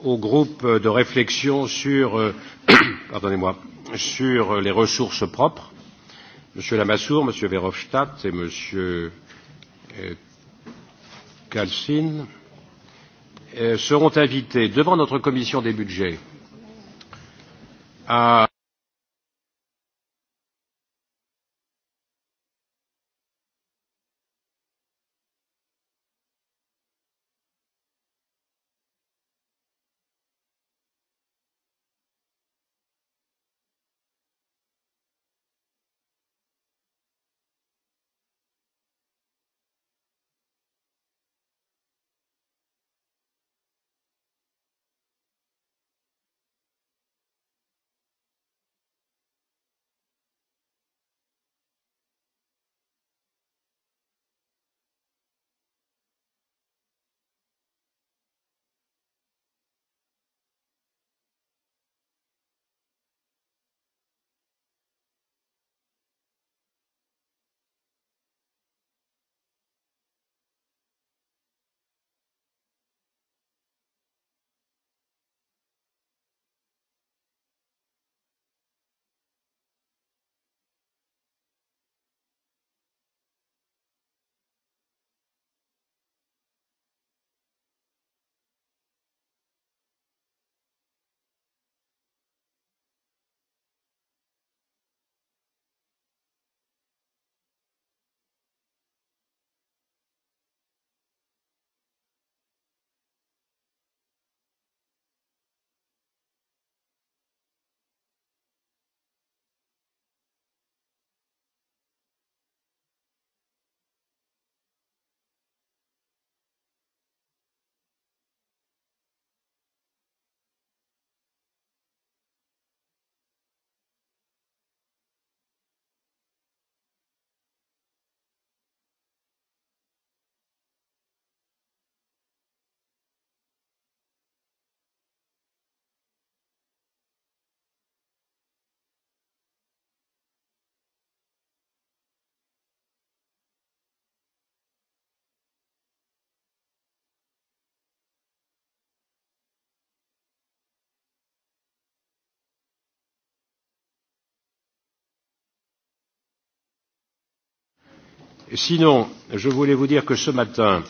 au groupe de réflexion sur, pardonnez-moi, sur les ressources propres, M. Lamassoure, M. Verhofstadt et M. Kalsin seront invités devant notre commission des budgets à Sinon, je voulais vous dire que ce matin,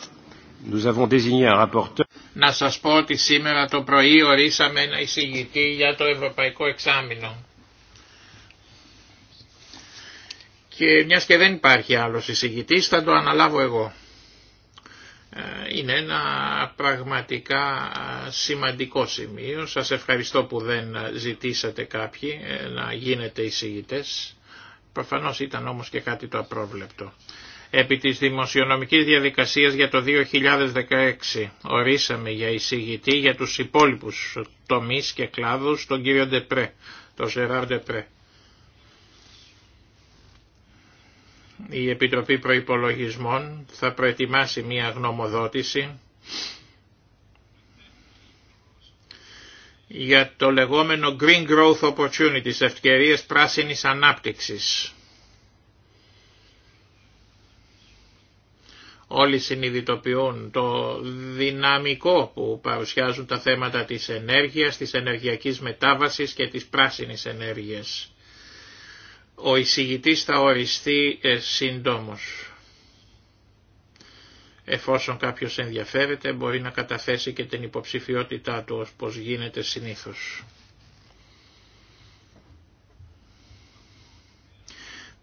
nous avons désigné un rapporteur. Να σα πω ότι σήμερα το πρωί ορίσαμε ένα εισηγητή για το Ευρωπαϊκό Εξάμεινο. Και μια και δεν υπάρχει άλλο εισηγητή, θα το αναλάβω εγώ. Ε, είναι ένα πραγματικά σημαντικό σημείο. Σας ευχαριστώ που δεν ζητήσατε κάποιοι ε, να γίνετε εισηγητές. Προφανώ ήταν όμως και κάτι το απρόβλεπτο επί της δημοσιονομικής διαδικασίας για το 2016. Ορίσαμε για εισηγητή για τους υπόλοιπους τομείς και κλάδους τον κύριο Ντεπρέ, τον Ζεράρ Ντεπρέ. Η Επιτροπή Προϋπολογισμών θα προετοιμάσει μία γνωμοδότηση για το λεγόμενο Green Growth Opportunities, ευκαιρίες πράσινης ανάπτυξης. Όλοι συνειδητοποιούν το δυναμικό που παρουσιάζουν τα θέματα της ενέργειας, της ενεργειακής μετάβασης και της πράσινης ενέργειας. Ο εισηγητής θα οριστεί ε, σύντομος. Εφόσον κάποιος ενδιαφέρεται μπορεί να καταθέσει και την υποψηφιότητά του όπως γίνεται συνήθως.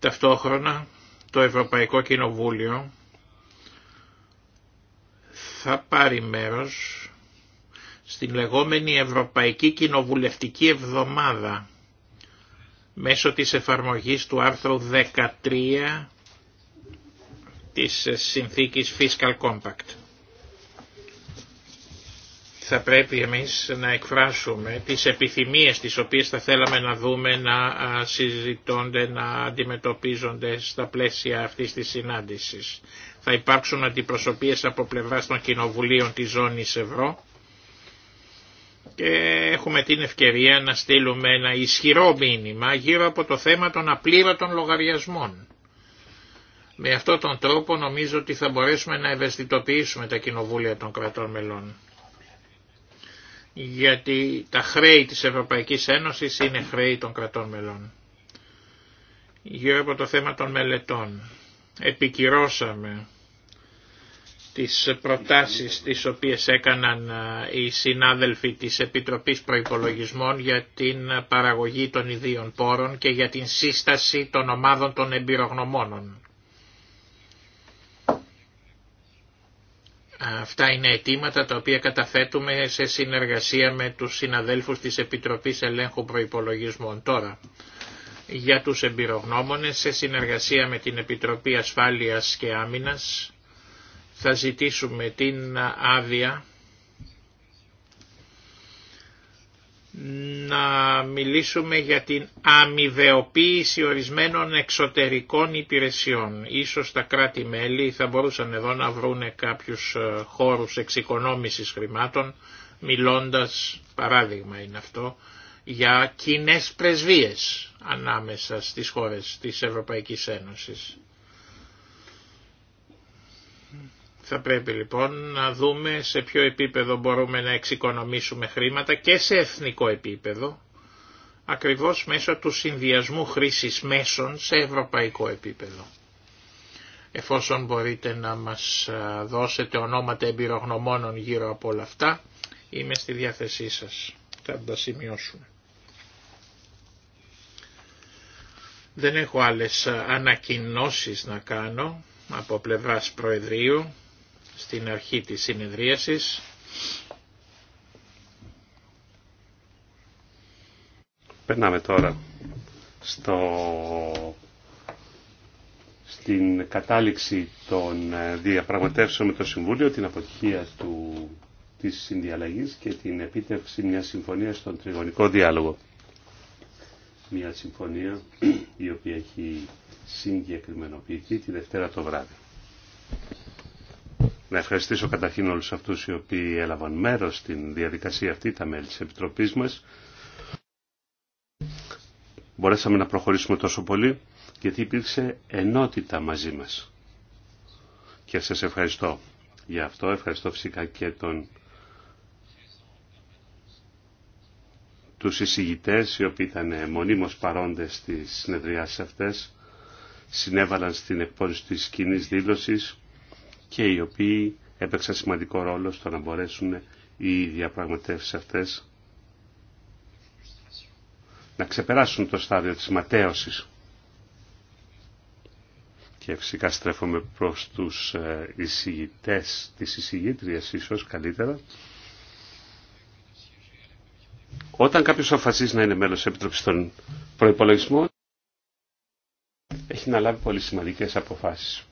Ταυτόχρονα το Ευρωπαϊκό Κοινοβούλιο θα πάρει μέρος στην λεγόμενη Ευρωπαϊκή Κοινοβουλευτική Εβδομάδα μέσω της εφαρμογής του άρθρου 13 της συνθήκης Fiscal Compact. Θα πρέπει εμείς να εκφράσουμε τις επιθυμίες τις οποίες θα θέλαμε να δούμε να συζητώνται, να αντιμετωπίζονται στα πλαίσια αυτής της συνάντησης θα υπάρξουν αντιπροσωπείες από πλευρά των κοινοβουλίων της ζώνης ευρώ και έχουμε την ευκαιρία να στείλουμε ένα ισχυρό μήνυμα γύρω από το θέμα των απλήρωτων λογαριασμών. Με αυτόν τον τρόπο νομίζω ότι θα μπορέσουμε να ευαισθητοποιήσουμε τα κοινοβούλια των κρατών μελών. Γιατί τα χρέη της Ευρωπαϊκής Ένωσης είναι χρέη των κρατών μελών. Γύρω από το θέμα των μελετών επικυρώσαμε τις προτάσεις τις οποίες έκαναν ε, οι συνάδελφοι της Επιτροπής Προϋπολογισμών για την παραγωγή των ιδίων πόρων και για την σύσταση των ομάδων των εμπειρογνωμόνων. Αυτά είναι αιτήματα τα οποία καταθέτουμε σε συνεργασία με τους συναδέλφους της Επιτροπής Ελέγχου Προϋπολογισμών. Τώρα, για τους εμπειρογνώμονες σε συνεργασία με την Επιτροπή Ασφάλειας και Άμυνας. Θα ζητήσουμε την άδεια να μιλήσουμε για την αμοιβεοποίηση ορισμένων εξωτερικών υπηρεσιών. Ίσως τα κράτη-μέλη θα μπορούσαν εδώ να βρούνε κάποιους ε, χώρους εξοικονόμησης χρημάτων, μιλώντας, παράδειγμα είναι αυτό, για κοινέ πρεσβείες ανάμεσα στις χώρες της Ευρωπαϊκής Ένωσης. Θα πρέπει λοιπόν να δούμε σε ποιο επίπεδο μπορούμε να εξοικονομήσουμε χρήματα και σε εθνικό επίπεδο, ακριβώς μέσω του συνδυασμού χρήσης μέσων σε ευρωπαϊκό επίπεδο. Εφόσον μπορείτε να μας δώσετε ονόματα εμπειρογνωμόνων γύρω από όλα αυτά, είμαι στη διάθεσή σας. Θα τα σημειώσουμε. Δεν έχω άλλες ε, ανακοινώσεις να κάνω από πλευράς Προεδρίου στην αρχή της συνεδρίασης. Περνάμε τώρα στο... στην κατάληξη των ε, διαπραγματεύσεων με το Συμβούλιο, την αποτυχία του... της συνδιαλλαγής και την επίτευξη μιας συμφωνίας στον τριγωνικό διάλογο μια συμφωνία η οποία έχει συγκεκριμενοποιηθεί τη Δευτέρα το βράδυ. Να ευχαριστήσω καταρχήν όλους αυτούς οι οποίοι έλαβαν μέρος στην διαδικασία αυτή, τα μέλη της Επιτροπής μας. Μπορέσαμε να προχωρήσουμε τόσο πολύ γιατί υπήρξε ενότητα μαζί μας. Και σας ευχαριστώ για αυτό. Ευχαριστώ φυσικά και τον τους εισηγητές οι οποίοι ήταν μονίμως παρόντες στις συνεδριάσεις αυτές συνέβαλαν στην εκπόνηση της κοινή δήλωσης και οι οποίοι έπαιξαν σημαντικό ρόλο στο να μπορέσουν οι διαπραγματεύσεις αυτές να ξεπεράσουν το στάδιο της ματέωσης. Και φυσικά στρέφομαι προς τους ε, εισηγητές, τις εισηγήτριες ίσως καλύτερα, όταν κάποιο αποφασίζει να είναι μέλος τη Επιτροπής των Προπολογισμών, έχει να λάβει πολύ σημαντικές αποφάσεις.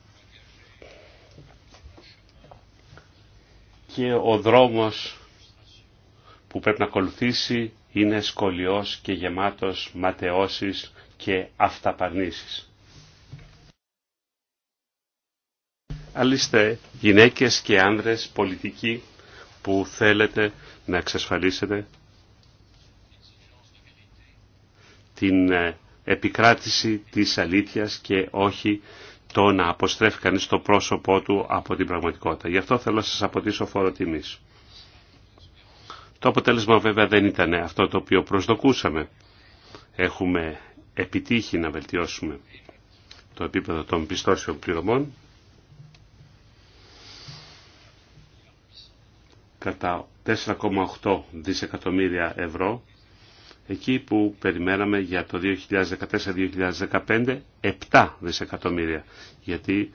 Και ο δρόμος που πρέπει να ακολουθήσει είναι σκολιός και γεμάτος ματαιώσεις και αυταπαρνήσεις. Αλλά γυναίκες και άνδρες πολιτικοί που θέλετε να εξασφαλίσετε την ε, επικράτηση της αλήθειας και όχι το να αποστρέφει κανείς το πρόσωπό του από την πραγματικότητα. Γι' αυτό θέλω να σας αποτίσω φόρο τιμής. Το αποτέλεσμα βέβαια δεν ήταν αυτό το οποίο προσδοκούσαμε. Έχουμε επιτύχει να βελτιώσουμε το επίπεδο των πιστώσεων πληρωμών κατά 4,8 δισεκατομμύρια ευρώ εκεί που περιμέναμε για το 2014-2015 7 δισεκατομμύρια. Γιατί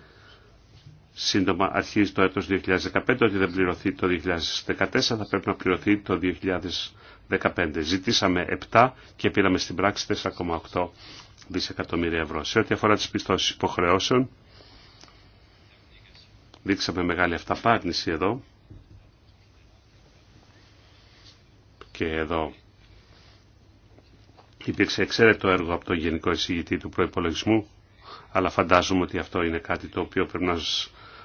σύντομα αρχίζει το έτος 2015, ότι δεν πληρωθεί το 2014 θα πρέπει να πληρωθεί το 2015. Ζητήσαμε 7 και πήραμε στην πράξη 4,8 δισεκατομμύρια ευρώ. Σε ό,τι αφορά τις πιστώσεις υποχρεώσεων, δείξαμε μεγάλη αυταπάρνηση εδώ και εδώ Υπήρξε εξαίρετο έργο από τον Γενικό Εισηγητή του Προϋπολογισμού, αλλά φαντάζομαι ότι αυτό είναι κάτι το οποίο πρέπει να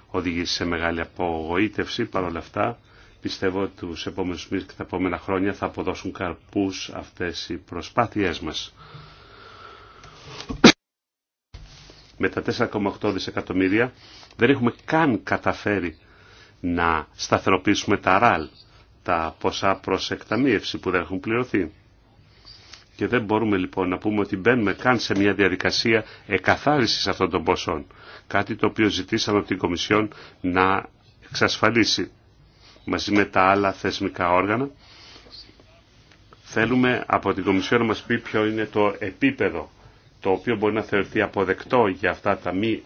οδηγήσει σε μεγάλη απογοήτευση. Παρ' όλα αυτά, πιστεύω ότι τους επόμενους μήνες και τα επόμενα χρόνια θα αποδώσουν καρπούς αυτές οι προσπάθειές μας. Με τα 4,8 δισεκατομμύρια δεν έχουμε καν καταφέρει να σταθεροποιήσουμε τα ραλ, τα ποσά προς εκταμίευση που δεν έχουν πληρωθεί. Και δεν μπορούμε λοιπόν να πούμε ότι μπαίνουμε καν σε μια διαδικασία εκαθάρισης αυτών των ποσών. Κάτι το οποίο ζητήσαμε από την Κομισιόν να εξασφαλίσει μαζί με τα άλλα θεσμικά όργανα. Θέλουμε από την Κομισιόν να μας πει ποιο είναι το επίπεδο το οποίο μπορεί να θεωρηθεί αποδεκτό για αυτά τα μη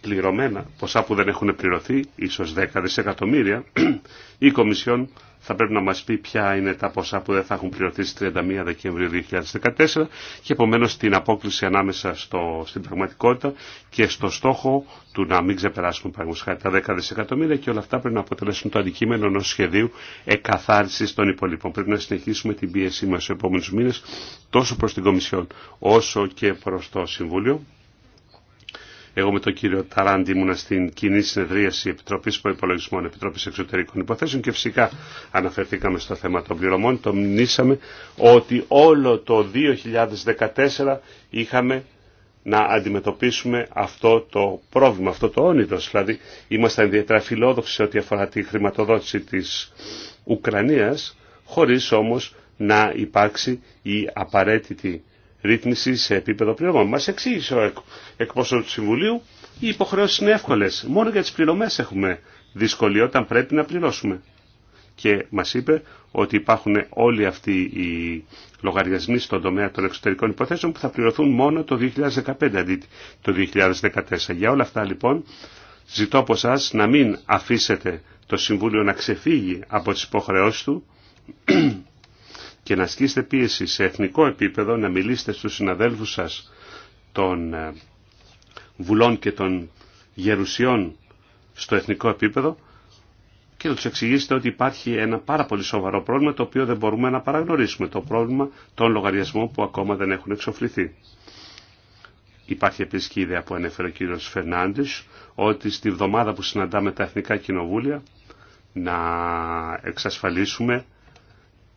πληρωμένα, ποσά που δεν έχουν πληρωθεί, ίσως 10 δισεκατομμύρια, η Κομισιόν θα πρέπει να μας πει ποια είναι τα ποσά που δεν θα έχουν πληρωθεί στις 31 Δεκεμβρίου 2014 και επομένως την απόκληση ανάμεσα στο, στην πραγματικότητα και στο στόχο του να μην ξεπεράσουμε πραγματικά τα 10 δισεκατομμύρια και όλα αυτά πρέπει να αποτελέσουν το αντικείμενο ενός σχεδίου εκαθάρισης των υπολείπων. Πρέπει να συνεχίσουμε την πίεσή μας στους επόμενους μήνες τόσο προς την Κομισιόν όσο και προς το Συμβούλιο. Εγώ με τον κύριο Ταράντι ήμουνα στην κοινή συνεδρίαση Επιτροπή Προπολογισμών, Επιτροπή Εξωτερικών Υποθέσεων και φυσικά αναφερθήκαμε στο θέμα των πληρωμών. Το μνήσαμε ότι όλο το 2014 είχαμε να αντιμετωπίσουμε αυτό το πρόβλημα, αυτό το όνειρο. Δηλαδή, ήμασταν ιδιαίτερα φιλόδοξοι ό,τι αφορά τη χρηματοδότηση τη Ουκρανία, χωρί όμω να υπάρξει η απαραίτητη ρύθμιση σε επίπεδο πληρωμών. Μα εξήγησε ο εκπρόσωπο του Συμβουλίου, οι υποχρεώσει είναι εύκολε. Μόνο για τι πληρωμέ έχουμε δυσκολία όταν πρέπει να πληρώσουμε. Και μα είπε ότι υπάρχουν όλοι αυτοί οι λογαριασμοί στον τομέα των εξωτερικών υποθέσεων που θα πληρωθούν μόνο το 2015 αντί το 2014. Για όλα αυτά λοιπόν ζητώ από εσά να μην αφήσετε το Συμβούλιο να ξεφύγει από τι υποχρεώσει του και να ασκήσετε πίεση σε εθνικό επίπεδο, να μιλήσετε στους συναδέλφους σας των ε, βουλών και των γερουσιών στο εθνικό επίπεδο και να τους εξηγήσετε ότι υπάρχει ένα πάρα πολύ σοβαρό πρόβλημα το οποίο δεν μπορούμε να παραγνωρίσουμε, το πρόβλημα των λογαριασμών που ακόμα δεν έχουν εξοφληθεί. Υπάρχει επίσης και η ιδέα που ανέφερε ο κ. Φερνάντης ότι στη βδομάδα που συναντάμε τα Εθνικά Κοινοβούλια να εξασφαλίσουμε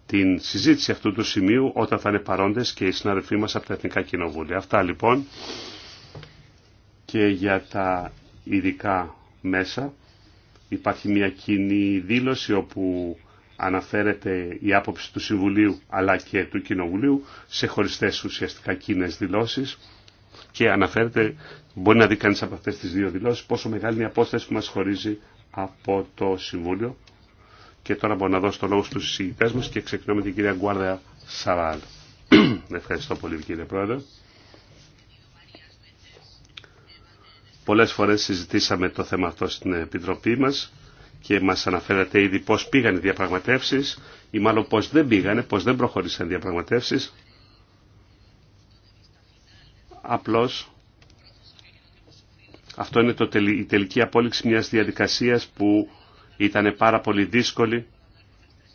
την συζήτηση αυτού του σημείου όταν θα είναι παρόντες και οι συναδελφοί μας από τα Εθνικά Κοινοβούλια. Αυτά λοιπόν και για τα ειδικά μέσα. Υπάρχει μια κοινή δήλωση όπου αναφέρεται η άποψη του Συμβουλίου αλλά και του Κοινοβουλίου σε χωριστές ουσιαστικά κοινέ δηλώσεις και αναφέρεται, μπορεί να δει κανείς από αυτές τις δύο δηλώσεις, πόσο μεγάλη είναι η απόσταση που μας χωρίζει από το Συμβούλιο και τώρα μπορώ να δώσω το λόγο στους συζητητές μας και ξεκινώ με την κυρία Γκουάρδα Σαραλ. Ευχαριστώ πολύ κύριε Πρόεδρε. Πολλές φορές συζητήσαμε το θέμα αυτό στην Επιτροπή μας και μας αναφέρατε ήδη πώς πήγαν οι διαπραγματεύσεις ή μάλλον πώς δεν πήγανε, πώς δεν προχωρήσαν οι διαπραγματεύσεις. Απλώς αυτό είναι το, η τελική απόλυξη μιας διαδικασίας που ήταν πάρα πολύ δύσκολη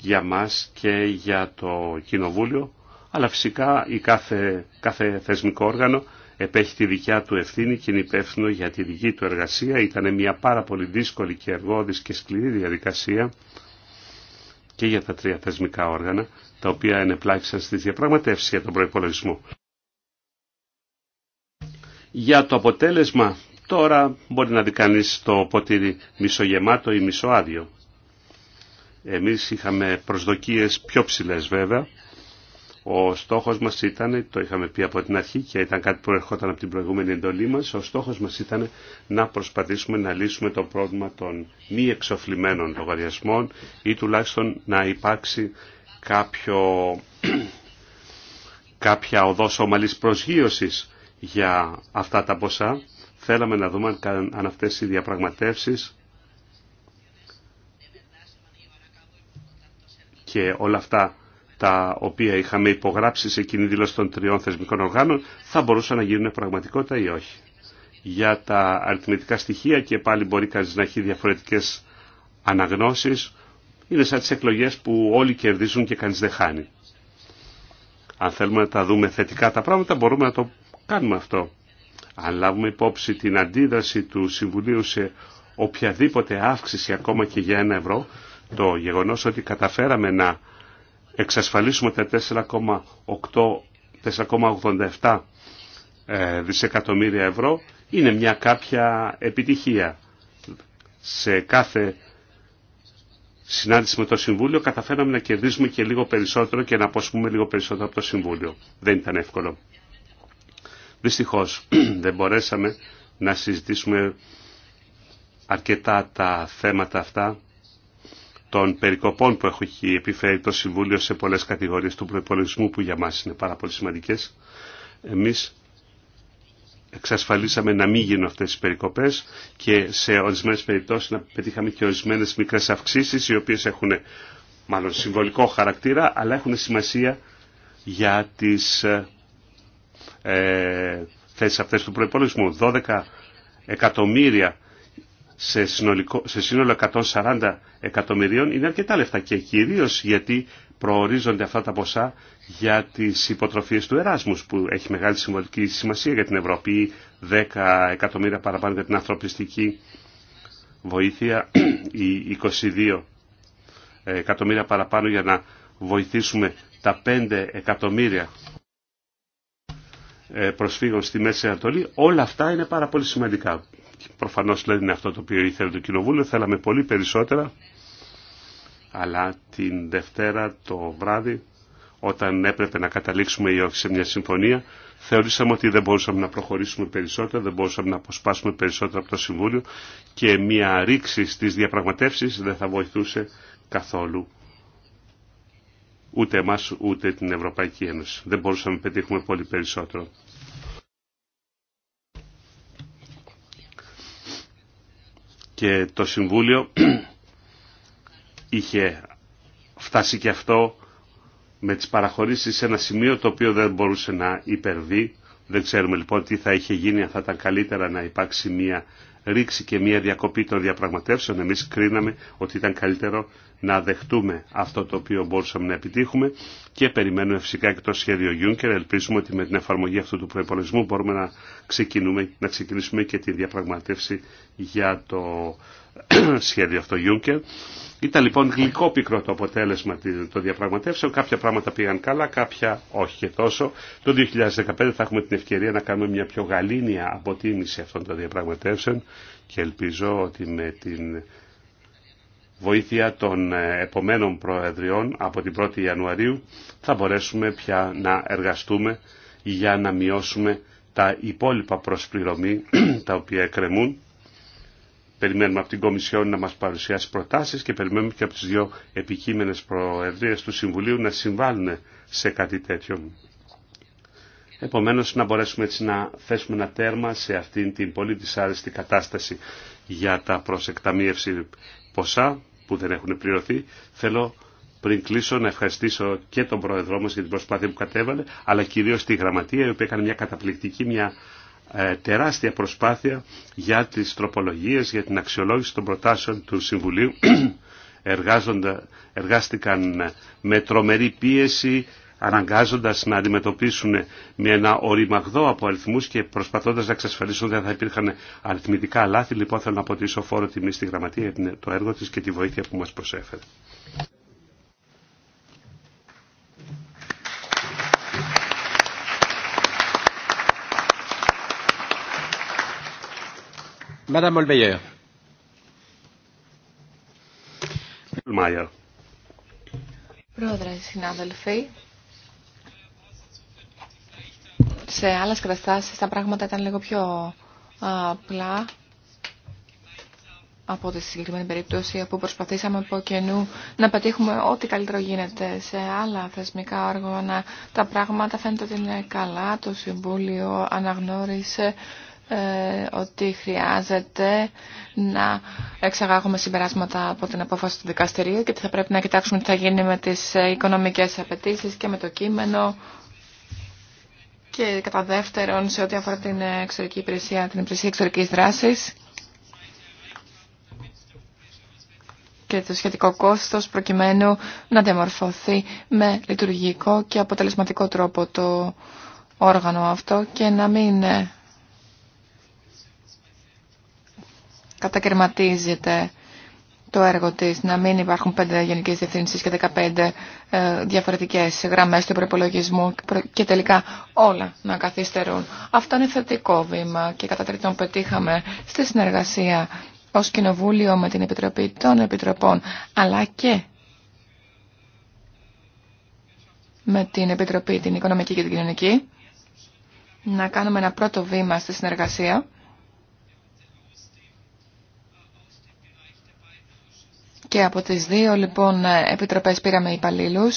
για μας και για το Κοινοβούλιο, αλλά φυσικά η κάθε, κάθε θεσμικό όργανο επέχει τη δικιά του ευθύνη και είναι υπεύθυνο για τη δική του εργασία. Ήταν μια πάρα πολύ δύσκολη και εργόδης και σκληρή διαδικασία και για τα τρία θεσμικά όργανα, τα οποία ενεπλάχισαν στις διαπραγματεύσεις για τον προϋπολογισμό. Για το αποτέλεσμα Τώρα μπορεί να δει κανεί το ποτήρι μισογεμάτο ή μισοάδιο. Εμείς είχαμε προσδοκίες πιο ψηλές βέβαια. Ο στόχος μας ήταν, το είχαμε πει από την αρχή και ήταν κάτι που ερχόταν από την προηγούμενη εντολή μας, ο στόχος μας ήταν να προσπαθήσουμε να λύσουμε το πρόβλημα των μη εξοφλημένων λογαριασμών ή τουλάχιστον να υπάρξει κάποιο, κάποια οδός ομαλής προσγείωσης για αυτά τα ποσά Θέλαμε να δούμε αν αυτές οι διαπραγματεύσεις και όλα αυτά τα οποία είχαμε υπογράψει σε κοινή δήλωση των τριών θεσμικών οργάνων θα μπορούσαν να γίνουν πραγματικότητα ή όχι. Για τα αριθμητικά στοιχεία και πάλι μπορεί κανείς να έχει διαφορετικές αναγνώσεις. Είναι σαν τις εκλογές που όλοι κερδίζουν και κανείς δεν χάνει. Αν θέλουμε να τα δούμε θετικά τα πράγματα μπορούμε να το κάνουμε αυτό. Αν λάβουμε υπόψη την αντίδραση του Συμβουλίου σε οποιαδήποτε αύξηση ακόμα και για ένα ευρώ, το γεγονός ότι καταφέραμε να εξασφαλίσουμε τα 4,87 ε, δισεκατομμύρια ευρώ είναι μια κάποια επιτυχία. Σε κάθε συνάντηση με το Συμβούλιο καταφέραμε να κερδίσουμε και λίγο περισσότερο και να αποσπούμε λίγο περισσότερο από το Συμβούλιο. Δεν ήταν εύκολο. Δυστυχώς δεν μπορέσαμε να συζητήσουμε αρκετά τα θέματα αυτά των περικοπών που έχει επιφέρει το Συμβούλιο σε πολλές κατηγορίες του προπολογισμού που για μας είναι πάρα πολύ σημαντικές. Εμείς εξασφαλίσαμε να μην γίνουν αυτές οι περικοπές και σε ορισμένες περιπτώσεις να πετύχαμε και ορισμένες μικρές αυξήσεις οι οποίες έχουν μάλλον συμβολικό χαρακτήρα αλλά έχουν σημασία για τις ε, ε, θέσεις αυτές του προϋπολογισμού. 12 εκατομμύρια σε, σε σύνολο 140 εκατομμυρίων είναι αρκετά λεφτά και κυρίω γιατί προορίζονται αυτά τα ποσά για τις υποτροφίες του Εράσμους που έχει μεγάλη συμβολική σημασία για την Ευρώπη 10 εκατομμύρια παραπάνω για την ανθρωπιστική βοήθεια ή 22 εκατομμύρια παραπάνω για να βοηθήσουμε τα 5 εκατομμύρια ε, προσφύγων στη Μέση Ανατολή. Όλα αυτά είναι πάρα πολύ σημαντικά. Προφανώς λένε δηλαδή, είναι αυτό το οποίο ήθελε το Κοινοβούλιο, θέλαμε πολύ περισσότερα. Αλλά την Δευτέρα το βράδυ, όταν έπρεπε να καταλήξουμε ή όχι σε μια συμφωνία, θεωρήσαμε ότι δεν μπορούσαμε να προχωρήσουμε περισσότερο, δεν μπορούσαμε να αποσπάσουμε περισσότερο από το Συμβούλιο και μια ρήξη στις διαπραγματεύσεις δεν θα βοηθούσε καθόλου ούτε εμά ούτε την Ευρωπαϊκή Ένωση. Δεν μπορούσαμε να πετύχουμε πολύ περισσότερο. Και το Συμβούλιο είχε φτάσει και αυτό με τις παραχωρήσεις σε ένα σημείο το οποίο δεν μπορούσε να υπερβεί. Δεν ξέρουμε λοιπόν τι θα είχε γίνει αν θα ήταν καλύτερα να υπάρξει μια ρίξει και μια διακοπή των διαπραγματεύσεων. Εμείς κρίναμε ότι ήταν καλύτερο να δεχτούμε αυτό το οποίο μπορούσαμε να επιτύχουμε και περιμένουμε φυσικά και το σχέδιο Juncker. Ελπίζουμε ότι με την εφαρμογή αυτού του προπολογισμού μπορούμε να, να ξεκινήσουμε και τη διαπραγματεύση για το σχέδιο αυτό Juncker. Ήταν λοιπόν γλυκό πικρό το αποτέλεσμα των διαπραγματεύσεων. Κάποια πράγματα πήγαν καλά, κάποια όχι και τόσο. Το 2015 θα έχουμε την ευκαιρία να κάνουμε μια πιο γαλήνια αποτίμηση αυτών των διαπραγματεύσεων και ελπίζω ότι με την βοήθεια των ε, επομένων προεδριών από την 1η Ιανουαρίου θα μπορέσουμε πια να εργαστούμε για να μειώσουμε τα υπόλοιπα προσπληρωμή τα οποία εκκρεμούν Περιμένουμε από την Κομισιόν να μας παρουσιάσει προτάσεις και περιμένουμε και από τις δύο επικείμενες προεδρίες του Συμβουλίου να συμβάλλουν σε κάτι τέτοιο. Επομένως να μπορέσουμε έτσι να θέσουμε ένα τέρμα σε αυτήν την πολύ δυσάρεστη κατάσταση για τα προσεκταμίευση ποσά που δεν έχουν πληρωθεί. Θέλω πριν κλείσω να ευχαριστήσω και τον Πρόεδρό μας για την προσπάθεια που κατέβαλε, αλλά κυρίως τη Γραμματεία, η οποία έκανε μια καταπληκτική, μια ε, τεράστια προσπάθεια για τις τροπολογίες, για την αξιολόγηση των προτάσεων του Συμβουλίου. Εργάστηκαν με τρομερή πίεση, αναγκάζοντας να αντιμετωπίσουν με ένα οριμαγδό από αριθμούς και προσπαθώντας να εξασφαλίσουν ότι δεν θα υπήρχαν αριθμητικά λάθη. Λοιπόν, θέλω να αποτίσω φόρο τιμή στη Γραμματεία για το έργο της και τη βοήθεια που μας προσέφερε. Πρόεδρε, συνάδελφοι, σε άλλες καταστάσεις τα πράγματα ήταν λίγο πιο απλά από τη συγκεκριμένη περίπτωση που προσπαθήσαμε από καινού να πετύχουμε ό,τι καλύτερο γίνεται σε άλλα θεσμικά όργανα. Τα πράγματα φαίνεται ότι είναι καλά. Το Συμβούλιο αναγνώρισε ε, ότι χρειάζεται να εξαγάγουμε συμπεράσματα από την απόφαση του δικαστηρίου και ότι θα πρέπει να κοιτάξουμε τι θα γίνει με τις ε, οικονομικές απαιτήσει και με το κείμενο και κατά δεύτερον σε ό,τι αφορά την εξωτερική υπηρεσία, την υπηρεσία εξωτερικής δράσης και το σχετικό κόστος προκειμένου να διαμορφωθεί με λειτουργικό και αποτελεσματικό τρόπο το όργανο αυτό και να μην ε, κατακαιρματίζεται το έργο της, να μην υπάρχουν πέντε γενικές διευθύνσεις και 15 ε, διαφορετικές γραμμές του προπολογισμού και τελικά όλα να καθυστερούν. Αυτό είναι θετικό βήμα και κατά τρίτον πετύχαμε στη συνεργασία ως Κοινοβούλιο με την Επιτροπή των Επιτροπών, αλλά και με την Επιτροπή, την Οικονομική και την Κοινωνική, να κάνουμε ένα πρώτο βήμα στη συνεργασία Και από τις δύο λοιπόν επιτροπές πήραμε υπαλλήλου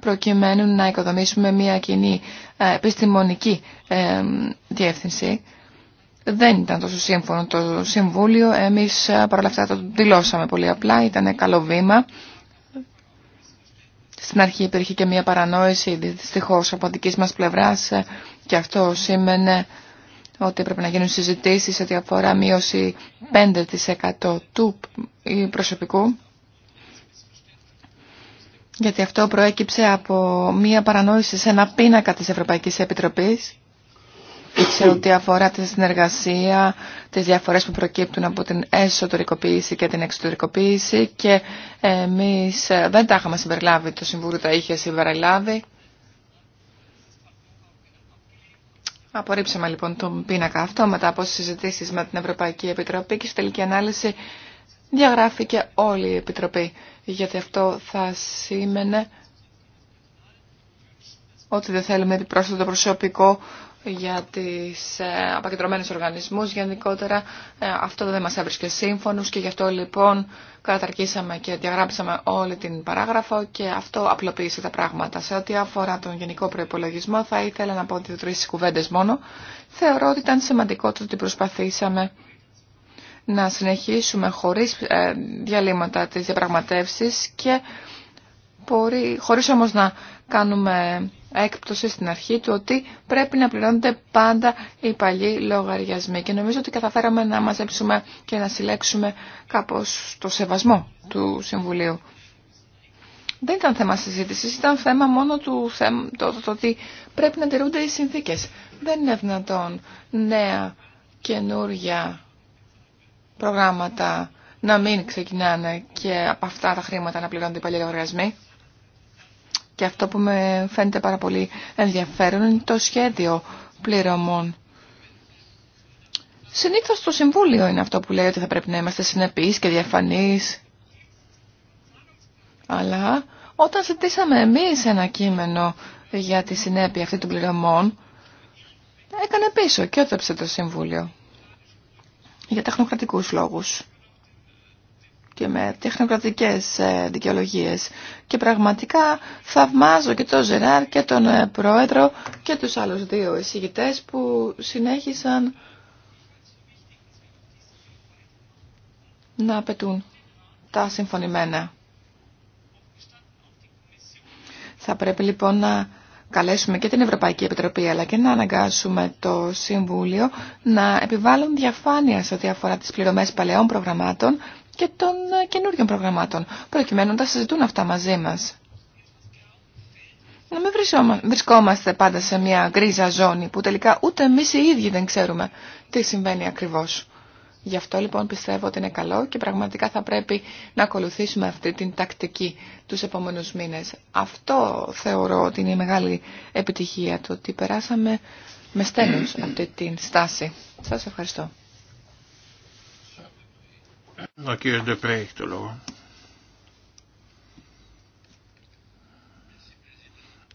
προκειμένου να οικοδομήσουμε μια κοινή ε, επιστημονική ε, διεύθυνση. Δεν ήταν τόσο σύμφωνο το Συμβούλιο, εμείς ε, παρόλα αυτά το δηλώσαμε πολύ απλά, ήταν καλό βήμα. Στην αρχή υπήρχε και μια παρανόηση, δυστυχώ από δική μας πλευράς και αυτό σήμαινε ότι πρέπει να γίνουν συζητήσεις σε διαφορά μείωση 5% του προσωπικού γιατί αυτό προέκυψε από μία παρανόηση σε ένα πίνακα της Ευρωπαϊκής Επιτροπής σε ό,τι αφορά τη συνεργασία, τις διαφορές που προκύπτουν από την εσωτερικοποίηση και την εξωτερικοποίηση και εμείς δεν τα είχαμε συμπεριλάβει, το Συμβούλιο τα είχε συμπεριλάβει. Απορρίψαμε λοιπόν τον πίνακα αυτό μετά από συζητήσεις με την Ευρωπαϊκή Επιτροπή και στη τελική ανάλυση διαγράφηκε όλη η Επιτροπή γιατί αυτό θα σήμαινε ότι δεν θέλουμε επιπρόσθετο προσωπικό για τις ε, οργανισμού. οργανισμούς γενικότερα. Ε, αυτό δεν μας έβρισκε σύμφωνος και γι' αυτό λοιπόν καταρκήσαμε και διαγράψαμε όλη την παράγραφο και αυτό απλοποίησε τα πράγματα. Σε ό,τι αφορά τον γενικό προϋπολογισμό θα ήθελα να πω δύο-τρεις κουβέντες μόνο. Θεωρώ ότι ήταν σημαντικό το ότι προσπαθήσαμε να συνεχίσουμε χωρίς ε, διαλύματα της διαπραγματεύσεις και χωρίς όμως να κάνουμε έκπτωση στην αρχή του ότι πρέπει να πληρώνονται πάντα οι παλιοί λογαριασμοί. Και νομίζω ότι καταφέραμε να μαζέψουμε και να συλλέξουμε κάπως το σεβασμό του Συμβουλίου. Δεν ήταν θέμα συζήτησης, ήταν θέμα μόνο του το, το, το ότι πρέπει να τηρούνται οι συνθήκες. Δεν είναι δυνατόν νέα καινούργια προγράμματα να μην ξεκινάνε και από αυτά τα χρήματα να πληρώνονται οι παλιοί Και αυτό που με φαίνεται πάρα πολύ ενδιαφέρον είναι το σχέδιο πληρωμών. Συνήθως το Συμβούλιο είναι αυτό που λέει ότι θα πρέπει να είμαστε συνεπείς και διαφανείς. Αλλά όταν ζητήσαμε εμείς ένα κείμενο για τη συνέπεια αυτή των πληρωμών, έκανε πίσω και το Συμβούλιο για τεχνοκρατικούς λόγους και με τεχνοκρατικές ε, δικαιολογίες. Και πραγματικά θαυμάζω και τον Ζεράρ και τον ε, Πρόεδρο και τους άλλους δύο εισηγητές που συνέχισαν να απαιτούν τα συμφωνημένα. Θα πρέπει λοιπόν να καλέσουμε και την Ευρωπαϊκή Επιτροπή αλλά και να αναγκάσουμε το Συμβούλιο να επιβάλλουν διαφάνεια σε ό,τι αφορά τις πληρωμές παλαιών προγραμμάτων και των ε, καινούριων προγραμμάτων, προκειμένου να τα συζητούν αυτά μαζί μας. Να μην βρισκόμαστε πάντα σε μια γκρίζα ζώνη που τελικά ούτε εμείς οι ίδιοι δεν ξέρουμε τι συμβαίνει ακριβώς. Γι' αυτό λοιπόν πιστεύω ότι είναι καλό και πραγματικά θα πρέπει να ακολουθήσουμε αυτή την τακτική τους επόμενους μήνες. Αυτό θεωρώ ότι είναι η μεγάλη επιτυχία του ότι περάσαμε με στέλνους αυτή την στάση. Σας ευχαριστώ. το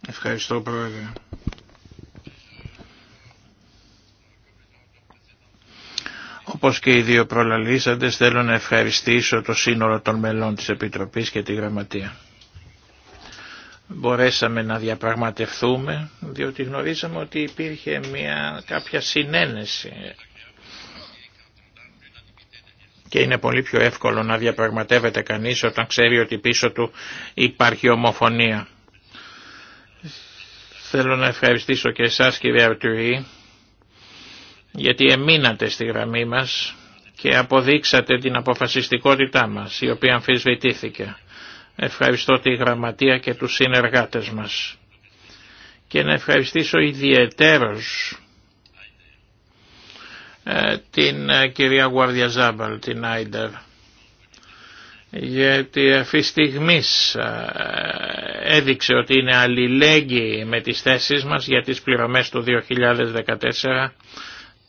Ευχαριστώ πρόεδρε. Όπως και οι δύο προλαλήσαντες θέλω να ευχαριστήσω το σύνολο των μελών της Επιτροπής και τη Γραμματεία. Μπορέσαμε να διαπραγματευτούμε διότι γνωρίζαμε ότι υπήρχε μια κάποια συνένεση και είναι πολύ πιο εύκολο να διαπραγματεύεται κανείς όταν ξέρει ότι πίσω του υπάρχει ομοφωνία. Θέλω να ευχαριστήσω και εσάς κύριε Αρτουρή γιατί εμείνατε στη γραμμή μας και αποδείξατε την αποφασιστικότητά μας, η οποία αμφισβητήθηκε. Ευχαριστώ τη Γραμματεία και τους συνεργάτες μας. Και να ευχαριστήσω ιδιαιτέρως ε, την ε, κυρία Γουάρδια Ζάμπαλ... την Άιντερ, γιατί αυτή στιγμή ε, έδειξε ότι είναι αλληλέγγυη με τις θέσεις μας για τις πληρωμές του 2014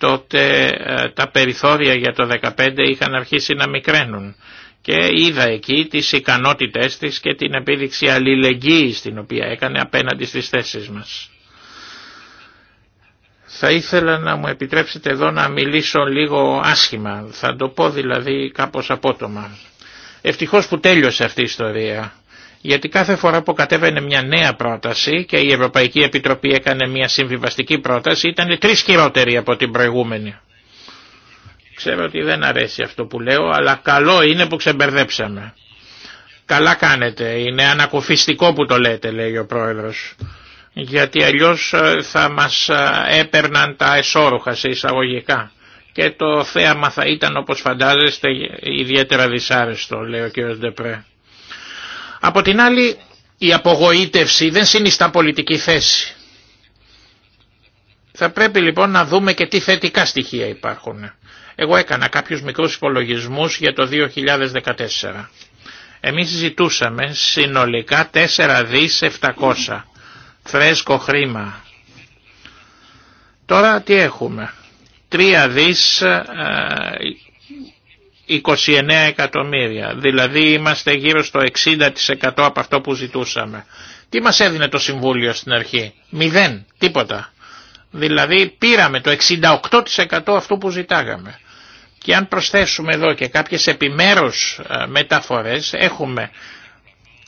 τότε ε, τα περιθώρια για το 2015 είχαν αρχίσει να μικραίνουν και είδα εκεί τις ικανότητές της και την επίδειξη αλληλεγγύης την οποία έκανε απέναντι στις θέσεις μας. Θα ήθελα να μου επιτρέψετε εδώ να μιλήσω λίγο άσχημα, θα το πω δηλαδή κάπως απότομα. Ευτυχώς που τέλειωσε αυτή η ιστορία γιατί κάθε φορά που κατέβαινε μια νέα πρόταση και η Ευρωπαϊκή Επιτροπή έκανε μια συμβιβαστική πρόταση ήταν τρεις χειρότερη από την προηγούμενη. Ξέρω ότι δεν αρέσει αυτό που λέω αλλά καλό είναι που ξεμπερδέψαμε. Καλά κάνετε, είναι ανακουφιστικό που το λέτε λέει ο πρόεδρος γιατί αλλιώς ε, θα μας ε, έπαιρναν τα εσώρουχα σε εισαγωγικά και το θέαμα θα ήταν όπως φαντάζεστε ιδιαίτερα δυσάρεστο λέει ο κ. Ντεπρέ. Από την άλλη η απογοήτευση δεν συνιστά πολιτική θέση. Θα πρέπει λοιπόν να δούμε και τι θετικά στοιχεία υπάρχουν. Εγώ έκανα κάποιους μικρούς υπολογισμού για το 2014. Εμείς ζητούσαμε συνολικά 4 δις 700 φρέσκο χρήμα. Τώρα τι έχουμε. 3 δις ε, 29 εκατομμύρια, δηλαδή είμαστε γύρω στο 60% από αυτό που ζητούσαμε. Τι μας έδινε το Συμβούλιο στην αρχή, μηδέν, τίποτα. Δηλαδή πήραμε το 68% αυτού που ζητάγαμε. Και αν προσθέσουμε εδώ και κάποιες επιμέρους ε, μεταφορές έχουμε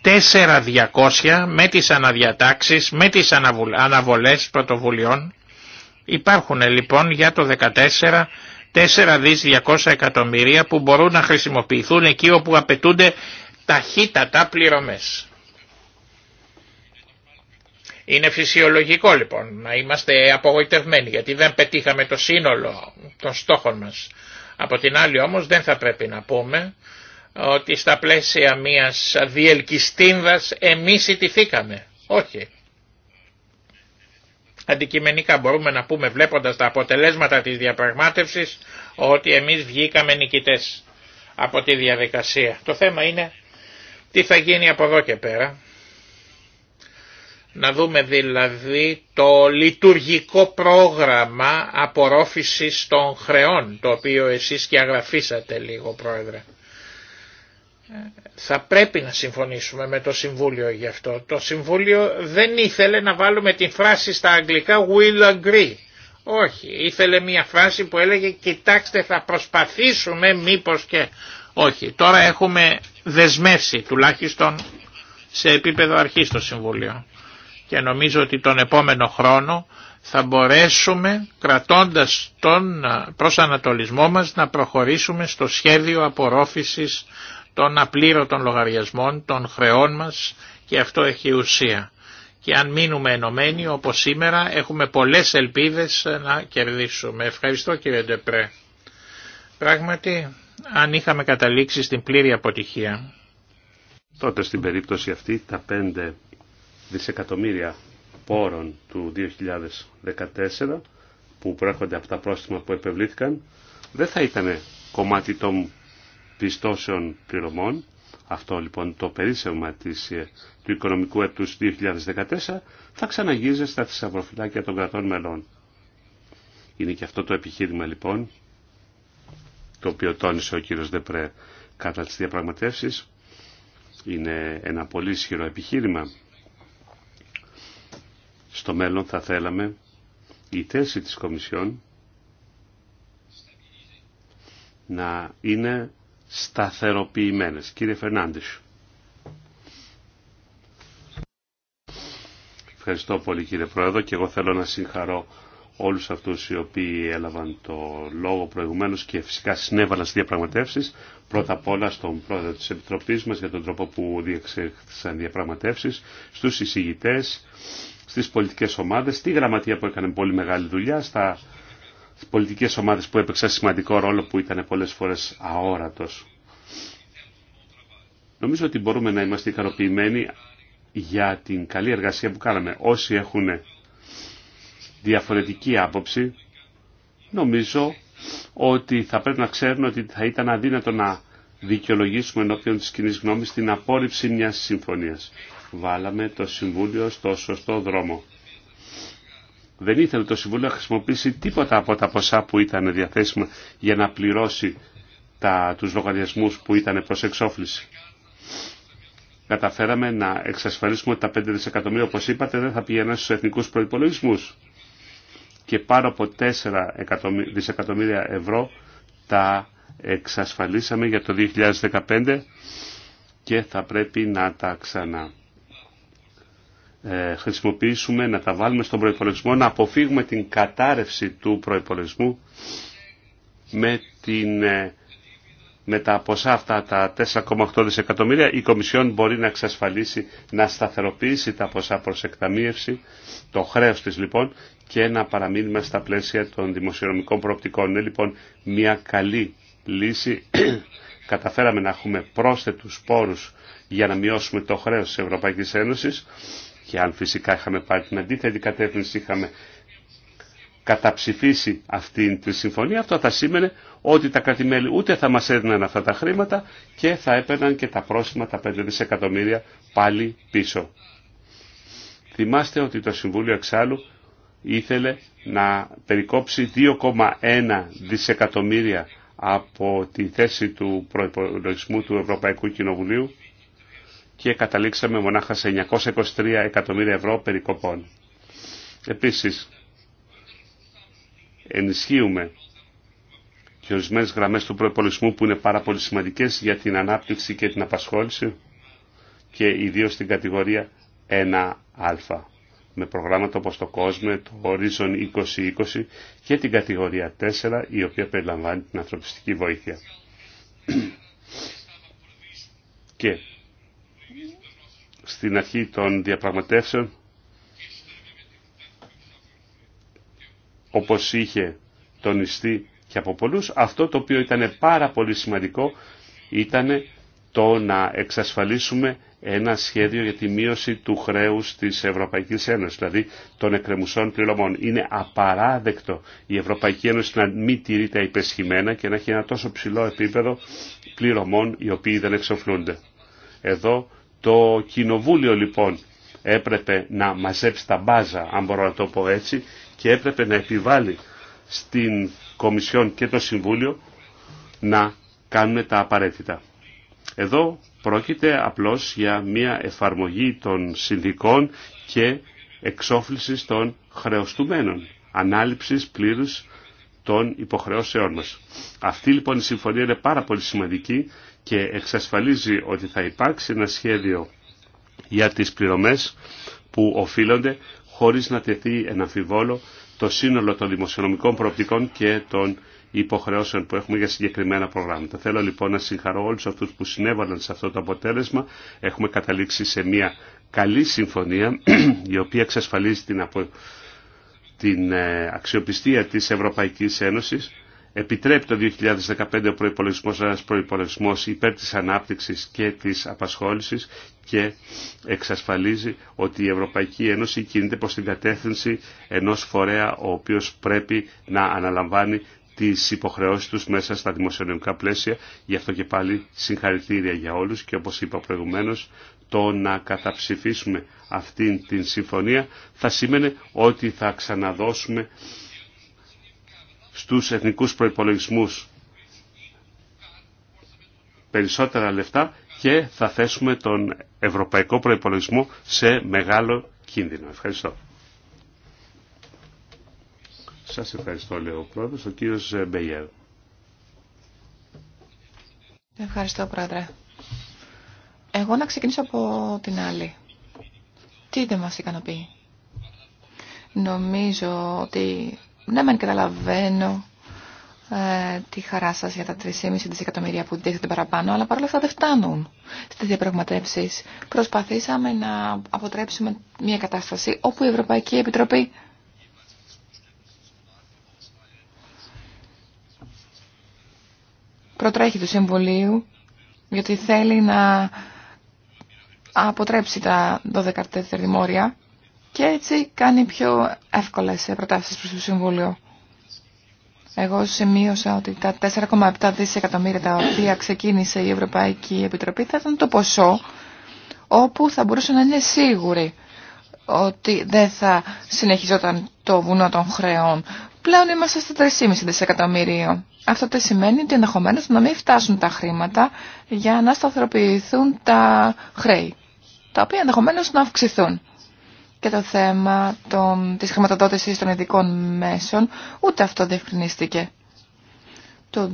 4.200 με τις αναδιατάξεις, με τις αναβολές πρωτοβουλειών. Υπάρχουν λοιπόν για το 14 4 δις 200 εκατομμυρία που μπορούν να χρησιμοποιηθούν εκεί όπου απαιτούνται ταχύτατα πληρωμές. Είναι φυσιολογικό λοιπόν να είμαστε απογοητευμένοι γιατί δεν πετύχαμε το σύνολο των στόχων μας. Από την άλλη όμως δεν θα πρέπει να πούμε ότι στα πλαίσια μιας διελκυστίνδας εμείς ιτηθήκαμε. Όχι. Αντικειμενικά μπορούμε να πούμε βλέποντας τα αποτελέσματα της διαπραγμάτευσης ότι εμείς βγήκαμε νικητές από τη διαδικασία. Το θέμα είναι τι θα γίνει από εδώ και πέρα. Να δούμε δηλαδή το λειτουργικό πρόγραμμα απορρόφησης των χρεών, το οποίο εσείς και αγραφήσατε λίγο πρόεδρε. Θα πρέπει να συμφωνήσουμε με το Συμβούλιο γι' αυτό. Το Συμβούλιο δεν ήθελε να βάλουμε τη φράση στα αγγλικά «will agree». Όχι, ήθελε μια φράση που έλεγε «κοιτάξτε θα προσπαθήσουμε μήπως και...» Όχι, τώρα έχουμε δεσμεύσει τουλάχιστον σε επίπεδο αρχή στο Συμβούλιο. Και νομίζω αρχη το συμβουλιο και νομιζω οτι τον επόμενο χρόνο θα μπορέσουμε κρατώντας τον προσανατολισμό μας να προχωρήσουμε στο σχέδιο απορρόφησης των απλήρωτων λογαριασμών, των χρεών μας και αυτό έχει ουσία. Και αν μείνουμε ενωμένοι όπως σήμερα έχουμε πολλές ελπίδες να κερδίσουμε. Ευχαριστώ κύριε Ντεπρέ. Πράγματι, αν είχαμε καταλήξει στην πλήρη αποτυχία. Τότε στην περίπτωση αυτή τα 5 δισεκατομμύρια πόρων του 2014 που προέρχονται από τα πρόστιμα που επευλήθηκαν δεν θα ήταν κομμάτι των πιστώσεων πληρωμών. Αυτό λοιπόν το περίσσευμα της, ε, του οικονομικού έτους 2014 θα ξαναγίζει στα θησαυροφυλάκια των κρατών μελών. Είναι και αυτό το επιχείρημα λοιπόν, το οποίο τόνισε ο κύριος Δεπρέ κατά τις διαπραγματεύσεις. Είναι ένα πολύ ισχυρό επιχείρημα. Στο μέλλον θα θέλαμε η θέση της Κομισιόν να είναι σταθεροποιημένες. Κύριε Φερνάντης. Ευχαριστώ πολύ κύριε Πρόεδρο και εγώ θέλω να συγχαρώ όλους αυτούς οι οποίοι έλαβαν το λόγο προηγουμένως και φυσικά συνέβαλαν στις διαπραγματεύσεις. Πρώτα απ' όλα στον πρόεδρο της Επιτροπής μας για τον τρόπο που διεξέχθησαν διαπραγματεύσεις, στους εισηγητές, στις πολιτικές ομάδες, στη γραμματεία που έκανε πολύ μεγάλη δουλειά, στα πολιτικές ομάδες που έπαιξαν σημαντικό ρόλο που ήταν πολλές φορές αόρατος. Νομίζω ότι μπορούμε να είμαστε ικανοποιημένοι για την καλή εργασία που κάναμε. Όσοι έχουν διαφορετική άποψη, νομίζω ότι θα πρέπει να ξέρουν ότι θα ήταν αδύνατο να δικαιολογήσουμε ενώπιον της κοινή γνώμης την απόρριψη μιας συμφωνίας. Βάλαμε το Συμβούλιο στο σωστό δρόμο δεν ήθελε το Συμβούλιο να χρησιμοποιήσει τίποτα από τα ποσά που ήταν διαθέσιμα για να πληρώσει τα, τους λογαριασμούς που ήταν προς εξόφληση. Καταφέραμε να εξασφαλίσουμε τα 5 δισεκατομμύρια, όπως είπατε, δεν θα πήγαιναν στους εθνικούς προϋπολογισμούς. Και πάνω από 4 δισεκατομμύρια ευρώ τα εξασφαλίσαμε για το 2015 και θα πρέπει να τα ξανά ε, χρησιμοποιήσουμε, να τα βάλουμε στον προϋπολογισμό, να αποφύγουμε την κατάρρευση του προϋπολογισμού με, την, ε, με τα ποσά αυτά τα 4,8 δισεκατομμύρια. Η Κομισιόν μπορεί να εξασφαλίσει, να σταθεροποιήσει τα ποσά προς εκταμείευση, το χρέος της λοιπόν, και να παραμείνουμε στα πλαίσια των δημοσιονομικών προοπτικών. Είναι λοιπόν μια καλή λύση. Καταφέραμε να έχουμε πρόσθετους πόρους για να μειώσουμε το χρέος της Ευρωπαϊκής Ένωσης και αν φυσικά είχαμε πάρει την αντίθετη κατεύθυνση, είχαμε καταψηφίσει αυτή τη συμφωνία, αυτό θα σήμαινε ότι τα κρατημέλη ούτε θα μας έδιναν αυτά τα χρήματα και θα έπαιρναν και τα πρόσημα τα 5 δισεκατομμύρια πάλι πίσω. Θυμάστε ότι το Συμβούλιο εξάλλου ήθελε να περικόψει 2,1 δισεκατομμύρια από τη θέση του προϋπολογισμού του Ευρωπαϊκού Κοινοβουλίου και καταλήξαμε μονάχα σε 923 εκατομμύρια ευρώ περικοπών. Επίσης, ενισχύουμε και ορισμένε γραμμές του προπολογισμού που είναι πάρα πολύ σημαντικές για την ανάπτυξη και την απασχόληση και ιδίως στην κατηγορία 1α με προγράμματα όπως το COSME, το Horizon 2020 και την κατηγορία 4 η οποία περιλαμβάνει την ανθρωπιστική βοήθεια. και στην αρχή των διαπραγματεύσεων όπως είχε τονιστεί και από πολλούς. Αυτό το οποίο ήταν πάρα πολύ σημαντικό ήταν το να εξασφαλίσουμε ένα σχέδιο για τη μείωση του χρέους της Ευρωπαϊκής Ένωσης, δηλαδή των εκκρεμουσών πληρωμών. Είναι απαράδεκτο η Ευρωπαϊκή Ένωση να μην τηρεί τα υπεσχημένα και να έχει ένα τόσο ψηλό επίπεδο πληρωμών οι οποίοι δεν εξοφλούνται. Εδώ το κοινοβούλιο λοιπόν έπρεπε να μαζέψει τα μπάζα, αν μπορώ να το πω έτσι, και έπρεπε να επιβάλλει στην Κομισιόν και το Συμβούλιο να κάνουν τα απαραίτητα. Εδώ πρόκειται απλώς για μια εφαρμογή των συνδικών και εξόφλησης των χρεωστουμένων, ανάληψης πλήρους των υποχρεώσεών μας. Αυτή λοιπόν η συμφωνία είναι πάρα πολύ σημαντική και εξασφαλίζει ότι θα υπάρξει ένα σχέδιο για τις πληρωμές που οφείλονται χωρίς να τεθεί ένα αμφιβόλο το σύνολο των δημοσιονομικών προοπτικών και των υποχρεώσεων που έχουμε για συγκεκριμένα προγράμματα. Θέλω λοιπόν να συγχαρώ όλους αυτούς που συνέβαλαν σε αυτό το αποτέλεσμα. Έχουμε καταλήξει σε μια καλή συμφωνία η οποία εξασφαλίζει την, την ε, αξιοπιστία της Ευρωπαϊκής Ένωσης επιτρέπει το 2015 ο προϋπολογισμός ένας προϋπολογισμός υπέρ της ανάπτυξης και της απασχόλησης και εξασφαλίζει ότι η Ευρωπαϊκή Ένωση κινείται προς την κατεύθυνση ενός φορέα ο οποίος πρέπει να αναλαμβάνει τις υποχρεώσεις τους μέσα στα δημοσιονομικά πλαίσια. Γι' αυτό και πάλι συγχαρητήρια για όλους και όπως είπα προηγουμένως το να καταψηφίσουμε αυτήν την συμφωνία θα σήμαινε ότι θα ξαναδώσουμε στους εθνικούς προϋπολογισμούς περισσότερα λεφτά και θα θέσουμε τον ευρωπαϊκό προϋπολογισμό σε μεγάλο κίνδυνο. Ευχαριστώ. Σας ευχαριστώ, λέει ο πρόεδρος, ο κύριος Μπέιερ. Ευχαριστώ, πρόεδρε. Εγώ να ξεκινήσω από την άλλη. Τι δεν μας ικανοποιεί. Νομίζω ότι ναι μεν καταλαβαίνω ε, τη χαρά σα για τα 3,5 δισεκατομμύρια που δείχνετε παραπάνω, αλλά παρόλα αυτά δεν φτάνουν στι διαπραγματεύσει. Προσπαθήσαμε να αποτρέψουμε μια κατάσταση όπου η Ευρωπαϊκή Επιτροπή προτρέχει του Συμβουλίου γιατί θέλει να αποτρέψει τα 12 μορία και έτσι κάνει πιο εύκολες προτάσεις προς το Συμβούλιο. Εγώ σημείωσα ότι τα 4,7 δισεκατομμύρια τα οποία ξεκίνησε η Ευρωπαϊκή Επιτροπή θα ήταν το ποσό όπου θα μπορούσαν να είναι σίγουροι ότι δεν θα συνεχιζόταν το βουνό των χρεών. Πλέον είμαστε στα 3,5 δισεκατομμύρια. Αυτό τι σημαίνει ότι ενδεχομένω να μην φτάσουν τα χρήματα για να σταθεροποιηθούν τα χρέη, τα οποία ενδεχομένω να αυξηθούν και το θέμα των, της χρηματοδότησης των ειδικών μέσων, ούτε αυτό διευκρινίστηκε. Το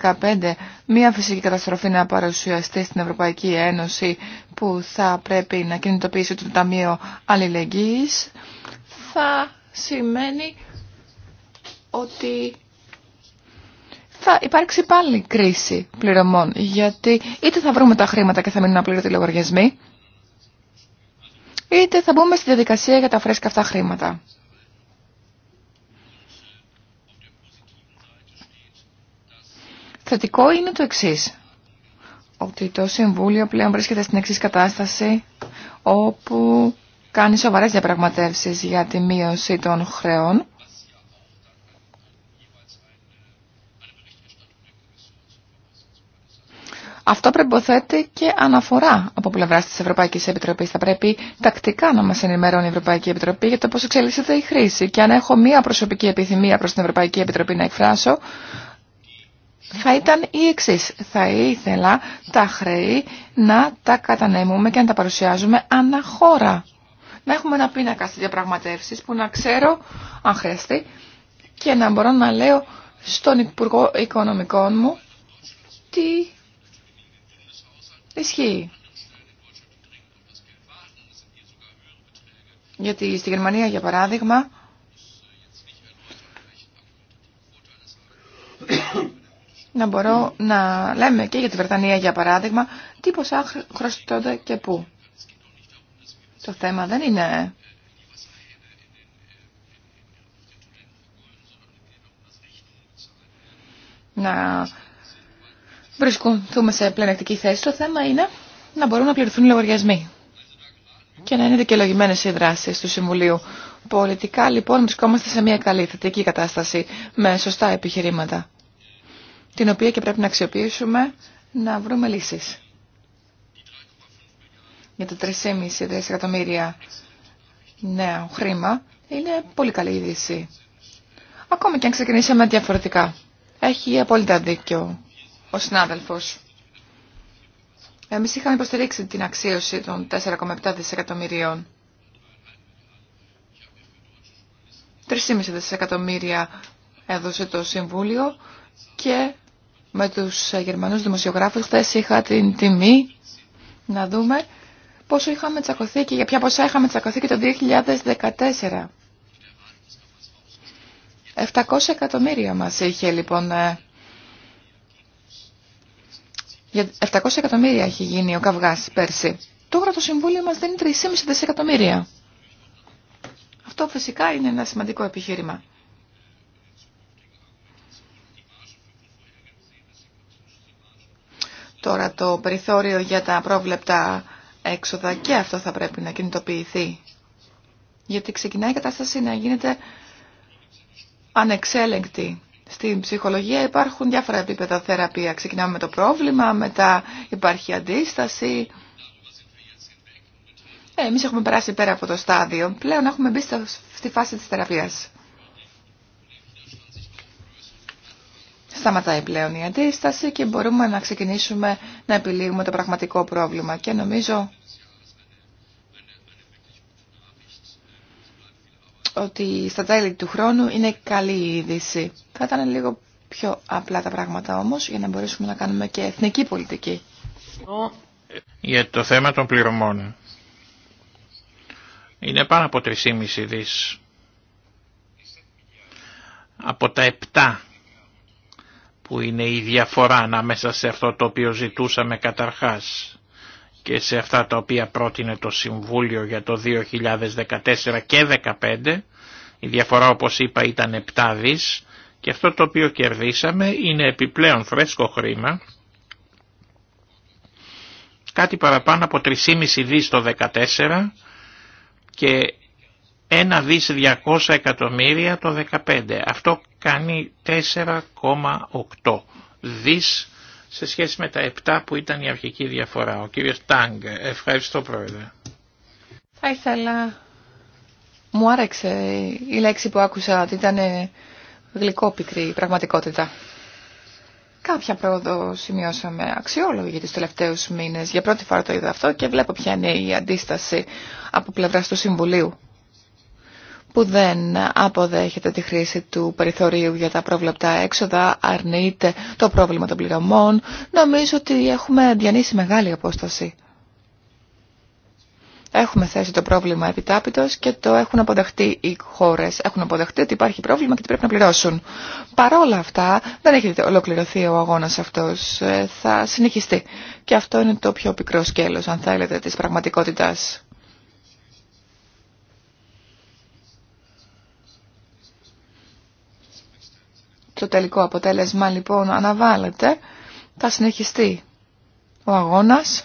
2015 μια φυσική καταστροφή να παρουσιαστεί στην Ευρωπαϊκή Ένωση που θα πρέπει να κινητοποιήσει το Ταμείο Αλληλεγγύης θα σημαίνει ότι θα υπάρξει πάλι κρίση πληρωμών γιατί είτε θα βρούμε τα χρήματα και θα μείνουν απλήρωτοι λογαριασμοί είτε θα μπούμε στη διαδικασία για τα φρέσκα αυτά χρήματα. Θετικό είναι το εξής, ότι το Συμβούλιο πλέον βρίσκεται στην εξής κατάσταση, όπου κάνει σοβαρές διαπραγματεύσεις για τη μείωση των χρεών Αυτό προποθέτει και αναφορά από πλευρά τη Ευρωπαϊκή Επιτροπή. Θα πρέπει τακτικά να μα ενημερώνει η Ευρωπαϊκή Επιτροπή για το πώ εξελίσσεται η χρήση. Και αν έχω μία προσωπική επιθυμία προ την Ευρωπαϊκή Επιτροπή να εκφράσω, θα ήταν η εξή. Θα ήθελα τα χρέη να τα κατανέμουμε και να τα παρουσιάζουμε αναχώρα. Να έχουμε ένα πίνακα στι διαπραγματεύσει που να ξέρω, αν χρειαστεί, και να μπορώ να λέω στον Υπουργό Οικονομικών μου τι Ισχύει. Γιατί στη Γερμανία, για παράδειγμα, να μπορώ να λέμε και για τη Βρετανία, για παράδειγμα, τι ποσά χρωστώνται και πού. Το θέμα δεν είναι να βρισκόμαστε σε πλανεκτική θέση. Το θέμα είναι να μπορούν να πληρωθούν λογαριασμοί και να είναι δικαιολογημένε οι δράσει του Συμβουλίου. Πολιτικά λοιπόν βρισκόμαστε σε μια καλή θετική κατάσταση με σωστά επιχειρήματα, την οποία και πρέπει να αξιοποιήσουμε να βρούμε λύσει. Για το 3,5 δισεκατομμύρια νέα χρήμα είναι πολύ καλή είδηση. Ακόμα και αν ξεκινήσαμε διαφορετικά. Έχει απόλυτα δίκιο ο συνάδελφος. Εμείς είχαμε υποστηρίξει την αξίωση των 4,7 δισεκατομμυρίων. 3,5 δισεκατομμύρια έδωσε το Συμβούλιο και με τους Γερμανούς δημοσιογράφους χθε είχα την τιμή να δούμε πόσο είχαμε τσακωθεί και για ποια ποσά είχαμε τσακωθεί και το 2014. 700 εκατομμύρια μας είχε λοιπόν ε, για 700 εκατομμύρια έχει γίνει ο καυγά πέρσι. Τώρα το Συμβούλιο μας δίνει 3,5 δισεκατομμύρια. Αυτό φυσικά είναι ένα σημαντικό επιχείρημα. Τώρα το περιθώριο για τα πρόβλεπτα έξοδα και αυτό θα πρέπει να κινητοποιηθεί. Γιατί ξεκινάει η κατάσταση να γίνεται ανεξέλεγκτη. Στην ψυχολογία υπάρχουν διάφορα επίπεδα θεραπεία. Ξεκινάμε με το πρόβλημα, μετά υπάρχει αντίσταση. Ε, εμείς έχουμε περάσει πέρα από το στάδιο. Πλέον έχουμε μπει στη φάση της θεραπείας. Σταματάει πλέον η αντίσταση και μπορούμε να ξεκινήσουμε να επιλύουμε το πραγματικό πρόβλημα. Και νομίζω ότι στα τέλη του χρόνου είναι καλή είδηση. Θα ήταν λίγο πιο απλά τα πράγματα όμως για να μπορέσουμε να κάνουμε και εθνική πολιτική. Για το θέμα των πληρωμών. Είναι πάνω από 3,5 δις. Από τα 7 που είναι η διαφορά ανάμεσα σε αυτό το οποίο ζητούσαμε καταρχάς και σε αυτά τα οποία πρότεινε το Συμβούλιο για το 2014 και 2015. Η διαφορά όπως είπα ήταν 7 δις και αυτό το οποίο κερδίσαμε είναι επιπλέον φρέσκο χρήμα κάτι παραπάνω από 3,5 δις το 2014 και 1 δις 200 εκατομμύρια το 2015. Αυτό κάνει 4,8 δις σε σχέση με τα 7 που ήταν η αρχική διαφορά. Ο κύριος Τάγκ, ευχαριστώ πρόεδρε. Θα ήθελα... Μου άρεξε η λέξη που άκουσα ότι ήταν γλυκόπικρη η πραγματικότητα. Κάποια πρόοδο σημειώσαμε αξιόλογη τις τελευταίους μήνες. Για πρώτη φορά το είδα αυτό και βλέπω ποια είναι η αντίσταση από πλευράς του Συμβουλίου που δεν αποδέχεται τη χρήση του περιθωρίου για τα προβλεπτά έξοδα, αρνείται το πρόβλημα των πληρωμών. Νομίζω ότι έχουμε διανύσει μεγάλη απόσταση. Έχουμε θέσει το πρόβλημα επιτάπητος και το έχουν αποδεχτεί οι χώρες. Έχουν αποδεχτεί ότι υπάρχει πρόβλημα και ότι πρέπει να πληρώσουν. Παρόλα αυτά δεν έχει ολοκληρωθεί ο αγώνας αυτός. Ε, θα συνεχιστεί. Και αυτό είναι το πιο πικρό σκέλος, αν θέλετε, της πραγματικότητας. το τελικό αποτέλεσμα λοιπόν αναβάλλεται, θα συνεχιστεί ο αγώνας.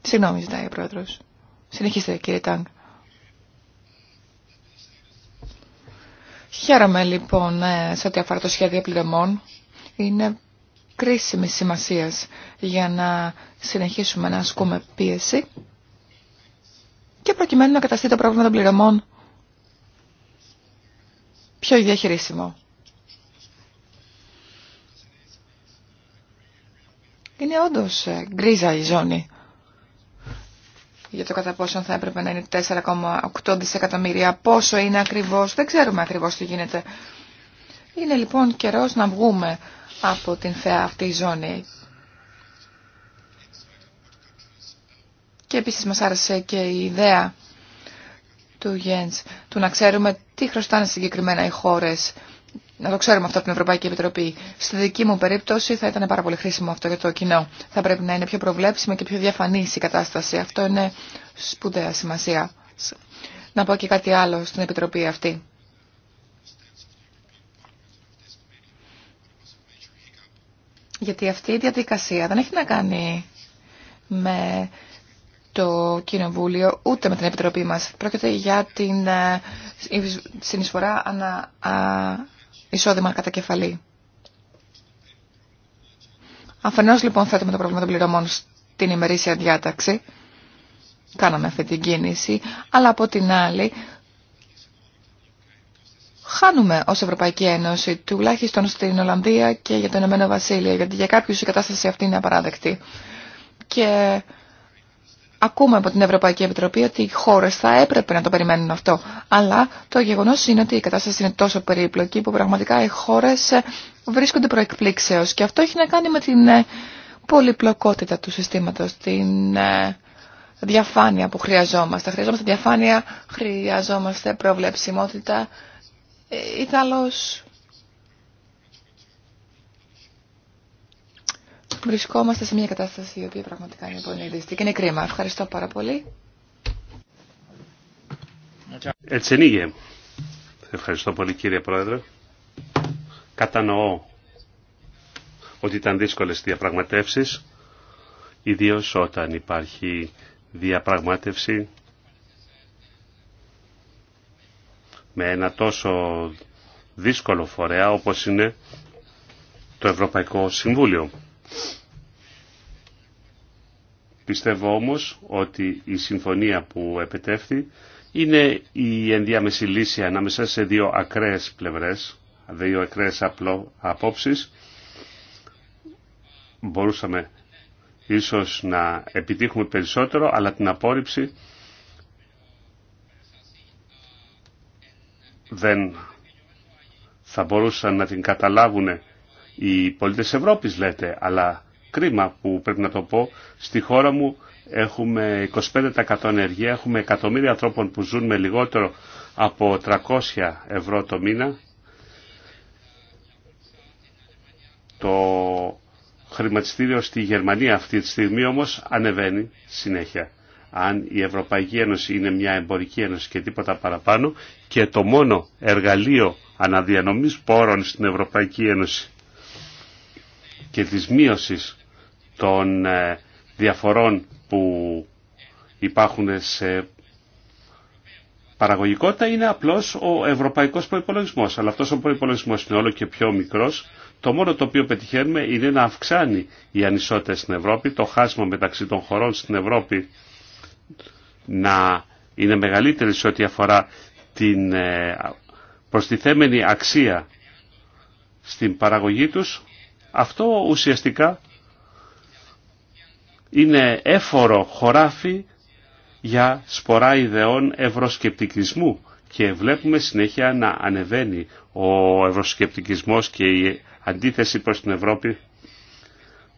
Συγγνώμη, ζητάει ο πρόεδρος. Συνεχίστε κύριε Τάγκ. Χαίρομαι λοιπόν ε, σε ό,τι αφορά το σχέδιο πληρωμών. Είναι κρίσιμη σημασία για να συνεχίσουμε να ασκούμε πίεση και προκειμένου να καταστεί το πρόβλημα των πληρωμών πιο διαχειρίσιμο. Είναι όντως ε, γκρίζα η ζώνη για το κατά πόσο θα έπρεπε να είναι 4,8 δισεκατομμύρια. Πόσο είναι ακριβώς, δεν ξέρουμε ακριβώς τι γίνεται. Είναι λοιπόν καιρός να βγούμε από την θέα αυτή η ζώνη. Και επίσης μας άρεσε και η ιδέα του Γιέντς, του να ξέρουμε τι χρωστάνε συγκεκριμένα οι χώρες, να το ξέρουμε αυτό από την Ευρωπαϊκή Επιτροπή. Στη δική μου περίπτωση θα ήταν πάρα πολύ χρήσιμο αυτό για το κοινό. Θα πρέπει να είναι πιο προβλέψιμο και πιο διαφανής η κατάσταση. Αυτό είναι σπουδαία σημασία. Να πω και κάτι άλλο στην Επιτροπή αυτή. Γιατί αυτή η διαδικασία δεν έχει να κάνει με το Κοινοβούλιο ούτε με την Επιτροπή μας. Πρόκειται για την ε, συνεισφορά ανα, εισόδημα κατά κεφαλή. Αφενός λοιπόν θέτουμε το πρόβλημα των πληρωμών στην ημερήσια διάταξη. Κάναμε αυτή την κίνηση. Αλλά από την άλλη χάνουμε ως Ευρωπαϊκή Ένωση, τουλάχιστον στην Ολλανδία και για το Ηνωμένο Βασίλειο, γιατί για κάποιους η κατάσταση αυτή είναι απαράδεκτη. Και Ακούμε από την Ευρωπαϊκή Επιτροπή ότι οι χώρε θα έπρεπε να το περιμένουν αυτό. Αλλά το γεγονό είναι ότι η κατάσταση είναι τόσο περίπλοκη που πραγματικά οι χώρε ε, βρίσκονται προεκπλήξεω. Και αυτό έχει να κάνει με την ε, πολυπλοκότητα του συστήματο, την ε, διαφάνεια που χρειαζόμαστε. Χρειαζόμαστε διαφάνεια, χρειαζόμαστε προβλεψιμότητα. Βρισκόμαστε σε μια κατάσταση η οποία πραγματικά είναι πολύ δύστη και είναι κρίμα. Ευχαριστώ πάρα πολύ. Ετσενίγε. Ευχαριστώ πολύ κύριε Πρόεδρε. Κατανοώ ότι ήταν δύσκολες διαπραγματεύσεις, ιδίως όταν υπάρχει διαπραγμάτευση με ένα τόσο δύσκολο φορέα όπως είναι το Ευρωπαϊκό Συμβούλιο. Πιστεύω όμως ότι η συμφωνία που επετεύθη είναι η ενδιάμεση λύση ανάμεσα σε δύο ακραίες πλευρές, δύο ακραίες απλό, απόψεις. Μπορούσαμε ίσως να επιτύχουμε περισσότερο, αλλά την απόρριψη δεν θα μπορούσαν να την καταλάβουν οι πολίτες Ευρώπης λέτε, αλλά κρίμα που πρέπει να το πω, στη χώρα μου έχουμε 25% ενεργεία, έχουμε εκατομμύρια ανθρώπων που ζουν με λιγότερο από 300 ευρώ το μήνα. Το χρηματιστήριο στη Γερμανία αυτή τη στιγμή όμως ανεβαίνει συνέχεια. Αν η Ευρωπαϊκή Ένωση είναι μια εμπορική ένωση και τίποτα παραπάνω και το μόνο εργαλείο αναδιανομής πόρων στην Ευρωπαϊκή Ένωση και της μείωσης των ε, διαφορών που υπάρχουν σε παραγωγικότητα είναι απλώς ο ευρωπαϊκός προϋπολογισμός. Αλλά αυτός ο προϋπολογισμός είναι όλο και πιο μικρός. Το μόνο το οποίο πετυχαίνουμε είναι να αυξάνει οι ανισότητες στην Ευρώπη, το χάσμα μεταξύ των χωρών στην Ευρώπη να είναι μεγαλύτερη σε ό,τι αφορά την ε, προστιθέμενη αξία στην παραγωγή τους αυτό ουσιαστικά είναι έφορο χωράφι για σπορά ιδεών ευρωσκεπτικισμού και βλέπουμε συνέχεια να ανεβαίνει ο ευρωσκεπτικισμός και η αντίθεση προς την Ευρώπη.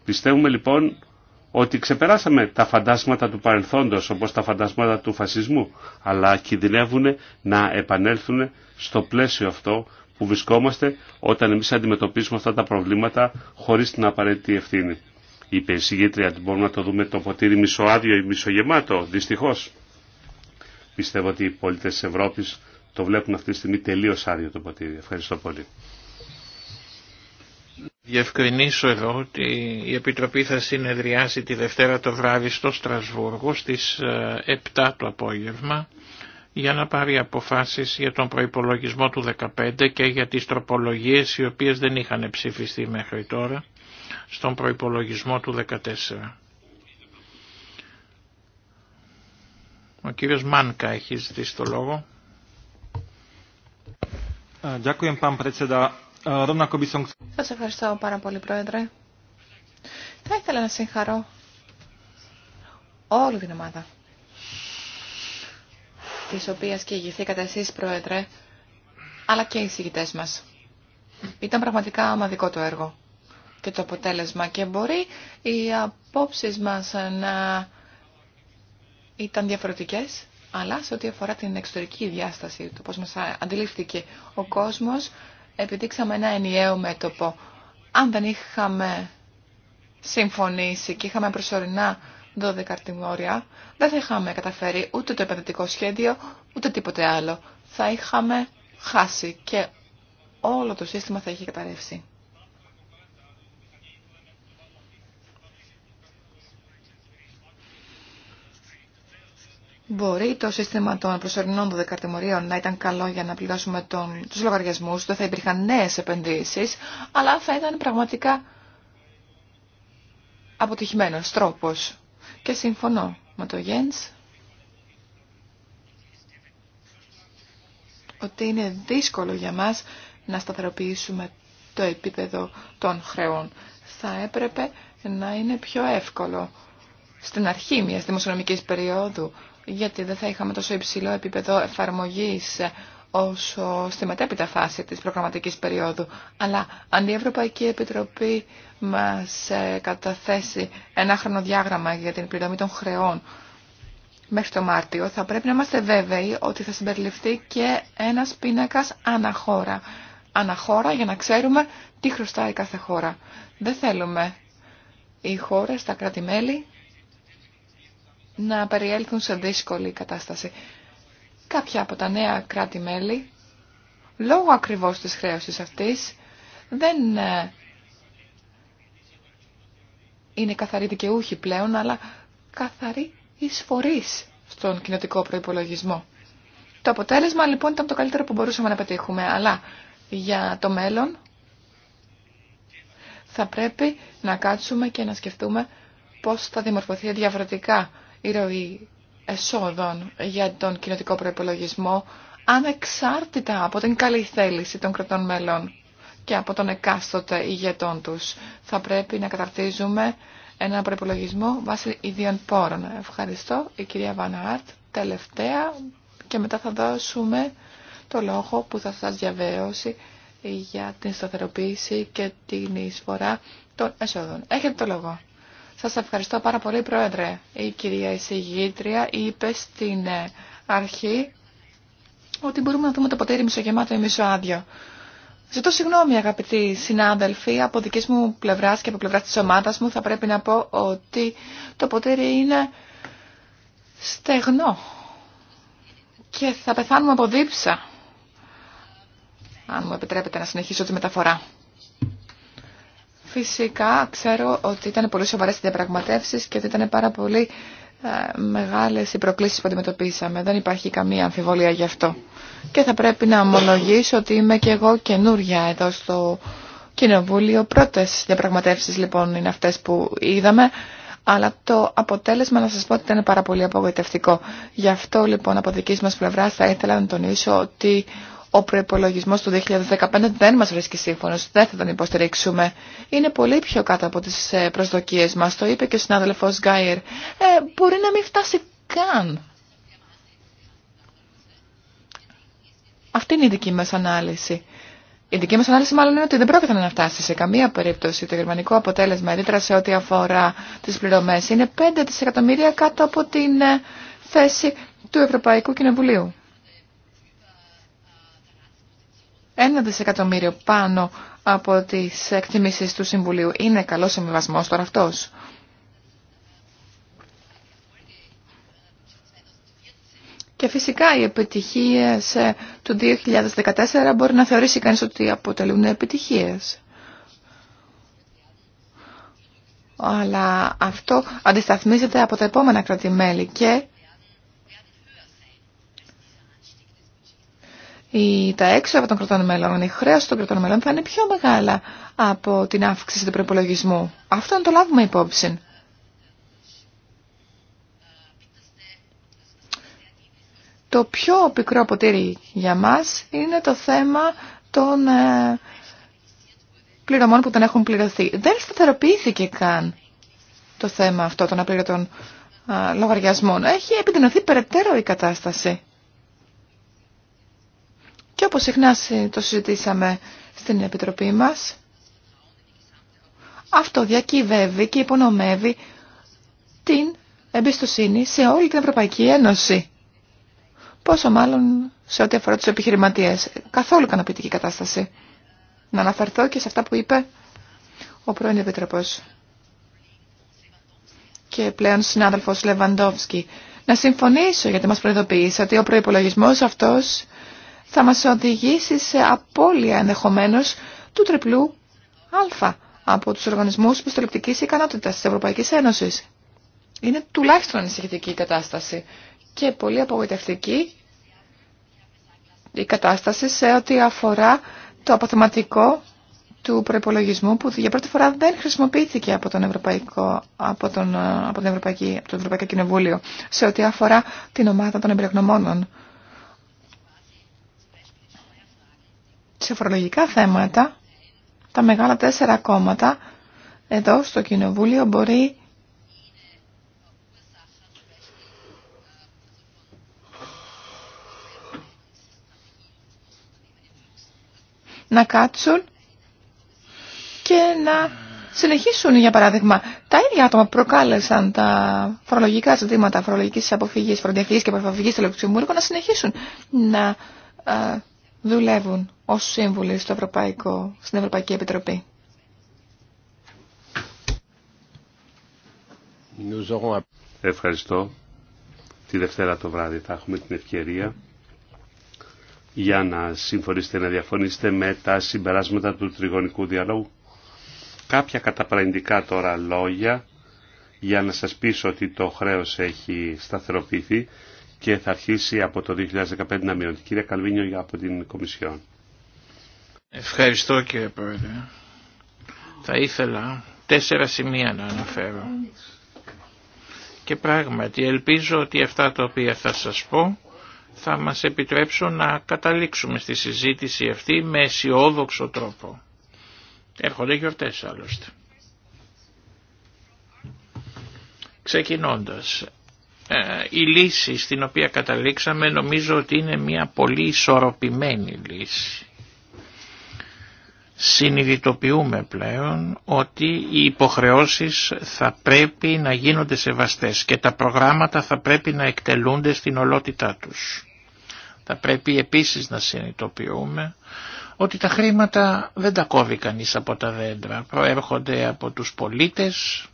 Πιστεύουμε λοιπόν ότι ξεπεράσαμε τα φαντάσματα του παρελθόντος όπως τα φαντάσματα του φασισμού αλλά κινδυνεύουν να επανέλθουν στο πλαίσιο αυτό που βρισκόμαστε όταν εμείς αντιμετωπίσουμε αυτά τα προβλήματα χωρίς την απαραίτητη ευθύνη. η συγγήτρια μπορούμε να το δούμε το ποτήρι μισοάδιο ή μισογεμάτο, δυστυχώς. Πιστεύω ότι οι πολίτες της Ευρώπης το βλέπουν αυτή τη στιγμή τελείως άδειο το ποτήρι. Ευχαριστώ πολύ. Διευκρινίσω εδώ ότι η Επιτροπή θα συνεδριάσει τη Δευτέρα το βράδυ στο Στρασβούργο στις 7 ε, το απόγευμα για να πάρει αποφάσεις για τον προϋπολογισμό του 2015 και για τις τροπολογίες οι οποίες δεν είχαν ψηφιστεί μέχρι τώρα στον προϋπολογισμό του 2014. Ο κύριος Μάνκα έχει ζητήσει το λόγο. Ε, ε, Σα ευχαριστώ πάρα πολύ Πρόεδρε. Θα ήθελα να συγχαρώ όλη την ομάδα της οποίας και ηγηθήκατε εσείς, Πρόεδρε, αλλά και οι συγητές μας. Ήταν πραγματικά ομαδικό το έργο και το αποτέλεσμα και μπορεί οι απόψεις μας να ήταν διαφορετικές, αλλά σε ό,τι αφορά την εξωτερική διάσταση, το πώς μας αντιλήφθηκε ο κόσμος, επιδείξαμε ένα ενιαίο μέτωπο. Αν δεν είχαμε συμφωνήσει και είχαμε προσωρινά 12 δεν θα είχαμε καταφέρει ούτε το επενδυτικό σχέδιο, ούτε τίποτε άλλο. Θα είχαμε χάσει και όλο το σύστημα θα είχε καταρρεύσει. Μπορεί το σύστημα των προσωρινών των να ήταν καλό για να πληρώσουμε τον, τους λογαριασμούς, δεν θα υπήρχαν νέες επενδύσεις, αλλά θα ήταν πραγματικά αποτυχημένος τρόπος και συμφωνώ με το Γιέντς ότι είναι δύσκολο για μας να σταθεροποιήσουμε το επίπεδο των χρεών. Θα έπρεπε να είναι πιο εύκολο στην αρχή μιας δημοσιονομικής περίοδου, γιατί δεν θα είχαμε τόσο υψηλό επίπεδο εφαρμογής όσο στη μετέπειτα φάση της προγραμματικής περίοδου. Αλλά αν η Ευρωπαϊκή Επιτροπή μας ε, καταθέσει ένα χρονοδιάγραμμα για την πληρωμή των χρεών μέχρι το Μάρτιο, θα πρέπει να είμαστε βέβαιοι ότι θα συμπεριληφθεί και ένας πίνακας αναχώρα. Αναχώρα για να ξέρουμε τι χρωστάει κάθε χώρα. Δεν θέλουμε οι χώρε τα κράτη-μέλη, να περιέλθουν σε δύσκολη κατάσταση κάποια από τα νέα κράτη-μέλη, λόγω ακριβώς της χρέωσης αυτής, δεν ε, είναι καθαροί δικαιούχοι πλέον, αλλά καθαροί εισφορείς στον κοινοτικό προϋπολογισμό. Το αποτέλεσμα λοιπόν ήταν το καλύτερο που μπορούσαμε να πετύχουμε, αλλά για το μέλλον θα πρέπει να κάτσουμε και να σκεφτούμε πώς θα δημορφωθεί διαφορετικά η ροή εσόδων για τον κοινοτικό προπολογισμό ανεξάρτητα από την καλή θέληση των κρατών μέλων και από τον εκάστοτε ηγετών τους. Θα πρέπει να καταρτίζουμε ένα προπολογισμό βάσει ιδίων πόρων. Ευχαριστώ η κυρία Βαναάρτ. Τελευταία και μετά θα δώσουμε το λόγο που θα σας διαβέωσει για την σταθεροποίηση και την εισφορά των εσόδων. Έχετε το λόγο. Σας ευχαριστώ πάρα πολύ, Πρόεδρε. Η κυρία εισηγήτρια είπε στην αρχή ότι μπορούμε να δούμε το ποτήρι μισογεμάτο ή μισοάδιο. Ζητώ συγγνώμη αγαπητοί συνάδελφοι, από δική μου πλευρά και από πλευρά τη ομάδα μου θα πρέπει να πω ότι το ποτήρι είναι στεγνό και θα πεθάνουμε από δίψα. Αν μου επιτρέπετε να συνεχίσω τη μεταφορά. Φυσικά ξέρω ότι ήταν πολύ σοβαρέ οι διαπραγματεύσει και ότι ήταν πάρα πολύ ε, μεγάλε οι προκλήσει που αντιμετωπίσαμε. Δεν υπάρχει καμία αμφιβολία γι' αυτό. Και θα πρέπει να ομολογήσω ότι είμαι και εγώ καινούρια εδώ στο Κοινοβούλιο. Πρώτε διαπραγματεύσει λοιπόν είναι αυτέ που είδαμε. Αλλά το αποτέλεσμα να σας πω ότι ήταν πάρα πολύ απογοητευτικό. Γι' αυτό λοιπόν από δική μας πλευρά θα ήθελα να τονίσω ότι ο προπολογισμό του 2015 δεν μα βρίσκει σύμφωνο. δεν θα τον υποστηρίξουμε. Είναι πολύ πιο κάτω από τι ε, προσδοκίε μα, το είπε και ο συναδελφο Γκάιερ. Ε, μπορεί να μην φτάσει καν. Αυτή είναι η δική μα ανάλυση. Η δική μα ανάλυση μάλλον είναι ότι δεν πρόκειται να φτάσει σε καμία περίπτωση. Το γερμανικό αποτέλεσμα, ιδιαίτερα σε ό,τι αφορά τι πληρωμές, είναι 5 δισεκατομμύρια κάτω από την ε, θέση του Ευρωπαϊκού Κοινοβουλίου. ένα δισεκατομμύριο πάνω από τις εκτιμήσεις του Συμβουλίου. Είναι καλός συμβιβασμός τώρα αυτός. Και φυσικά οι επιτυχίες ε, του 2014 μπορεί να θεωρήσει κανείς ότι αποτελούν επιτυχίες. Αλλά αυτό αντισταθμίζεται από τα επόμενα κρατημέλη και η, τα έξοδα των κρατών μελών, η χρέωση των κρατών μελών θα είναι πιο μεγάλα από την αύξηση του προπολογισμού. Αυτό να το λάβουμε υπόψη. Το πιο πικρό ποτήρι για μας είναι το θέμα των ε, πληρωμών που δεν έχουν πληρωθεί. Δεν σταθεροποιήθηκε καν το θέμα αυτό των απλήρωτων ε, λογαριασμών. Έχει επιδεινωθεί περαιτέρω η κατάσταση. Και όπως συχνά το συζητήσαμε στην Επιτροπή μας, αυτό διακυβεύει και υπονομεύει την εμπιστοσύνη σε όλη την Ευρωπαϊκή Ένωση. Πόσο μάλλον σε ό,τι αφορά τους επιχειρηματίες. Καθόλου κανοποιητική κατάσταση. Να αναφερθώ και σε αυτά που είπε ο πρώην Επιτροπός και πλέον συνάδελφος Λεβαντόφσκι. Να συμφωνήσω γιατί μας προειδοποίησε ότι ο προϋπολογισμός αυτός θα μας οδηγήσει σε απώλεια ενδεχομένως του τριπλού α από τους οργανισμούς πιστοληπτικής ικανότητας της Ευρωπαϊκής Ένωσης. Είναι τουλάχιστον ανησυχητική η κατάσταση και πολύ απογοητευτική η κατάσταση σε ό,τι αφορά το αποθεματικό του προπολογισμού που για πρώτη φορά δεν χρησιμοποιήθηκε από τον Ευρωπαϊκό, από τον, από την Ευρωπαϊκή, από το Ευρωπαϊκό Κοινοβούλιο σε ό,τι αφορά την ομάδα των εμπειρογνωμόνων σε φορολογικά θέματα τα μεγάλα τέσσερα κόμματα εδώ στο Κοινοβούλιο μπορεί να κάτσουν και να συνεχίσουν, για παράδειγμα, τα ίδια άτομα προκάλεσαν τα φορολογικά ζητήματα φορολογική αποφυγή, φοροδιαφυγή και αποφυγής στο Λουξεμβούργο να συνεχίσουν να ε, δουλεύουν ως σύμβουλοι στο Ευρωπαϊκό, στην Ευρωπαϊκή Επιτροπή. Ευχαριστώ. Τη Δευτέρα το βράδυ θα έχουμε την ευκαιρία για να συμφωνήσετε, να διαφωνήσετε με τα συμπεράσματα του τριγωνικού διαλόγου. Κάποια καταπραγητικά τώρα λόγια για να σας πείσω ότι το χρέος έχει σταθεροποιηθεί και θα αρχίσει από το 2015 να μειώνεται. Κύριε Καλβίνιο από την Κομισιόν. Ευχαριστώ κύριε Πρόεδρε. Θα ήθελα τέσσερα σημεία να αναφέρω. Και πράγματι ελπίζω ότι αυτά τα οποία θα σας πω θα μας επιτρέψουν να καταλήξουμε στη συζήτηση αυτή με αισιόδοξο τρόπο. Έρχονται γιορτές άλλωστε. Ξεκινώντας, ε, η λύση στην οποία καταλήξαμε νομίζω ότι είναι μια πολύ ισορροπημένη λύση. Συνειδητοποιούμε πλέον ότι οι υποχρεώσεις θα πρέπει να γίνονται σεβαστές και τα προγράμματα θα πρέπει να εκτελούνται στην ολότητά τους. Θα πρέπει επίσης να συνειδητοποιούμε ότι τα χρήματα δεν τα κόβει κανείς από τα δέντρα, προέρχονται από τους πολίτες,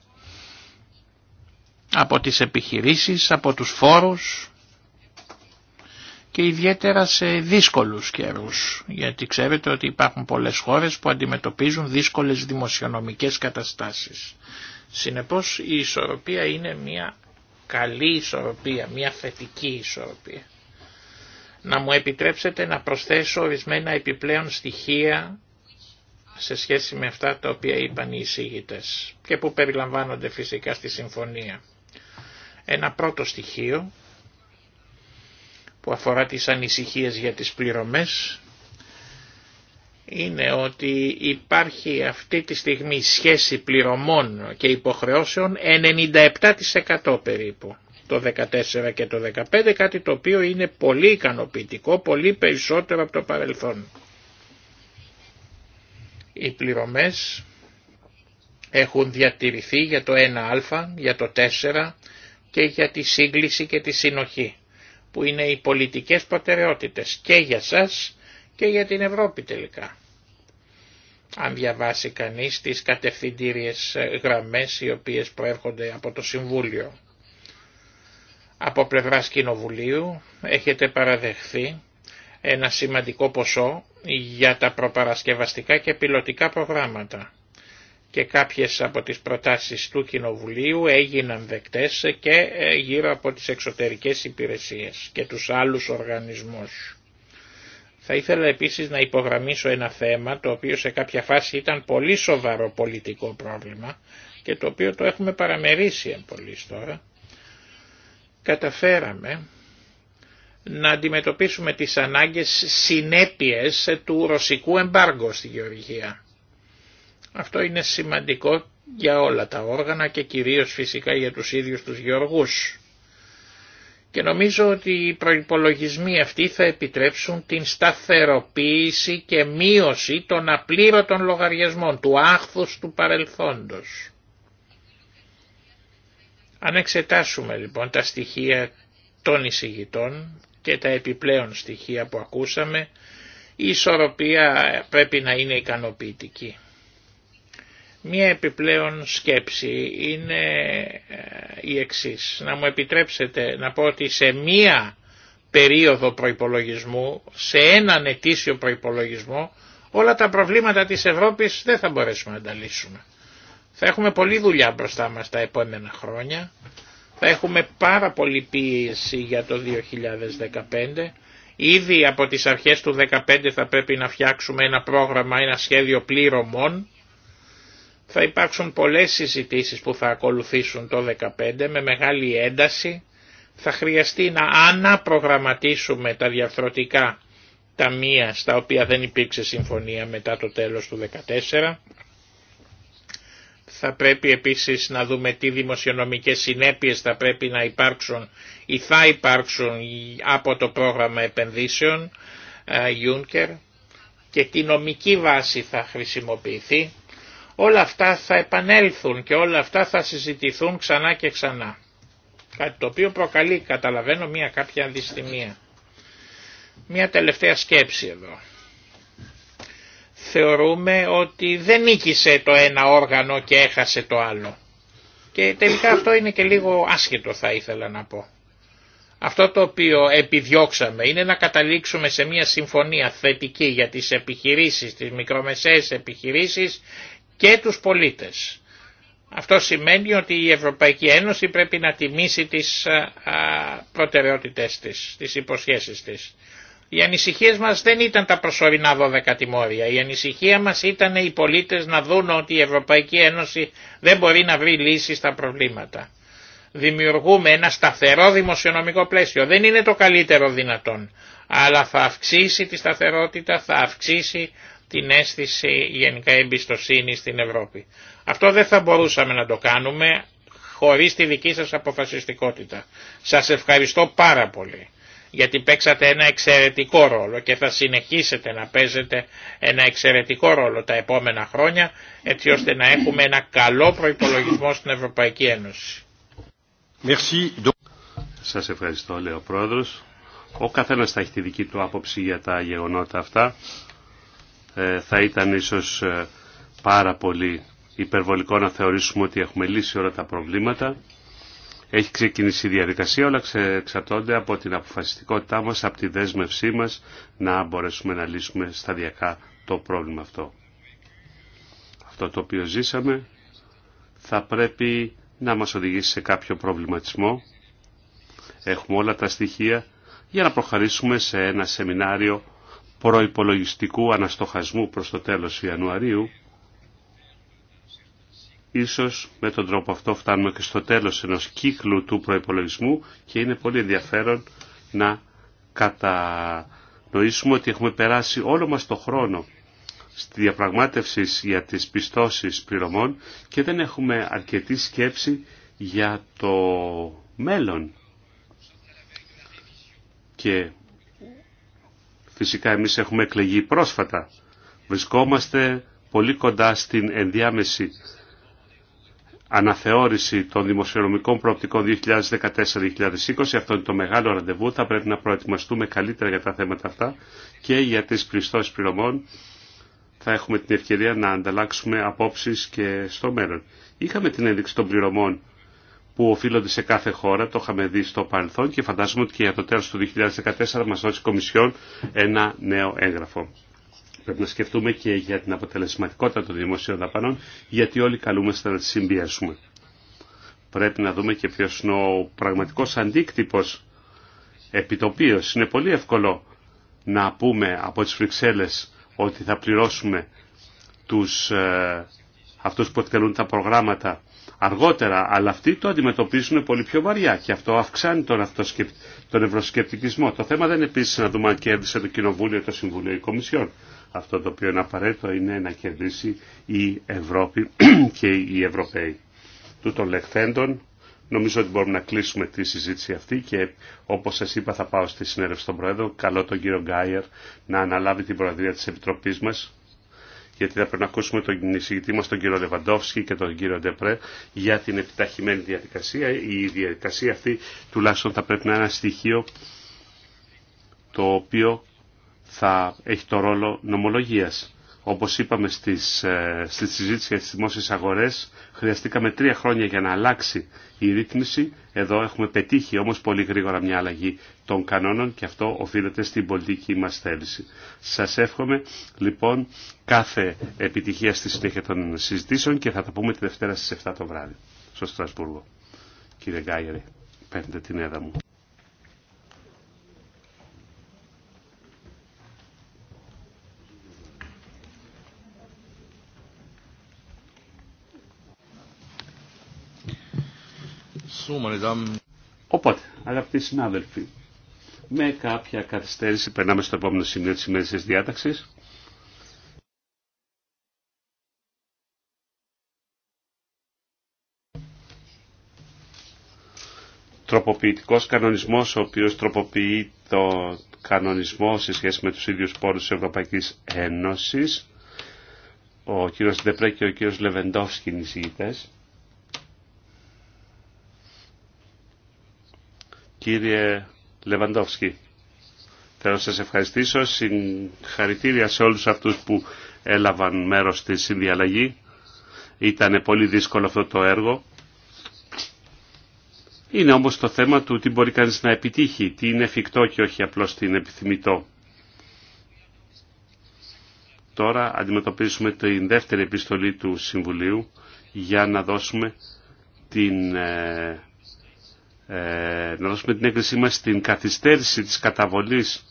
από τις επιχειρήσεις, από τους φόρους και ιδιαίτερα σε δύσκολους καιρούς, γιατί ξέρετε ότι υπάρχουν πολλές χώρες που αντιμετωπίζουν δύσκολες δημοσιονομικές καταστάσεις. Συνεπώς η ισορροπία είναι μια καλή ισορροπία, μια θετική ισορροπία. Να μου επιτρέψετε να προσθέσω ορισμένα επιπλέον στοιχεία σε σχέση με αυτά τα οποία είπαν οι εισηγητές και που περιλαμβάνονται φυσικά στη συμφωνία. Ένα πρώτο στοιχείο που αφορά τις ανησυχίες για τις πληρωμές είναι ότι υπάρχει αυτή τη στιγμή σχέση πληρωμών και υποχρεώσεων 97% περίπου το 14 και το 15 κάτι το οποίο είναι πολύ ικανοποιητικό, πολύ περισσότερο από το παρελθόν. Οι πληρωμές έχουν διατηρηθεί για το 1α, για το 4, και για τη σύγκληση και τη συνοχή, που είναι οι πολιτικές προτεραιότητες και για σας και για την Ευρώπη τελικά. Αν διαβάσει κανείς τις κατευθυντήριες ε, γραμμές οι οποίες προέρχονται από το Συμβούλιο. Από πλευράς Κοινοβουλίου έχετε παραδεχθεί ένα σημαντικό ποσό για τα προπαρασκευαστικά και πιλωτικά προγράμματα και κάποιες από τις προτάσεις του Κοινοβουλίου έγιναν δεκτές και ε, γύρω από τις εξωτερικές υπηρεσίες και τους άλλους οργανισμούς. Θα ήθελα επίσης να υπογραμμίσω ένα θέμα το οποίο σε κάποια φάση ήταν πολύ σοβαρό πολιτικό πρόβλημα και το οποίο το έχουμε παραμερίσει εν τώρα. Καταφέραμε να αντιμετωπίσουμε τις ανάγκες συνέπειες του ρωσικού εμπάργου στη Γεωργία. Αυτό είναι σημαντικό για όλα τα όργανα και κυρίως φυσικά για τους ίδιους τους γεωργούς. Και νομίζω ότι οι προϋπολογισμοί αυτοί θα επιτρέψουν την σταθεροποίηση και μείωση των απλήρωτων λογαριασμών, του άχθους του παρελθόντος. Αν εξετάσουμε λοιπόν τα στοιχεία των εισηγητών και τα επιπλέον στοιχεία που ακούσαμε, η ισορροπία πρέπει να είναι ικανοποιητική. Μία επιπλέον σκέψη είναι ε, η εξής. Να μου επιτρέψετε να πω ότι σε μία περίοδο προϋπολογισμού, σε έναν ετήσιο προϋπολογισμό, όλα τα προβλήματα της Ευρώπης δεν θα μπορέσουμε να τα λύσουμε. Θα έχουμε πολλή δουλειά μπροστά μας τα επόμενα χρόνια, θα έχουμε πάρα πολλή πίεση για το 2015, ήδη από τις αρχές του 2015 θα πρέπει να φτιάξουμε ένα πρόγραμμα, ένα σχέδιο πλήρωμων, θα υπάρξουν πολλές συζητήσεις που θα ακολουθήσουν το 2015 με μεγάλη ένταση. Θα χρειαστεί να αναπρογραμματίσουμε τα τα ταμεία στα οποία δεν υπήρξε συμφωνία μετά το τέλος του 2014. Θα πρέπει επίσης να δούμε τι δημοσιονομικές συνέπειες θα πρέπει να υπάρξουν ή θα υπάρξουν από το πρόγραμμα επενδύσεων ε, Juncker και τι νομική βάση θα χρησιμοποιηθεί Όλα αυτά θα επανέλθουν και όλα αυτά θα συζητηθούν ξανά και ξανά. Κάτι το οποίο προκαλεί, καταλαβαίνω, μια κάποια δυστημία. Μια τελευταία σκέψη εδώ. Θεωρούμε ότι δεν νίκησε το ένα όργανο και έχασε το άλλο. Και τελικά αυτό είναι και λίγο άσχετο θα ήθελα να πω. Αυτό το οποίο επιδιώξαμε είναι να καταλήξουμε σε μια συμφωνία θετική για τις επιχειρήσεις, τις μικρομεσαίες επιχειρήσεις και τους πολίτες. Αυτό σημαίνει ότι η Ευρωπαϊκή Ένωση πρέπει να τιμήσει τις προτεραιότητες της, τις υποσχέσεις της. Οι ανησυχίες μας δεν ήταν τα προσωρινά 12 τιμωρία. Η ανησυχία μας ήταν οι πολίτες να δουν ότι η Ευρωπαϊκή Ένωση δεν μπορεί να βρει λύσεις στα προβλήματα. Δημιουργούμε ένα σταθερό δημοσιονομικό πλαίσιο. Δεν είναι το καλύτερο δυνατόν, αλλά θα αυξήσει τη σταθερότητα, θα αυξήσει την αίσθηση γενικά εμπιστοσύνη στην Ευρώπη. Αυτό δεν θα μπορούσαμε να το κάνουμε χωρίς τη δική σας αποφασιστικότητα. Σας ευχαριστώ πάρα πολύ γιατί παίξατε ένα εξαιρετικό ρόλο και θα συνεχίσετε να παίζετε ένα εξαιρετικό ρόλο τα επόμενα χρόνια έτσι ώστε να έχουμε ένα καλό προϋπολογισμό στην Ευρωπαϊκή Ένωση. Merci. Σας ευχαριστώ λέει ο Πρόεδρος. Ο καθένας θα έχει τη δική του άποψη για τα γεγονότα αυτά. Ε, θα ήταν ίσως ε, πάρα πολύ υπερβολικό να θεωρήσουμε ότι έχουμε λύσει όλα τα προβλήματα. Έχει ξεκινήσει η διαδικασία, όλα εξαρτώνται από την αποφασιστικότητά μας, από τη δέσμευσή μας να μπορέσουμε να λύσουμε σταδιακά το πρόβλημα αυτό. Αυτό το οποίο ζήσαμε θα πρέπει να μας οδηγήσει σε κάποιο προβληματισμό. Έχουμε όλα τα στοιχεία για να προχωρήσουμε σε ένα σεμινάριο προϋπολογιστικού αναστοχασμού προς το τέλος Ιανουαρίου, ίσως με τον τρόπο αυτό φτάνουμε και στο τέλος ενός κύκλου του προϋπολογισμού και είναι πολύ ενδιαφέρον να κατανοήσουμε ότι έχουμε περάσει όλο μας το χρόνο στη διαπραγμάτευση για τις πιστώσεις πληρωμών και δεν έχουμε αρκετή σκέψη για το μέλλον. Και Φυσικά εμείς έχουμε εκλεγεί πρόσφατα. Βρισκόμαστε πολύ κοντά στην ενδιάμεση αναθεώρηση των δημοσιονομικών προοπτικών 2014-2020. Αυτό είναι το μεγάλο ραντεβού. Θα πρέπει να προετοιμαστούμε καλύτερα για τα θέματα αυτά και για τις πληστώσεις πληρωμών θα έχουμε την ευκαιρία να ανταλλάξουμε απόψεις και στο μέλλον. Είχαμε την ένδειξη των πληρωμών που οφείλονται σε κάθε χώρα, το είχαμε δει στο παρελθόν και φαντάζομαι ότι και για το τέλος του 2014 μας δώσει η Κομισιόν ένα νέο έγγραφο. Πρέπει να σκεφτούμε και για την αποτελεσματικότητα των δημοσίων δαπανών, γιατί όλοι καλούμαστε να τις συμπιέσουμε. Πρέπει να δούμε και ποιος είναι ο πραγματικός αντίκτυπος επιτοπίως. Είναι πολύ εύκολο να πούμε από τις Φρυξέλλες ότι θα πληρώσουμε τους, ε, αυτούς που εκτελούν τα προγράμματα αργότερα, αλλά αυτοί το αντιμετωπίζουν πολύ πιο βαριά και αυτό αυξάνει τον, αυτοσκεπ... τον ευρωσκεπτικισμό. Το θέμα δεν είναι επίσης να δούμε αν κέρδισε το Κοινοβούλιο, το Συμβουλίο ή η Κομισιόν. Αυτό το οποίο είναι απαραίτητο είναι να κερδίσει η Ευρώπη και οι Ευρωπαίοι. Τούτων λεχθέντων, νομίζω ότι μπορούμε να κλείσουμε τη συζήτηση αυτή και όπως σας είπα θα πάω στη συνέρευση των Προέδρων. Καλό τον κύριο Γκάιερ να αναλάβει την Προεδρία της Επιτροπής μας γιατί θα πρέπει να ακούσουμε τον εισηγητή μας τον κύριο Λεβαντόφσκι και τον κύριο Ντεπρέ για την επιταχυμένη διαδικασία. Η διαδικασία αυτή τουλάχιστον θα πρέπει να είναι ένα στοιχείο το οποίο θα έχει το ρόλο νομολογίας. Όπως είπαμε στις, ε, στη συζήτηση για τις δημόσιες αγορές, χρειαστήκαμε τρία χρόνια για να αλλάξει η ρύθμιση. Εδώ έχουμε πετύχει όμως πολύ γρήγορα μια αλλαγή των κανόνων και αυτό οφείλεται στην πολιτική μας θέληση. Σας εύχομαι λοιπόν κάθε επιτυχία στη συνέχεια των συζητήσεων και θα τα πούμε τη Δευτέρα στις 7 το βράδυ στο Στρασβούργο. Κύριε Γκάιερη, παίρνετε την έδα μου. Οπότε, αγαπητοί συνάδελφοι, με κάποια καθυστέρηση περνάμε στο επόμενο σημείο της σημερινής διάταξης. τροποποιητικός κανονισμός, ο οποίος τροποποιεί το κανονισμό σε σχέση με τους ίδιους πόρους της Ευρωπαϊκής Ένωσης. Ο κύριος Ντεπρέ και ο κύριος Λεβεντόφσκι είναι οι Κύριε Λεβαντόφσκι, θέλω να σας ευχαριστήσω. Συγχαρητήρια σε όλους αυτούς που έλαβαν μέρος στη συνδιαλλαγή. Ήταν πολύ δύσκολο αυτό το έργο. Είναι όμως το θέμα του τι μπορεί κανείς να επιτύχει, τι είναι εφικτό και όχι απλώς τι είναι επιθυμητό. Τώρα αντιμετωπίσουμε την δεύτερη επιστολή του Συμβουλίου για να δώσουμε την ε, ε, να δώσουμε την έγκρισή μας στην καθυστέρηση της καταβολής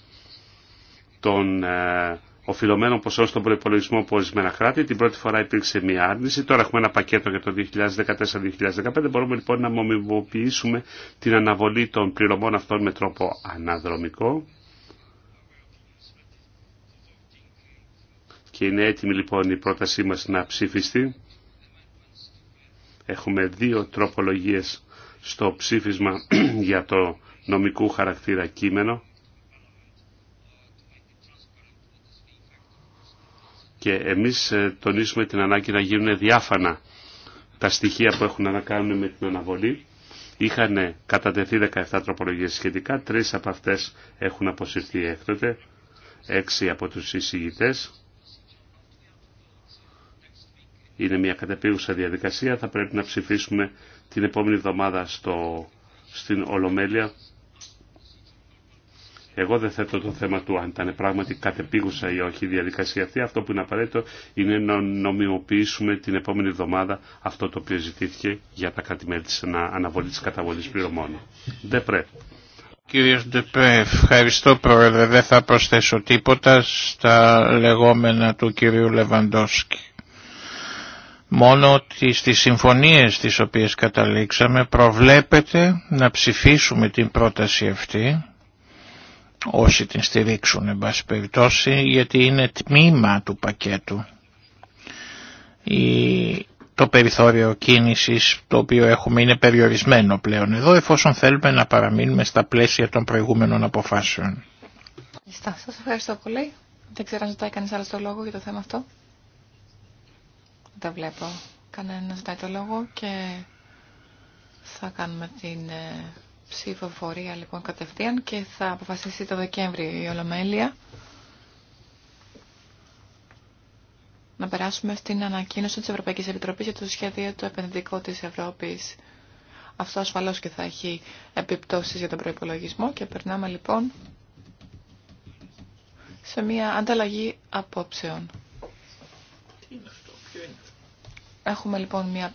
των ε, οφειλωμένων ποσών στον προπολογισμό από ορισμένα κράτη. Την πρώτη φορά υπήρξε μια άρνηση. Τώρα έχουμε ένα πακέτο για το 2014-2015. Μπορούμε λοιπόν να μομιμοποιήσουμε την αναβολή των πληρωμών αυτών με τρόπο αναδρομικό. Και είναι έτοιμη λοιπόν η πρότασή μας να ψηφιστεί. Έχουμε δύο τροπολογίες στο ψήφισμα για το νομικού χαρακτήρα κείμενο και εμείς ε, τονίσουμε την ανάγκη να γίνουν διάφανα τα στοιχεία που έχουν να κάνουν με την αναβολή. Είχαν κατατεθεί 17 τροπολογίες σχετικά, τρεις από αυτές έχουν αποσυρθεί έκτοτε, έξι από τους εισηγητές. Είναι μια κατεπίγουσα διαδικασία, θα πρέπει να ψηφίσουμε την επόμενη εβδομάδα στο, στην Ολομέλεια. Εγώ δεν θέτω το θέμα του αν ήταν πράγματι κατεπίγουσα ή όχι η διαδικασία αυτή. Αυτό που είναι απαραίτητο είναι να νομιμοποιήσουμε την επόμενη εβδομάδα αυτό το οποίο ζητήθηκε για τα κατημέρια της αναβολή της καταβολής πληρωμών. Δεν Κύριε Ντεπέ, ευχαριστώ πρόεδρε. Δεν θα προσθέσω τίποτα στα λεγόμενα του κυρίου Λεβαντόσκη. Μόνο ότι στις συμφωνίες τις οποίες καταλήξαμε προβλέπεται να ψηφίσουμε την πρόταση αυτή, όσοι την στηρίξουν εν πάση περιπτώσει, γιατί είναι τμήμα του πακέτου. Η, το περιθώριο κίνησης το οποίο έχουμε είναι περιορισμένο πλέον εδώ, εφόσον θέλουμε να παραμείνουμε στα πλαίσια των προηγούμενων αποφάσεων. Σα ευχαριστώ πολύ. Δεν ξέρω αν ζητάει κανείς άλλο το λόγο για το θέμα αυτό. Δεν βλέπω κανένα να ζητάει το λόγο και θα κάνουμε την ε, ψηφοφορία λοιπόν κατευθείαν και θα αποφασίσει το Δεκέμβριο η Ολομέλεια. Να περάσουμε στην ανακοίνωση της Ευρωπαϊκής Επιτροπής για το σχέδιο του επενδυτικού της Ευρώπης. Αυτό ασφαλώς και θα έχει επιπτώσεις για τον προϋπολογισμό και περνάμε λοιπόν σε μια ανταλλαγή απόψεων. Έχουμε λοιπόν μια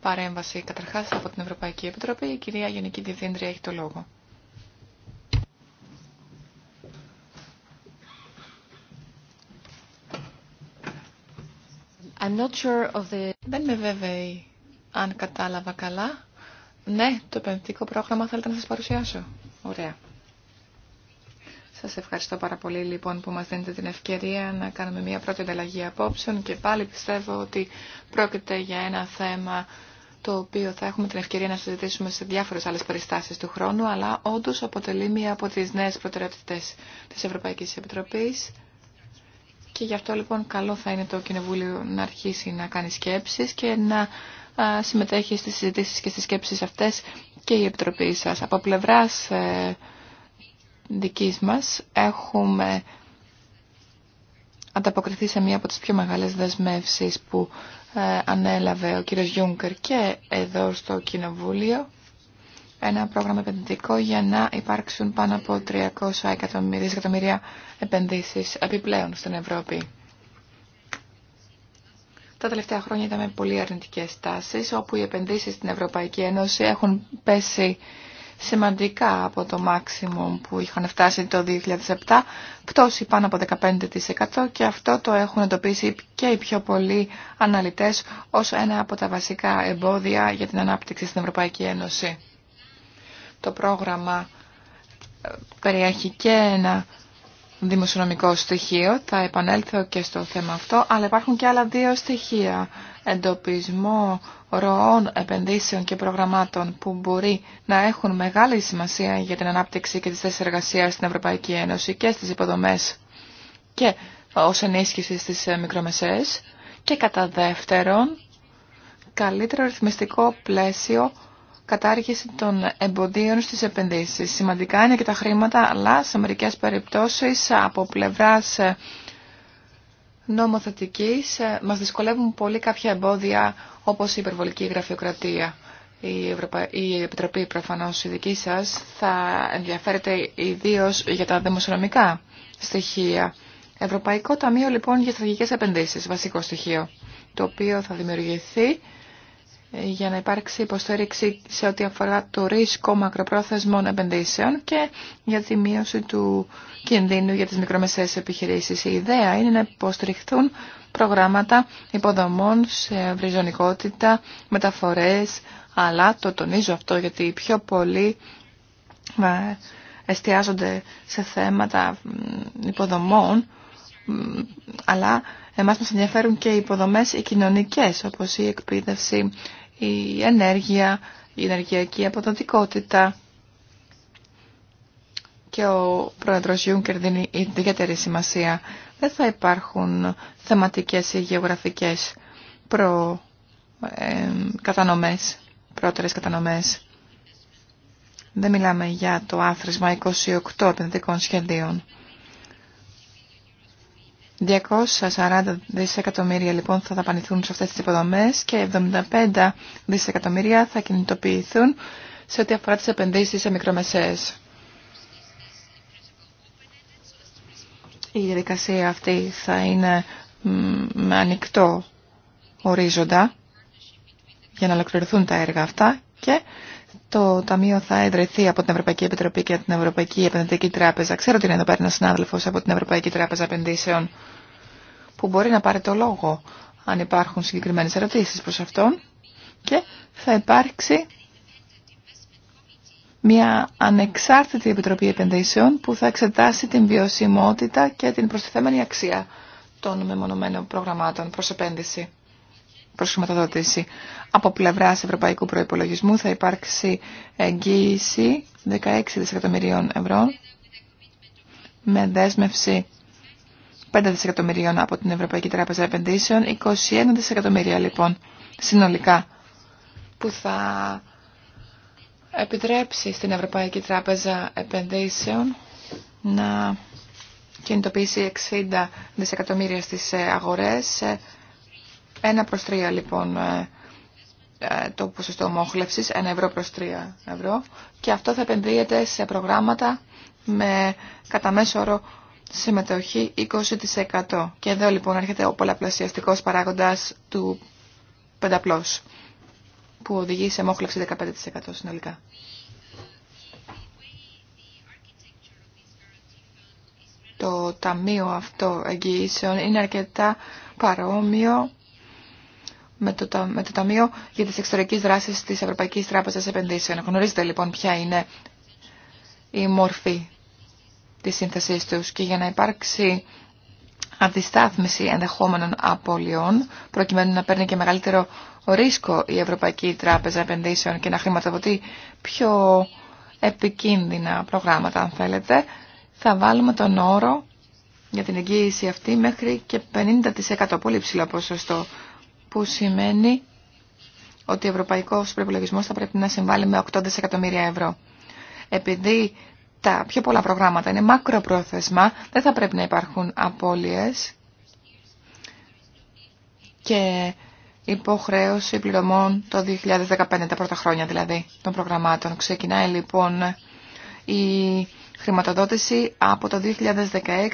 παρέμβαση καταρχάς από την Ευρωπαϊκή Επιτροπή. Η κυρία Γενική Διευθύντρια έχει το λόγο. I'm not sure of the... Δεν είμαι βέβαιη αν κατάλαβα καλά. Ναι, το επενδυτικό πρόγραμμα θέλετε να σας παρουσιάσω. Ωραία. Σας ευχαριστώ πάρα πολύ λοιπόν που μας δίνετε την ευκαιρία να κάνουμε μια πρώτη ανταλλαγή απόψεων και πάλι πιστεύω ότι πρόκειται για ένα θέμα το οποίο θα έχουμε την ευκαιρία να συζητήσουμε σε διάφορες άλλες περιστάσεις του χρόνου, αλλά όντως αποτελεί μία από τις νέες προτεραιότητες της Ευρωπαϊκής Επιτροπής. Και γι' αυτό λοιπόν καλό θα είναι το Κοινοβούλιο να αρχίσει να κάνει σκέψεις και να συμμετέχει στις συζητήσεις και στις σκέψεις αυτές και η Επιτροπή σας. Από πλευράς ε, δικής μας έχουμε ανταποκριθεί σε μία από τις πιο μεγάλες δεσμεύσεις που ε, ανέλαβε ο κύριος Γιούγκερ και εδώ στο Κοινοβούλιο ένα πρόγραμμα επενδυτικό για να υπάρξουν πάνω από 300 εκατομμύρια, εκατομμύρια επενδύσεις επιπλέον στην Ευρώπη. Τα τελευταία χρόνια είδαμε πολύ αρνητικές τάσεις, όπου οι επενδύσεις στην Ευρωπαϊκή Ένωση έχουν πέσει σημαντικά από το maximum που είχαν φτάσει το 2007, πτώση πάνω από 15% και αυτό το έχουν εντοπίσει και οι πιο πολλοί αναλυτές ως ένα από τα βασικά εμπόδια για την ανάπτυξη στην Ευρωπαϊκή Ένωση. Το πρόγραμμα ε, περιέχει και ένα δημοσιονομικό στοιχείο, θα επανέλθω και στο θέμα αυτό, αλλά υπάρχουν και άλλα δύο στοιχεία. Εντοπισμό ροών επενδύσεων και προγραμμάτων που μπορεί να έχουν μεγάλη σημασία για την ανάπτυξη και τις θέσεις εργασίας στην Ευρωπαϊκή Ένωση και στις υποδομές και ως ενίσχυση στις ε, μικρομεσαίες. Και κατά δεύτερον, καλύτερο ρυθμιστικό πλαίσιο κατάργηση των εμποδίων στις επενδύσεις. Σημαντικά είναι και τα χρήματα, αλλά σε μερικές περιπτώσεις από πλευράς ε, νομοθετικής ε, μας δυσκολεύουν πολύ κάποια εμπόδια όπως η υπερβολική γραφειοκρατία. Η, Επιτροπή προφανώς η δική σας θα ενδιαφέρεται ιδίως για τα δημοσιονομικά στοιχεία. Ευρωπαϊκό Ταμείο λοιπόν για στρατηγικές επενδύσεις, βασικό στοιχείο, το οποίο θα δημιουργηθεί για να υπάρξει υποστήριξη σε ό,τι αφορά το ρίσκο μακροπρόθεσμων επενδύσεων και για τη μείωση του κινδύνου για τις μικρομεσαίες επιχειρήσεις. Η ιδέα είναι να υποστηριχθούν προγράμματα υποδομών σε βριζονικότητα, μεταφορές, αλλά το τονίζω αυτό γιατί πιο πολλοί ε, εστιάζονται σε θέματα υποδομών, αλλά εμάς μας ενδιαφέρουν και οι υποδομές οι κοινωνικές, όπως η εκπαίδευση, η ενέργεια, η ενεργειακή αποδοτικότητα. Και ο πρόεδρος Ιούνκερ δίνει ιδιαίτερη σημασία. Δεν θα υπάρχουν θεματικές ή γεωγραφικές προ, ε, κατανομές, πρώτερες κατανομές. Δεν μιλάμε για το άθροισμα 28 επενδυτικών σχεδίων. 240 δισεκατομμύρια λοιπόν θα δαπανηθούν σε αυτές τις υποδομές και 75 δισεκατομμύρια θα κινητοποιηθούν σε ό,τι αφορά τις επενδύσεις σε μικρομεσαίες. Η διαδικασία αυτή θα είναι με ανοιχτό ορίζοντα για να ολοκληρωθούν τα έργα αυτά και το Ταμείο θα εδρεθεί από την Ευρωπαϊκή Επιτροπή και την Ευρωπαϊκή Επενδυτική Τράπεζα. Ξέρω ότι είναι εδώ πέρα ένα συνάδελφο από την Ευρωπαϊκή Τράπεζα Επενδύσεων που μπορεί να πάρει το λόγο αν υπάρχουν συγκεκριμένε ερωτήσει προ αυτόν και θα υπάρξει μια ανεξάρτητη Επιτροπή Επενδύσεων που θα εξετάσει την βιωσιμότητα και την προστιθέμενη αξία των μεμονωμένων προγραμμάτων προς επένδυση προσχηματοδότηση. Από πλευράς ευρωπαϊκού προϋπολογισμού θα υπάρξει εγγύηση 16 δισεκατομμυρίων ευρώ με δέσμευση 5 δισεκατομμυρίων από την Ευρωπαϊκή Τράπεζα Επενδύσεων, 21 δισεκατομμύρια λοιπόν συνολικά που θα επιτρέψει στην Ευρωπαϊκή Τράπεζα Επενδύσεων να κινητοποιήσει 60 δισεκατομμύρια στις ε, αγορές ε, ένα προς 3 λοιπόν ε, ε, το ποσοστό μόχλευσης, ένα ευρώ προς 3 ευρώ και αυτό θα επενδύεται σε προγράμματα με κατά μέσο όρο συμμετοχή 20%. Και εδώ λοιπόν έρχεται ο πολλαπλασιαστικός παράγοντας του πενταπλώ, που οδηγεί σε μόχλευση 15% συνολικά. Το ταμείο αυτό εγγυήσεων είναι αρκετά παρόμοιο με το, με το Ταμείο για τις Εξωτερικές Δράσεις της Ευρωπαϊκής Τράπεζας Επενδύσεων. Γνωρίζετε λοιπόν ποια είναι η μορφή της σύνθεσής τους και για να υπάρξει αντιστάθμιση ενδεχόμενων απώλειων προκειμένου να παίρνει και μεγαλύτερο ρίσκο η Ευρωπαϊκή Τράπεζα Επενδύσεων και να χρηματοδοτεί πιο επικίνδυνα προγράμματα, αν θέλετε, θα βάλουμε τον όρο για την εγγύηση αυτή μέχρι και 50% πολύ ψηλό ποσοστό που σημαίνει ότι ο ευρωπαϊκός προπολογισμό θα πρέπει να συμβάλλει με 8 δισεκατομμύρια ευρώ. Επειδή τα πιο πολλά προγράμματα είναι μακροπρόθεσμα, δεν θα πρέπει να υπάρχουν απώλειες και υποχρέωση πληρωμών το 2015, τα πρώτα χρόνια δηλαδή των προγραμμάτων. Ξεκινάει λοιπόν η χρηματοδότηση από το 2016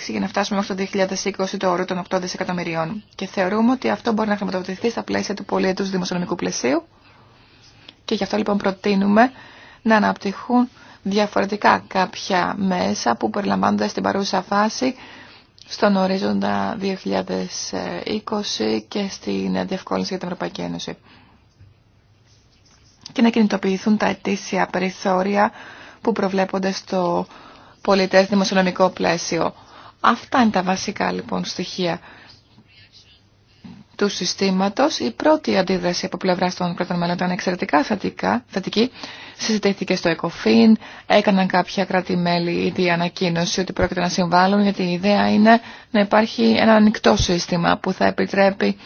για να φτάσουμε μέχρι το 2020 το όρο των 8 δισεκατομμυρίων. Και θεωρούμε ότι αυτό μπορεί να χρηματοδοτηθεί στα πλαίσια του πολιετού δημοσιονομικού πλαισίου. Και γι' αυτό λοιπόν προτείνουμε να αναπτυχούν διαφορετικά κάποια μέσα που περιλαμβάνονται στην παρούσα φάση στον ορίζοντα 2020 και στην διευκόλυνση για την Ευρωπαϊκή Ένωση. Και να κινητοποιηθούν τα αιτήσια περιθώρια που προβλέπονται στο πολιτές δημοσιονομικό πλαίσιο. Αυτά είναι τα βασικά λοιπόν στοιχεία του συστήματος. Η πρώτη αντίδραση από πλευρά των κρατών μελών ήταν εξαιρετικά θετική. Συζητήθηκε στο ΕΚΟΦΗΝ, έκαναν κάποια κράτη-μέλη ήδη ανακοίνωση ότι πρόκειται να συμβάλλουν, γιατί η ιδέα είναι να υπάρχει ένα ανοιχτό σύστημα που θα επιτρέπει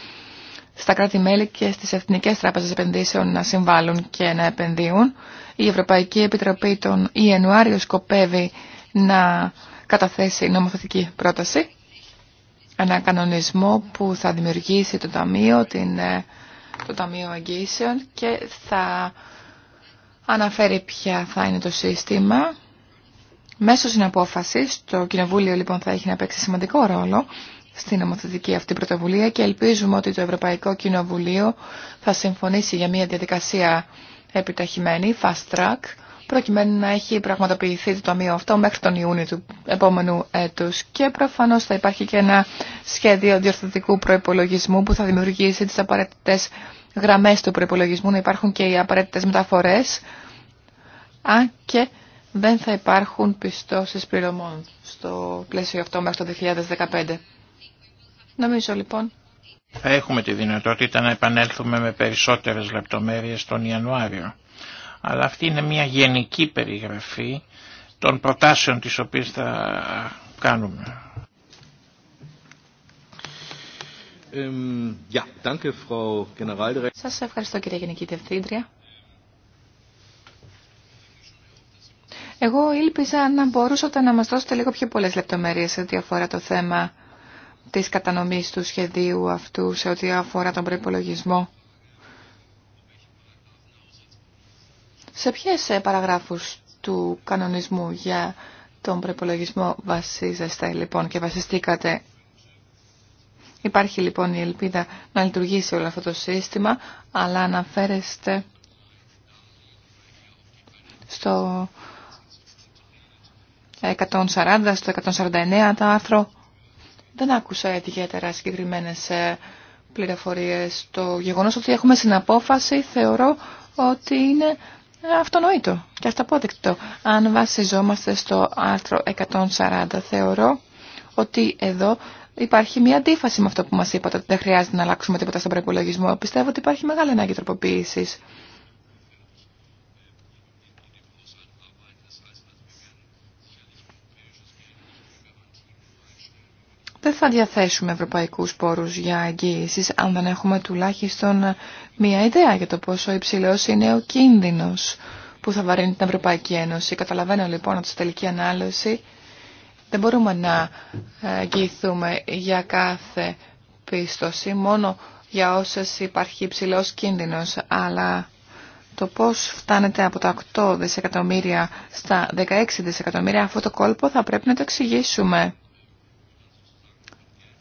στα κράτη-μέλη και στις εθνικές τράπεζες επενδύσεων να συμβάλλουν και να επενδύουν. Η Ευρωπαϊκή Επιτροπή τον Ιανουάριο σκοπεύει να καταθέσει νομοθετική πρόταση, ένα κανονισμό που θα δημιουργήσει το Ταμείο, την, ε, το Ταμείο Αγγίσεων και θα αναφέρει ποια θα είναι το σύστημα. Μέσω συναπόφασης, το Κοινοβούλιο λοιπόν θα έχει να παίξει σημαντικό ρόλο στην νομοθετική αυτή πρωτοβουλία και ελπίζουμε ότι το Ευρωπαϊκό Κοινοβουλίο θα συμφωνήσει για μια διαδικασία επιταχυμένη, fast track, προκειμένου να έχει πραγματοποιηθεί το ταμείο αυτό μέχρι τον Ιούνιο του επόμενου έτους. Και προφανώς θα υπάρχει και ένα σχέδιο διορθωτικού προϋπολογισμού που θα δημιουργήσει τις απαραίτητες γραμμές του προϋπολογισμού, να υπάρχουν και οι απαραίτητες μεταφορές, αν και δεν θα υπάρχουν πιστώσεις πληρωμών στο πλαίσιο αυτό μέχρι το 2015. Νομίζω λοιπόν θα έχουμε τη δυνατότητα να επανέλθουμε με περισσότερες λεπτομέρειες τον Ιανουάριο αλλά αυτή είναι μια γενική περιγραφή των προτάσεων τις οποίες θα κάνουμε. Σας ευχαριστώ κύριε Γενική Διευθύντρια. Εγώ ήλπιζα να μπορούσατε να μας δώσετε λίγο πιο πολλές λεπτομέρειες σε ό,τι αφορά το θέμα της κατανομής του σχεδίου αυτού, σε ό,τι αφορά τον προϋπολογισμό Σε ποιες ε, παραγράφους του κανονισμού για τον προπολογισμό βασίζεστε λοιπόν και βασιστήκατε. Υπάρχει λοιπόν η ελπίδα να λειτουργήσει όλο αυτό το σύστημα, αλλά αναφέρεστε στο 140, στο 149 το άρθρο. Δεν άκουσα ιδιαίτερα συγκεκριμένε ε, πληροφορίες. Το γεγονός ότι έχουμε συναπόφαση θεωρώ ότι είναι αυτονοήτο και αυταπόδεικτο. Αν βασιζόμαστε στο άρθρο 140 θεωρώ ότι εδώ υπάρχει μια αντίφαση με αυτό που μας είπατε ότι δεν χρειάζεται να αλλάξουμε τίποτα στον προπολογισμό. Πιστεύω ότι υπάρχει μεγάλη ανάγκη τροποποίησης. δεν θα διαθέσουμε ευρωπαϊκούς πόρους για εγγύησεις αν δεν έχουμε τουλάχιστον μία ιδέα για το πόσο υψηλός είναι ο κίνδυνος που θα βαρύνει την Ευρωπαϊκή Ένωση. Καταλαβαίνω λοιπόν ότι στη τελική ανάλυση δεν μπορούμε να εγγυηθούμε για κάθε πίστοση, μόνο για όσες υπάρχει υψηλός κίνδυνος, αλλά το πώς φτάνετε από τα 8 δισεκατομμύρια στα 16 δισεκατομμύρια αυτό το κόλπο θα πρέπει να το εξηγήσουμε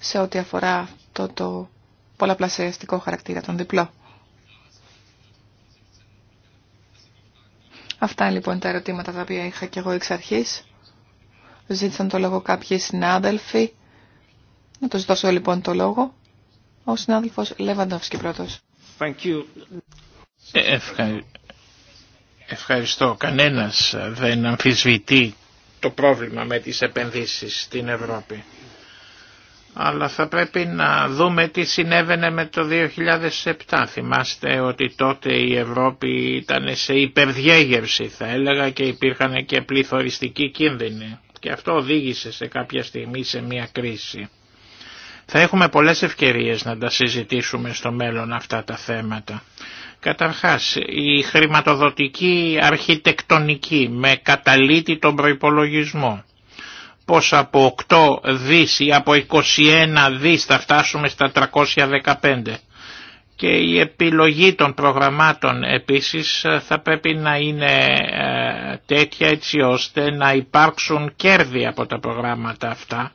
σε ό,τι αφορά το το πολλαπλασιαστικό χαρακτήρα, τον διπλό. Αυτά λοιπόν τα ερωτήματα τα οποία είχα και εγώ εξ αρχής. Ζήτησαν το λόγο κάποιοι συνάδελφοι. Να τους δώσω λοιπόν το λόγο. Ο συνάδελφος Λεβαντόφσκι πρώτος. Ε, ευχαριστώ. Κανένας δεν αμφισβητεί το πρόβλημα με τις επενδύσεις στην Ευρώπη αλλά θα πρέπει να δούμε τι συνέβαινε με το 2007. Θυμάστε ότι τότε η Ευρώπη ήταν σε υπερδιέγευση θα έλεγα και υπήρχαν και πληθωριστικοί κίνδυνοι και αυτό οδήγησε σε κάποια στιγμή σε μια κρίση. Θα έχουμε πολλές ευκαιρίες να τα συζητήσουμε στο μέλλον αυτά τα θέματα. Καταρχάς, η χρηματοδοτική αρχιτεκτονική με καταλήτη τον προϋπολογισμό πως από 8 δις ή από 21 δις θα φτάσουμε στα 315. Και η επιλογή των προγραμμάτων επίσης θα πρέπει να είναι ε, τέτοια έτσι ώστε να υπάρξουν κέρδη από τα προγράμματα αυτά.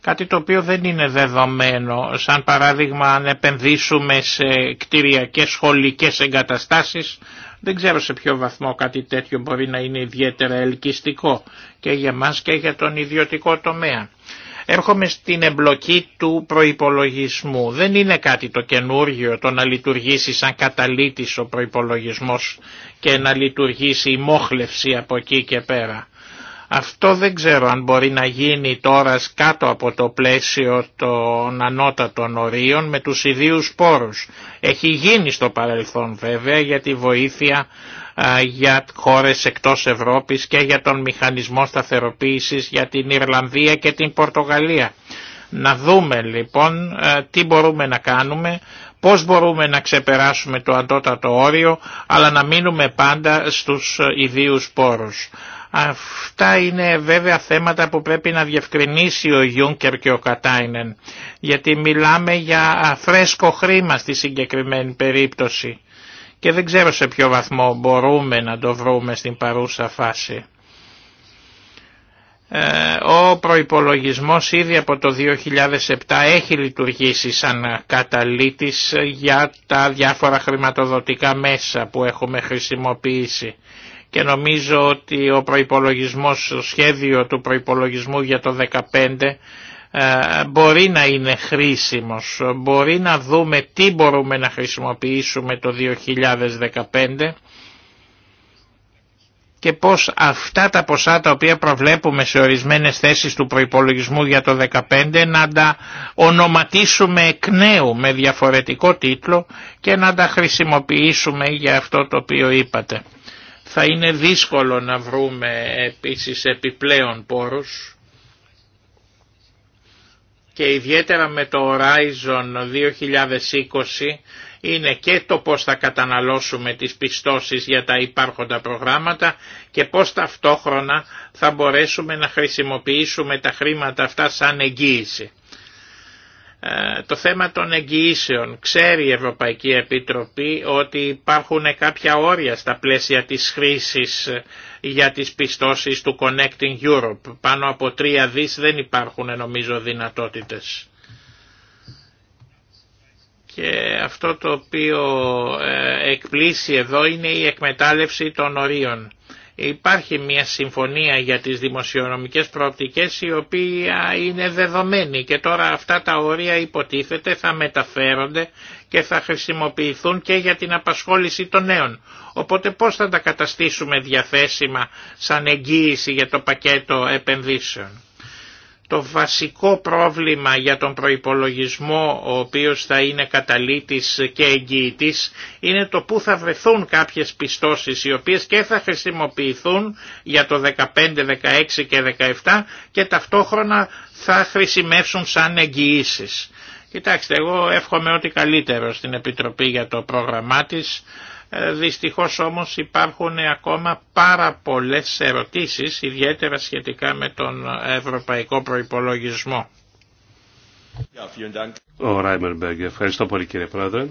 Κάτι το οποίο δεν είναι δεδομένο, σαν παράδειγμα αν επενδύσουμε σε κτηριακές σχολικές εγκαταστάσεις, δεν ξέρω σε ποιο βαθμό κάτι τέτοιο μπορεί να είναι ιδιαίτερα ελκυστικό και για μας και για τον ιδιωτικό τομέα. Έρχομαι στην εμπλοκή του προϋπολογισμού. Δεν είναι κάτι το καινούργιο το να λειτουργήσει σαν καταλήτης ο προϋπολογισμός και να λειτουργήσει η μόχλευση από εκεί και πέρα. Αυτό δεν ξέρω αν μπορεί να γίνει τώρα κάτω από το πλαίσιο των ανώτατων ορίων με τους ιδίους πόρους. Έχει γίνει στο παρελθόν βέβαια για τη βοήθεια για χώρες εκτός Ευρώπης και για τον μηχανισμό σταθεροποίησης για την Ιρλανδία και την Πορτογαλία. Να δούμε λοιπόν τι μπορούμε να κάνουμε, πώς μπορούμε να ξεπεράσουμε το αντότατο όριο, αλλά να μείνουμε πάντα στους ιδίους πόρους. Αυτά είναι βέβαια θέματα που πρέπει να διευκρινίσει ο Γιούνκερ και ο Κατάινεν, γιατί μιλάμε για φρέσκο χρήμα στη συγκεκριμένη περίπτωση και δεν ξέρω σε ποιο βαθμό μπορούμε να το βρούμε στην παρούσα φάση. Ε, ο προϋπολογισμός ήδη από το 2007 έχει λειτουργήσει σαν καταλήτης για τα διάφορα χρηματοδοτικά μέσα που έχουμε χρησιμοποιήσει και νομίζω ότι ο προϋπολογισμός, το σχέδιο του προϋπολογισμού για το 2015 ε, μπορεί να είναι χρήσιμος, μπορεί να δούμε τι μπορούμε να χρησιμοποιήσουμε το 2015 και πώς αυτά τα ποσά τα οποία προβλέπουμε σε ορισμένες θέσεις του προϋπολογισμού για το 2015 να τα ονοματίσουμε εκ νέου με διαφορετικό τίτλο και να τα χρησιμοποιήσουμε για αυτό το οποίο είπατε. Θα είναι δύσκολο να βρούμε επίσης επιπλέον πόρους και ιδιαίτερα με το Horizon 2020 είναι και το πώς θα καταναλώσουμε τις πιστώσεις για τα υπάρχοντα προγράμματα και πώς ταυτόχρονα θα μπορέσουμε να χρησιμοποιήσουμε τα χρήματα αυτά σαν εγγύηση. Ε, το θέμα των εγγυήσεων. Ξέρει η Ευρωπαϊκή Επιτροπή ότι υπάρχουν κάποια όρια στα πλαίσια της χρήσης ε, για τις πιστώσεις του Connecting Europe. Πάνω από τρία δις δεν υπάρχουν νομίζω δυνατότητες. Και αυτό το οποίο ε, εκπλήσει εδώ είναι η εκμετάλλευση των ορίων. Υπάρχει μια συμφωνία για τις δημοσιονομικές προοπτικές η οποία είναι δεδομένη και τώρα αυτά τα όρια υποτίθεται θα μεταφέρονται και θα χρησιμοποιηθούν και για την απασχόληση των νέων. Οπότε πώς θα τα καταστήσουμε διαθέσιμα σαν εγγύηση για το πακέτο επενδύσεων. Το βασικό πρόβλημα για τον προϋπολογισμό ο οποίος θα είναι καταλήτης και εγγυητής είναι το που θα βρεθούν κάποιες πιστώσεις οι οποίες και θα χρησιμοποιηθούν για το 15, 16 και 17 και ταυτόχρονα θα χρησιμεύσουν σαν εγγυήσεις. Κοιτάξτε, εγώ εύχομαι ότι καλύτερο στην Επιτροπή για το πρόγραμμά της. Ε, δυστυχώς όμως υπάρχουν ακόμα πάρα πολλές ερωτήσεις, ιδιαίτερα σχετικά με τον ευρωπαϊκό προϋπολογισμό. Ο Ράιμερμπεργκ, ευχαριστώ πολύ κύριε Πρόεδρε.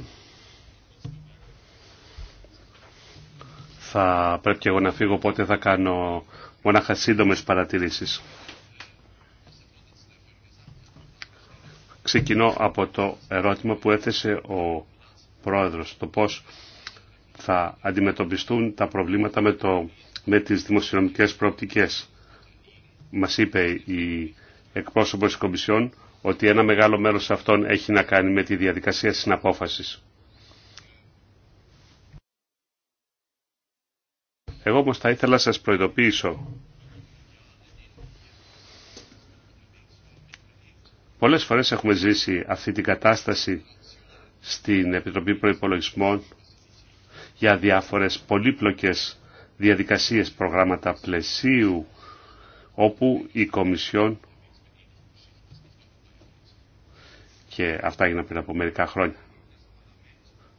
Θα πρέπει και εγώ να φύγω, οπότε θα κάνω μονάχα σύντομες παρατηρήσεις. Ξεκινώ από το ερώτημα που έθεσε ο Πρόεδρος, το πώς θα αντιμετωπιστούν τα προβλήματα με, το, με τις δημοσιονομικές προοπτικές. Μας είπε η εκπρόσωπος της Κομισιόν ότι ένα μεγάλο μέρος αυτών έχει να κάνει με τη διαδικασία συναπόφασης. Εγώ όμως θα ήθελα να σας προειδοποιήσω. Πολλές φορές έχουμε ζήσει αυτή την κατάσταση στην Επιτροπή Προϋπολογισμών για διάφορες πολύπλοκες διαδικασίες προγράμματα πλαισίου όπου η Κομισιόν και αυτά έγιναν πριν από μερικά χρόνια.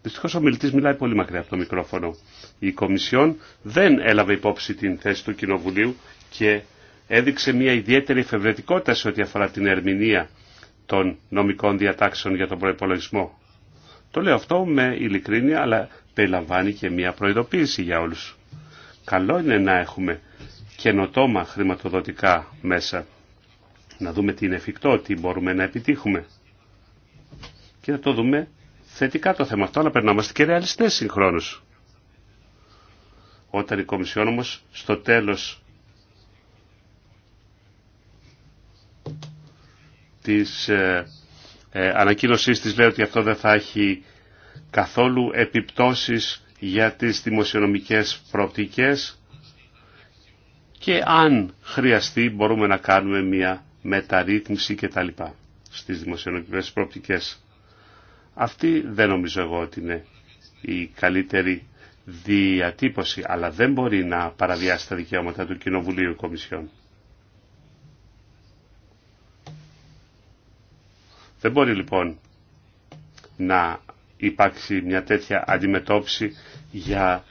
Δυστυχώ ο μιλητή μιλάει πολύ μακριά από το μικρόφωνο. Η Κομισιόν δεν έλαβε υπόψη την θέση του Κοινοβουλίου και έδειξε μια ιδιαίτερη εφευρετικότητα σε ό,τι αφορά την ερμηνεία των νομικών διατάξεων για τον προπολογισμό. Το λέω αυτό με ειλικρίνεια, αλλά περιλαμβάνει και μια προειδοποίηση για όλους. Καλό είναι να έχουμε καινοτόμα χρηματοδοτικά μέσα, να δούμε τι είναι εφικτό, τι μπορούμε να επιτύχουμε και να το δούμε θετικά το θέμα αυτό, αλλά πρέπει να είμαστε και ρεαλιστές συγχρόνως. Όταν η Κομισιόν όμως στο τέλος της ε, ε, ανακοίνωσής της λέει ότι αυτό δεν θα έχει καθόλου επιπτώσεις για τις δημοσιονομικές προοπτικές και αν χρειαστεί μπορούμε να κάνουμε μια μεταρρύθμιση κτλ. στις δημοσιονομικές προοπτικές. Αυτή δεν νομίζω εγώ ότι είναι η καλύτερη διατύπωση, αλλά δεν μπορεί να παραβιάσει τα δικαιώματα του Κοινοβουλίου Κομισιόν. Δεν μπορεί λοιπόν να υπάρξει μια τέτοια αντιμετώπιση για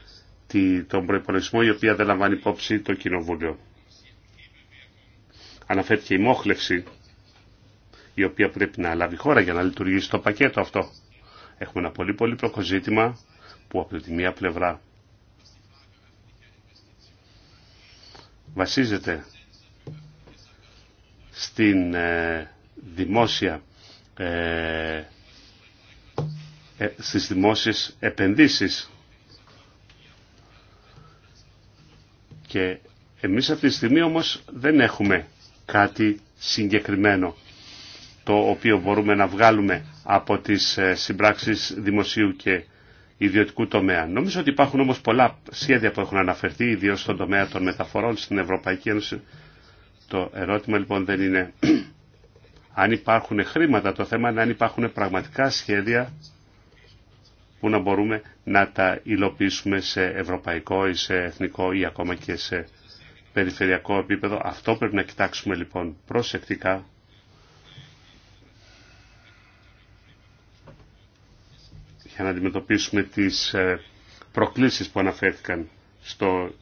τον προπολογισμό η οποία δεν λαμβάνει υπόψη το Κοινοβούλιο. Αναφέρθηκε η μόχλευση η οποία πρέπει να λάβει χώρα για να λειτουργήσει το πακέτο αυτό. Έχουμε ένα πολύ πολύ ζήτημα που από τη μία πλευρά βασίζεται στην ε, δημόσια ε, ε, στις δημόσιες επενδύσεις. Και εμείς αυτή τη στιγμή όμως δεν έχουμε κάτι συγκεκριμένο το οποίο μπορούμε να βγάλουμε από τις ε, συμπράξεις δημοσίου και ιδιωτικού τομέα. Νομίζω ότι υπάρχουν όμως πολλά σχέδια που έχουν αναφερθεί, ιδίως στον τομέα των μεταφορών στην Ευρωπαϊκή Ένωση. Το ερώτημα λοιπόν δεν είναι αν υπάρχουν χρήματα, το θέμα είναι αν υπάρχουν πραγματικά σχέδια που να μπορούμε να τα υλοποιήσουμε σε ευρωπαϊκό ή σε εθνικό ή ακόμα και σε περιφερειακό επίπεδο. Αυτό πρέπει να κοιτάξουμε λοιπόν προσεκτικά. για να αντιμετωπίσουμε τις ε, προκλήσεις που αναφέρθηκαν στο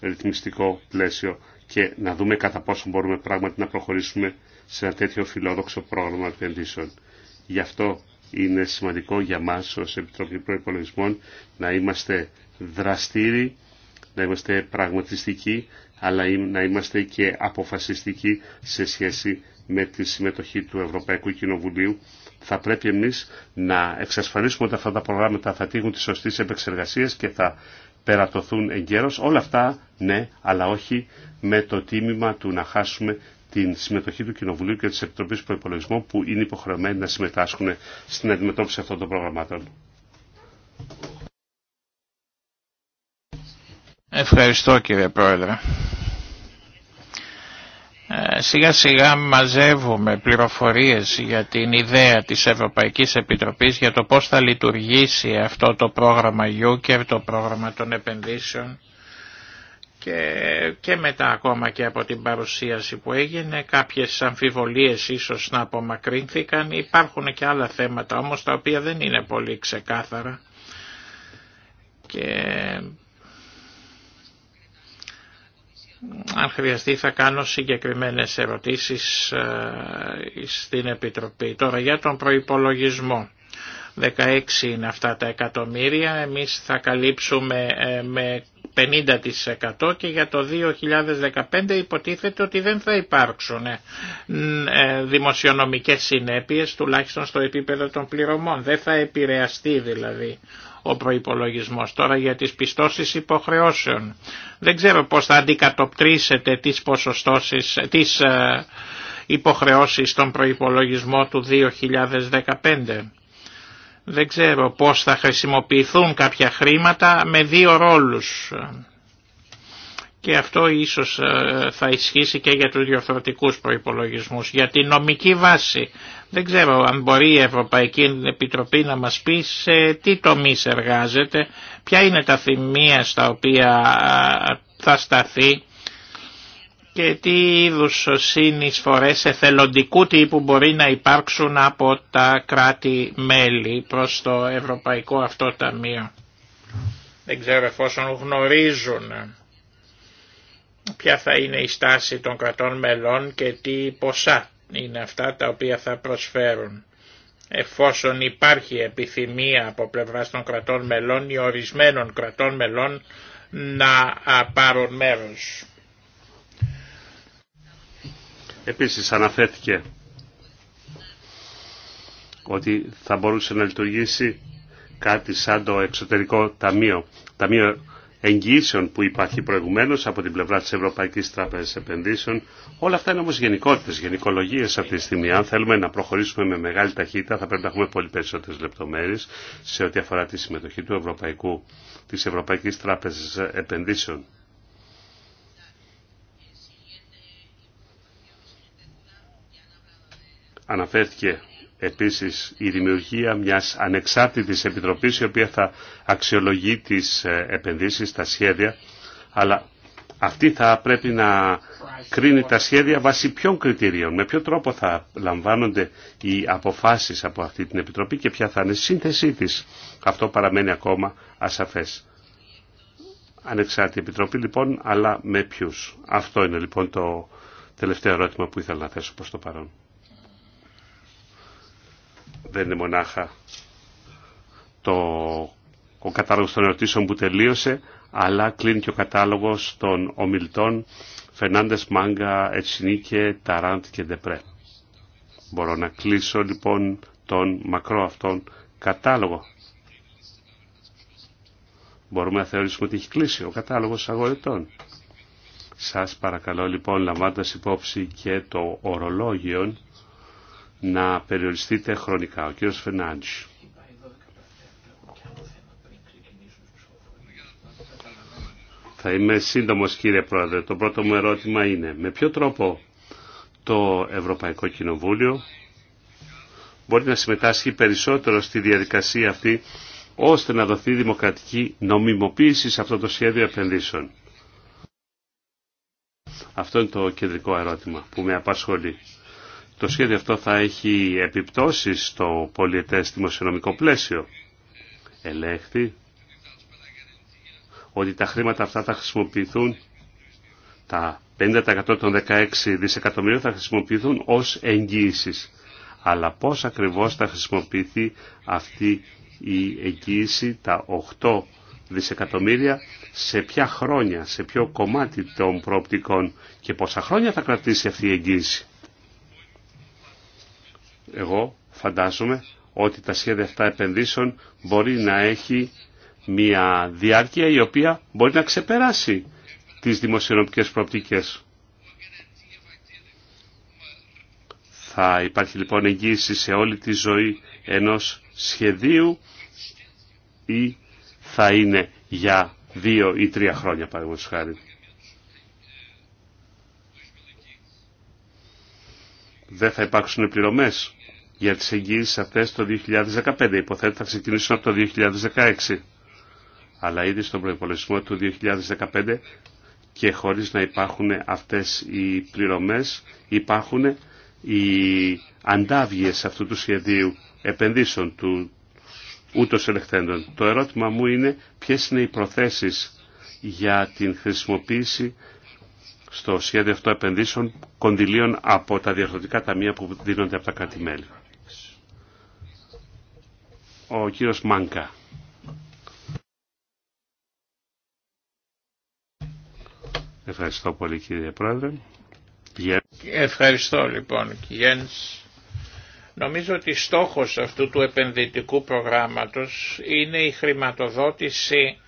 ρυθμιστικό πλαίσιο και να δούμε κατά πόσο μπορούμε πράγματι να προχωρήσουμε σε ένα τέτοιο φιλόδοξο πρόγραμμα επενδύσεων. Γι' αυτό είναι σημαντικό για μας ως Επιτροπή Προϋπολογισμών να είμαστε δραστήριοι, να είμαστε πραγματιστικοί, αλλά να είμαστε και αποφασιστικοί σε σχέση με τη συμμετοχή του Ευρωπαϊκού Κοινοβουλίου. Θα πρέπει εμείς να εξασφαλίσουμε ότι αυτά τα προγράμματα θα τύχουν τις σωστές επεξεργασίες και θα περατωθούν εγκαίρως. Όλα αυτά ναι, αλλά όχι με το τίμημα του να χάσουμε την συμμετοχή του Κοινοβουλίου και της Επιτροπής Προπολογισμού που είναι υποχρεωμένοι να συμμετάσχουν στην αντιμετώπιση αυτών των προγραμμάτων. Ευχαριστώ κύριε Πρόεδρε. Ε, σιγά σιγά μαζεύουμε πληροφορίες για την ιδέα της Ευρωπαϊκής Επιτροπής για το πώς θα λειτουργήσει αυτό το πρόγραμμα UKER, το πρόγραμμα των επενδύσεων και, και μετά ακόμα και από την παρουσίαση που έγινε κάποιες αμφιβολίες ίσως να απομακρύνθηκαν υπάρχουν και άλλα θέματα όμως τα οποία δεν είναι πολύ ξεκάθαρα και αν χρειαστεί θα κάνω συγκεκριμένες ερωτήσεις ε, στην Επιτροπή. Τώρα για τον προϋπολογισμό. 16 είναι αυτά τα εκατομμύρια, εμείς θα καλύψουμε ε, με 50% και για το 2015 υποτίθεται ότι δεν θα υπάρξουν ε, ε, δημοσιονομικές συνέπειες τουλάχιστον στο επίπεδο των πληρωμών. Δεν θα επηρεαστεί δηλαδή ο προϋπολογισμός τώρα για τις πιστώσεις υποχρεώσεων. Δεν ξέρω πώς θα αντικατοπτρίσετε τις ποσοστώσεις, τις υποχρεώσεις στον προϋπολογισμό του 2015 δεν ξέρω πώς θα χρησιμοποιηθούν κάποια χρήματα με δύο ρόλους. Και αυτό ίσως ε, θα ισχύσει και για τους διορθωτικούς προϋπολογισμούς. Για τη νομική βάση δεν ξέρω αν μπορεί η Ευρωπαϊκή Επιτροπή να μας πει σε τι τομείς εργάζεται, ποια είναι τα θυμία στα οποία ε, θα σταθεί και τι είδους συνεισφορές εθελοντικού τύπου μπορεί να υπάρξουν από τα κράτη-μέλη προς το Ευρωπαϊκό αυτό ταμείο. Δεν ξέρω εφόσον γνωρίζουν ποια θα είναι η στάση των κρατών μελών και τι ποσά είναι αυτά τα οποία θα προσφέρουν. Εφόσον υπάρχει επιθυμία από πλευράς των κρατών μελών ή ορισμένων κρατών μελών να πάρουν μέρος. Επίσης αναφέρθηκε ότι θα μπορούσε να λειτουργήσει κάτι σαν το εξωτερικό ταμείο, ταμείο εγγυήσεων που υπάρχει προηγουμένως από την πλευρά της Ευρωπαϊκής Τράπεζας Επενδύσεων. Όλα αυτά είναι όμως γενικότητες, γενικολογίες αυτή τη στιγμή. Αν θέλουμε να προχωρήσουμε με μεγάλη ταχύτητα θα πρέπει να έχουμε πολύ περισσότερες λεπτομέρειες σε ό,τι αφορά τη συμμετοχή του Ευρωπαϊκού, της Ευρωπαϊκής Τράπεζας Επενδύσεων Αναφέρθηκε επίσης η δημιουργία μιας ανεξάρτητης επιτροπής η οποία θα αξιολογεί τις ε, επενδύσεις, τα σχέδια, αλλά αυτή θα πρέπει να κρίνει τα σχέδια βάσει ποιων κριτηρίων, με ποιο τρόπο θα λαμβάνονται οι αποφάσεις από αυτή την Επιτροπή και ποια θα είναι η σύνθεσή της. Αυτό παραμένει ακόμα ασαφές. Ανεξάρτητη Επιτροπή λοιπόν, αλλά με ποιους. Αυτό είναι λοιπόν το τελευταίο ερώτημα που ήθελα να θέσω προς το παρόν δεν είναι μονάχα το, ο κατάλογος των ερωτήσεων που τελείωσε, αλλά κλείνει και ο κατάλογος των ομιλητών Φερνάντες Μάγκα, Ετσινίκε, Ταράντ και Ντεπρέ. Μπορώ να κλείσω λοιπόν τον μακρό αυτόν κατάλογο. Μπορούμε να θεωρήσουμε ότι έχει κλείσει ο κατάλογος αγορετών. Σας παρακαλώ λοιπόν λαμβάντας υπόψη και το ορολόγιον να περιοριστείτε χρονικά. Ο κύριος Φερνάντης. Θα είμαι σύντομος κύριε Πρόεδρε. Το πρώτο μου ερώτημα είναι με ποιο τρόπο το Ευρωπαϊκό Κοινοβούλιο μπορεί να συμμετάσχει περισσότερο στη διαδικασία αυτή ώστε να δοθεί δημοκρατική νομιμοποίηση σε αυτό το σχέδιο επενδύσεων. Αυτό είναι το κεντρικό ερώτημα που με απασχολεί. Το σχέδιο αυτό θα έχει επιπτώσεις στο πολιετές δημοσιονομικό πλαίσιο. Ελέγχθη ότι τα χρήματα αυτά θα χρησιμοποιηθούν, τα 50% των 16 δισεκατομμυρίων θα χρησιμοποιηθούν ως εγγύησης. Αλλά πώς ακριβώς θα χρησιμοποιηθεί αυτή η εγγύηση, τα 8 δισεκατομμύρια, σε ποια χρόνια, σε ποιο κομμάτι των προοπτικών και πόσα χρόνια θα κρατήσει αυτή η εγγύηση εγώ φαντάζομαι ότι τα σχέδια αυτά επενδύσεων μπορεί να έχει μια διάρκεια η οποία μπορεί να ξεπεράσει τις δημοσιονομικές προοπτικές. Θα υπάρχει λοιπόν εγγύηση σε όλη τη ζωή ενός σχεδίου ή θα είναι για δύο ή τρία χρόνια παραδείγματος χάρη. Δεν θα υπάρξουν πληρωμές για τις εγγύησεις αυτές το 2015. Υποθέτω θα ξεκινήσουν από το 2016. Αλλά ήδη στον προϋπολογισμό του 2015 και χωρίς να υπάρχουν αυτές οι πληρωμές υπάρχουν οι αντάβιες αυτού του σχεδίου επενδύσεων του ούτως ελεχθέντων. Το ερώτημα μου είναι ποιες είναι οι προθέσεις για την χρησιμοποίηση στο σχέδιο αυτό επενδύσεων κονδυλίων από τα διαρθρωτικά ταμεία που δίνονται από τα κράτη-μέλη ο κύριος Μάνκα. Ευχαριστώ πολύ κύριε Πρόεδρε. Ευχαριστώ λοιπόν κύριε Γιένς. Νομίζω ότι στόχος αυτού του επενδυτικού προγράμματος είναι η χρηματοδότηση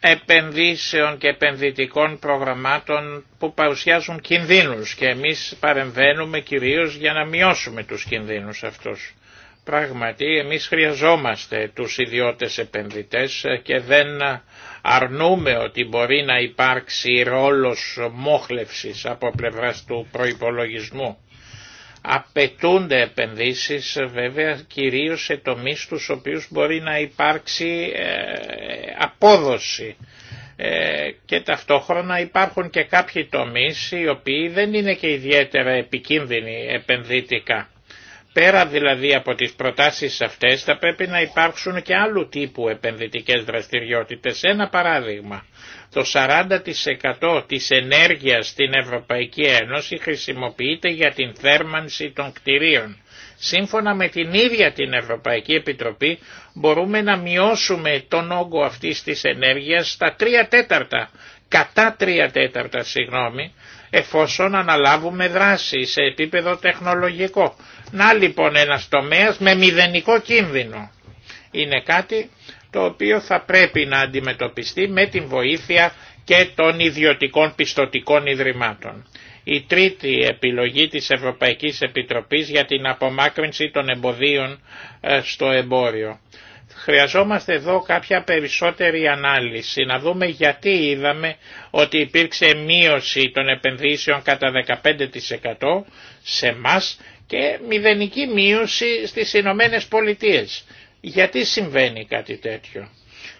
επενδύσεων και επενδυτικών προγραμμάτων που παρουσιάζουν κινδύνους και εμείς παρεμβαίνουμε κυρίως για να μειώσουμε τους κινδύνους αυτούς. Πράγματι εμείς χρειαζόμαστε τους ιδιώτες επενδυτές και δεν αρνούμε ότι μπορεί να υπάρξει ρόλος μόχλευσης από πλευράς του προϋπολογισμού. Απαιτούνται επενδύσεις βέβαια κυρίως σε τομείς τους οποίους μπορεί να υπάρξει ε, απόδοση ε, και ταυτόχρονα υπάρχουν και κάποιοι τομείς οι οποίοι δεν είναι και ιδιαίτερα επικίνδυνοι επενδυτικά. Πέρα δηλαδή από τις προτάσεις αυτές θα πρέπει να υπάρξουν και άλλου τύπου επενδυτικές δραστηριότητες. Ένα παράδειγμα, το 40% της ενέργειας στην Ευρωπαϊκή Ένωση χρησιμοποιείται για την θέρμανση των κτηρίων. Σύμφωνα με την ίδια την Ευρωπαϊκή Επιτροπή μπορούμε να μειώσουμε τον όγκο αυτής της ενέργειας στα 3 τέταρτα, κατά 3 τέταρτα συγγνώμη, εφόσον αναλάβουμε δράση σε επίπεδο τεχνολογικό. Να λοιπόν ένας τομέας με μηδενικό κίνδυνο. Είναι κάτι το οποίο θα πρέπει να αντιμετωπιστεί με την βοήθεια και των ιδιωτικών πιστοτικών ιδρυμάτων. Η τρίτη επιλογή της Ευρωπαϊκής Επιτροπής για την απομάκρυνση των εμποδίων ε, στο εμπόριο. Χρειαζόμαστε εδώ κάποια περισσότερη ανάλυση, να δούμε γιατί είδαμε ότι υπήρξε μείωση των επενδύσεων κατά 15% σε εμά και μηδενική μείωση στις Ηνωμένε Πολιτείε. Γιατί συμβαίνει κάτι τέτοιο.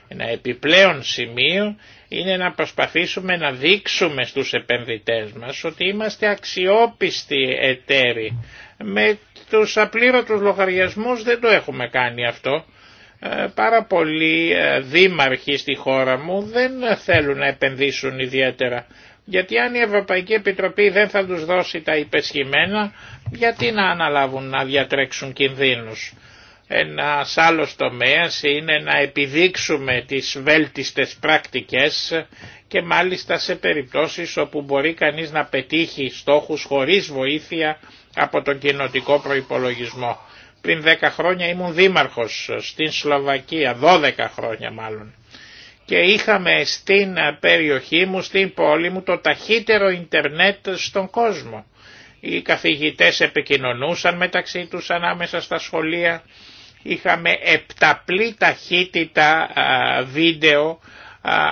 Ένα επιπλέον σημείο είναι να προσπαθήσουμε να δείξουμε στους επενδυτές μας ότι είμαστε αξιόπιστοι εταίροι. Με τους απλήρωτους λογαριασμούς δεν το έχουμε κάνει αυτό ε, πάρα πολλοί ε, δήμαρχοι στη χώρα μου δεν θέλουν να επενδύσουν ιδιαίτερα. Γιατί αν η Ευρωπαϊκή Επιτροπή δεν θα τους δώσει τα υπεσχημένα, γιατί να αναλάβουν να διατρέξουν κινδύνους. Ένα άλλος τομέας είναι να επιδείξουμε τις βέλτιστες πρακτικές και μάλιστα σε περιπτώσεις όπου μπορεί κανείς να πετύχει στόχους χωρίς βοήθεια από τον κοινοτικό προϋπολογισμό. Πριν 10 χρόνια ήμουν δήμαρχος στην Σλοβακία, 12 χρόνια μάλλον. Και είχαμε στην περιοχή μου, στην πόλη μου, το ταχύτερο ίντερνετ στον κόσμο. Οι καθηγητές επικοινωνούσαν μεταξύ τους ανάμεσα στα σχολεία. Είχαμε επταπλή ταχύτητα βίντεο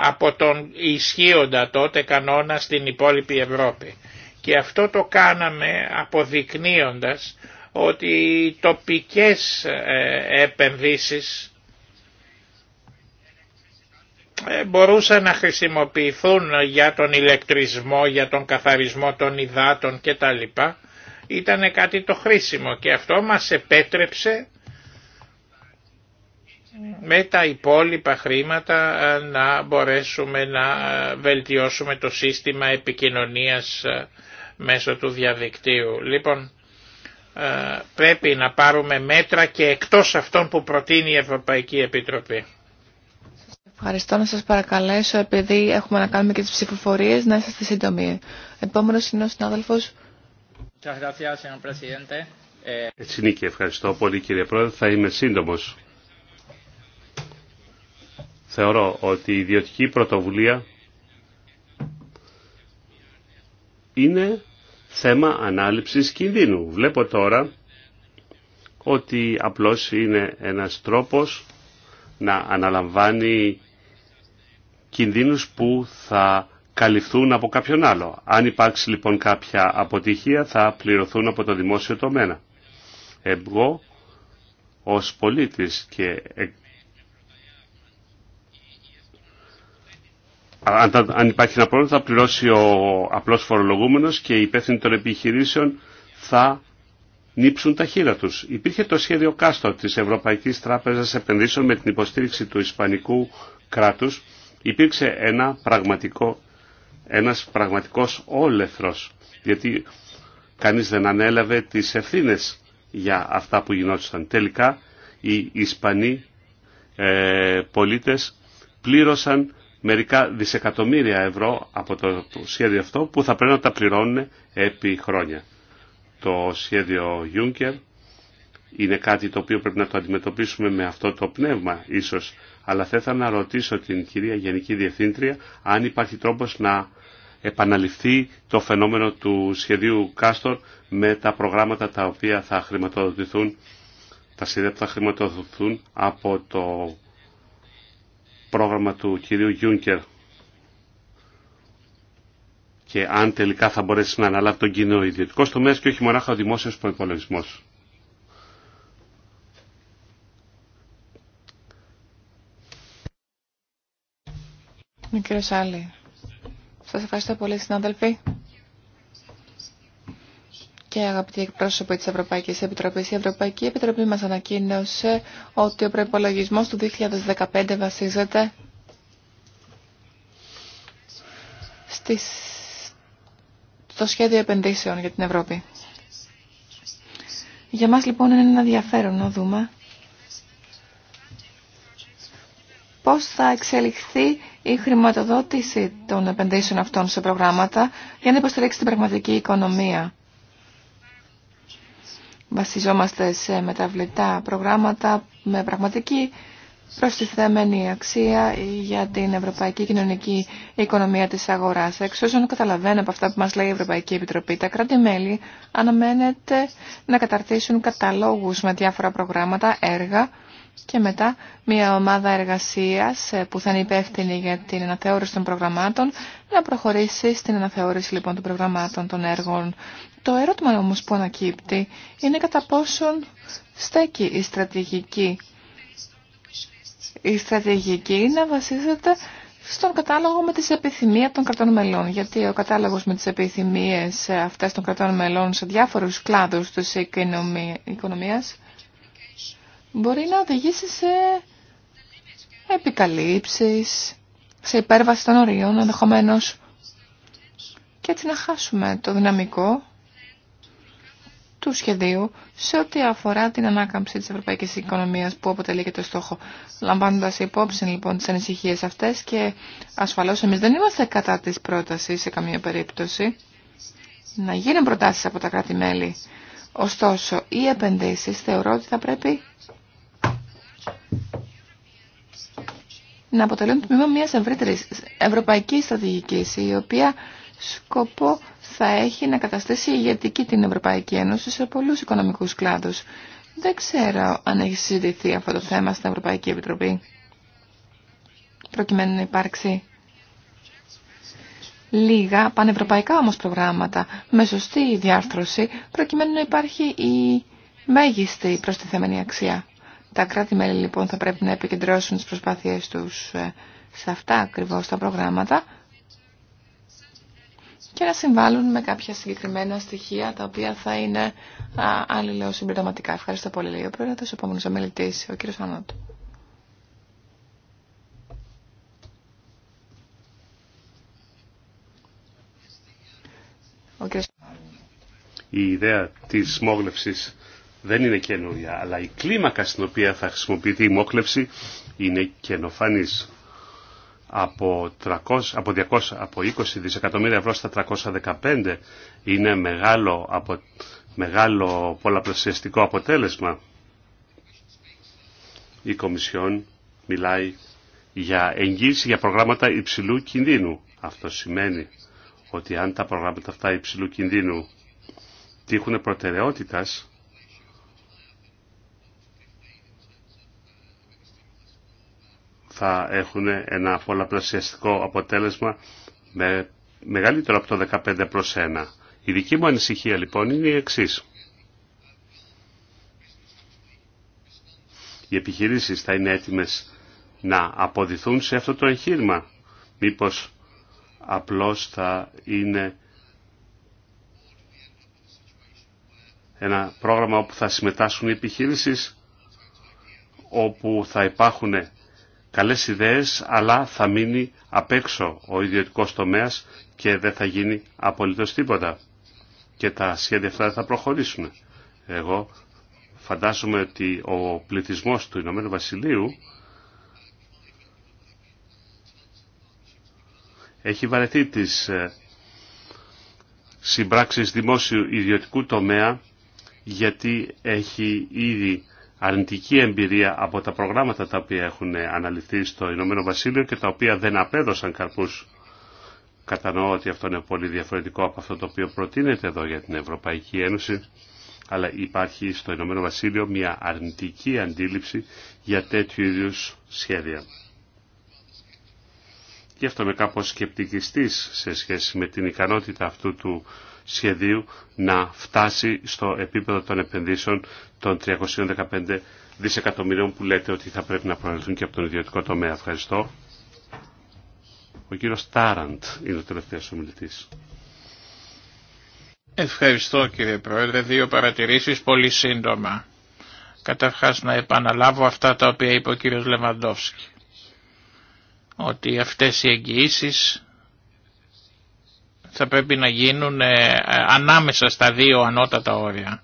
από τον ισχύοντα τότε κανόνα στην υπόλοιπη Ευρώπη. Και αυτό το κάναμε αποδεικνύοντας ότι οι τοπικές ε, επενδύσεις ε, μπορούσαν να χρησιμοποιηθούν για τον ηλεκτρισμό, για τον καθαρισμό των υδάτων κτλ. Ήταν κάτι το χρήσιμο και αυτό μας επέτρεψε με τα υπόλοιπα χρήματα ε, να μπορέσουμε να βελτιώσουμε το σύστημα επικοινωνίας μέσω του διαδικτύου. Λοιπόν, ε, πρέπει να πάρουμε μέτρα και εκτός αυτών που προτείνει η Ευρωπαϊκή Επιτροπή. Σας ευχαριστώ να σας παρακαλέσω επειδή έχουμε να κάνουμε και τις ψηφοφορίες να είστε σύντομοι. Επόμενος είναι ο συνάδελφος. Ε, Έτσι ευχαριστώ πολύ κύριε Πρόεδρε. Θα είμαι σύντομος. Θεωρώ ότι η ιδιωτική πρωτοβουλία είναι θέμα ανάληψης κινδύνου. Βλέπω τώρα ότι απλώς είναι ένας τρόπος να αναλαμβάνει κινδύνους που θα καλυφθούν από κάποιον άλλο. Αν υπάρξει λοιπόν κάποια αποτυχία θα πληρωθούν από το δημόσιο τομέα. Εγώ ως πολίτης και αν, υπάρχει ένα πρόβλημα θα πληρώσει ο απλός φορολογούμενος και οι υπεύθυνοι των επιχειρήσεων θα νύψουν τα χείρα τους. Υπήρχε το σχέδιο κάστο της Ευρωπαϊκής Τράπεζας Επενδύσεων με την υποστήριξη του Ισπανικού κράτους. Υπήρξε ένα πραγματικό, ένας πραγματικός όλεθρος, γιατί κανείς δεν ανέλαβε τις ευθύνες για αυτά που γινόντουσαν. Τελικά οι Ισπανοί ε, πολίτες πλήρωσαν μερικά δισεκατομμύρια ευρώ από το σχέδιο αυτό που θα πρέπει να τα πληρώνουν επί χρόνια. Το σχέδιο Juncker είναι κάτι το οποίο πρέπει να το αντιμετωπίσουμε με αυτό το πνεύμα ίσως, αλλά θα ήθελα να ρωτήσω την κυρία Γενική Διευθύντρια αν υπάρχει τρόπος να επαναληφθεί το φαινόμενο του σχεδίου Κάστορ με τα προγράμματα τα οποία θα χρηματοδοτηθούν, τα θα από το πρόγραμμα του κυρίου Γιούνκερ και αν τελικά θα μπορέσει να αναλάβει τον κοινό ιδιωτικό τομέα και όχι μονάχα ο δημόσιο προπολογισμό. Μικρό Άλλη, σας ευχαριστώ πολύ συνάδελφοι και αγαπητοί εκπρόσωποι της Ευρωπαϊκής Επιτροπής, η Ευρωπαϊκή Επιτροπή μας ανακοίνωσε ότι ο προϋπολογισμός του 2015 βασίζεται στις... στο σχέδιο επενδύσεων για την Ευρώπη. Για μας λοιπόν είναι ενδιαφέρον να δούμε πώς θα εξελιχθεί η χρηματοδότηση των επενδύσεων αυτών σε προγράμματα για να υποστηρίξει την πραγματική οικονομία βασιζόμαστε σε μεταβλητά προγράμματα με πραγματική προστιθέμενη αξία για την ευρωπαϊκή κοινωνική οικονομία της αγοράς. Εξ όσων καταλαβαίνω από αυτά που μας λέει η Ευρωπαϊκή Επιτροπή, τα κράτη-μέλη αναμένεται να καταρτήσουν καταλόγους με διάφορα προγράμματα, έργα και μετά μια ομάδα εργασίας ε, που θα είναι υπεύθυνη για την αναθεώρηση των προγραμμάτων να προχωρήσει στην αναθεώρηση λοιπόν των προγραμμάτων των έργων το ερώτημα όμως που ανακύπτει είναι κατά πόσον στέκει η στρατηγική. Η στρατηγική να βασίζεται στον κατάλογο με τις επιθυμίες των κρατών μελών. Γιατί ο κατάλογος με τις επιθυμίες αυτές των κρατών μελών σε διάφορους κλάδους της οικονομίας μπορεί να οδηγήσει σε επικαλύψεις, σε υπέρβαση των οριών ενδεχομένω και έτσι να χάσουμε το δυναμικό του σχεδίου σε ό,τι αφορά την ανάκαμψη της ευρωπαϊκής οικονομίας που αποτελεί και το στόχο. Λαμβάνοντας υπόψη λοιπόν τις ανησυχίες αυτές και ασφαλώς εμείς δεν είμαστε κατά της πρότασης σε καμία περίπτωση να γίνουν προτάσεις από τα κράτη-μέλη. Ωστόσο, οι επενδύσεις θεωρώ ότι θα πρέπει να αποτελούν τμήμα μια ευρύτερης ευρωπαϊκή στρατηγικής η οποία σκοπό θα έχει να καταστήσει ηγετική την Ευρωπαϊκή Ένωση σε πολλούς οικονομικούς κλάδους. Δεν ξέρω αν έχει συζητηθεί αυτό το θέμα στην Ευρωπαϊκή Επιτροπή, προκειμένου να υπάρξει λίγα πανευρωπαϊκά όμως προγράμματα με σωστή διάρθρωση, προκειμένου να υπάρχει η μέγιστη προστιθέμενη αξία. Τα κράτη-μέλη λοιπόν θα πρέπει να επικεντρώσουν τις προσπάθειές τους ε, σε αυτά ακριβώς τα προγράμματα, και να συμβάλλουν με κάποια συγκεκριμένα στοιχεία τα οποία θα είναι αλληλεοσυμπληρωματικά. Ευχαριστώ πολύ, λέει ο πρόεδρο, ο επόμενο ομιλητή, ο κύριο Ανώτου. Η ιδέα της μόγλευσης δεν είναι καινούρια, αλλά η κλίμακα στην οποία θα χρησιμοποιηθεί η μόγλευση είναι καινοφανής από, 300, από, 200, από 20 δισεκατομμύρια ευρώ στα 315 είναι μεγάλο, απο, μεγάλο πολλαπλασιαστικό αποτέλεσμα. Η Κομισιόν μιλάει για εγγύηση για προγράμματα υψηλού κινδύνου. Αυτό σημαίνει ότι αν τα προγράμματα αυτά υψηλού κινδύνου τύχουν προτεραιότητας, θα έχουν ένα πολλαπλασιαστικό αποτέλεσμα με μεγαλύτερο από το 15 προς 1. Η δική μου ανησυχία λοιπόν είναι η εξής. Οι επιχειρήσεις θα είναι έτοιμες να αποδηθούν σε αυτό το εγχείρημα. Μήπως απλώς θα είναι ένα πρόγραμμα όπου θα συμμετάσχουν οι επιχειρήσεις, όπου θα υπάρχουν καλές ιδέες, αλλά θα μείνει απ' έξω ο ιδιωτικός τομέας και δεν θα γίνει απολύτως τίποτα. Και τα σχέδια αυτά δεν θα προχωρήσουν. Εγώ φαντάζομαι ότι ο πληθυσμός του Ηνωμένου Βασιλείου έχει βαρεθεί τις ε, συμπράξεις δημόσιου ιδιωτικού τομέα γιατί έχει ήδη αρνητική εμπειρία από τα προγράμματα τα οποία έχουν αναλυθεί στο Ηνωμένο Βασίλειο και τα οποία δεν απέδωσαν καρπούς. Κατανοώ ότι αυτό είναι πολύ διαφορετικό από αυτό το οποίο προτείνεται εδώ για την Ευρωπαϊκή Ένωση, αλλά υπάρχει στο Ηνωμένο Βασίλειο μια αρνητική αντίληψη για τέτοιου είδου σχέδια. Γι' αυτό είμαι κάπως σκεπτικιστής σε σχέση με την ικανότητα αυτού του σχεδίου να φτάσει στο επίπεδο των επενδύσεων των 315 δισεκατομμυρίων που λέτε ότι θα πρέπει να προελθούν και από τον ιδιωτικό τομέα. Ευχαριστώ. Ο κύριος Τάραντ είναι ο τελευταίος ομιλητής. Ευχαριστώ κύριε Πρόεδρε. Δύο παρατηρήσεις πολύ σύντομα. Καταρχάς να επαναλάβω αυτά τα οποία είπε ο κύριος Λεβαντόφσκι. Ότι αυτές οι εγγυήσεις θα πρέπει να γίνουν ε, ε, ανάμεσα στα δύο ανώτατα όρια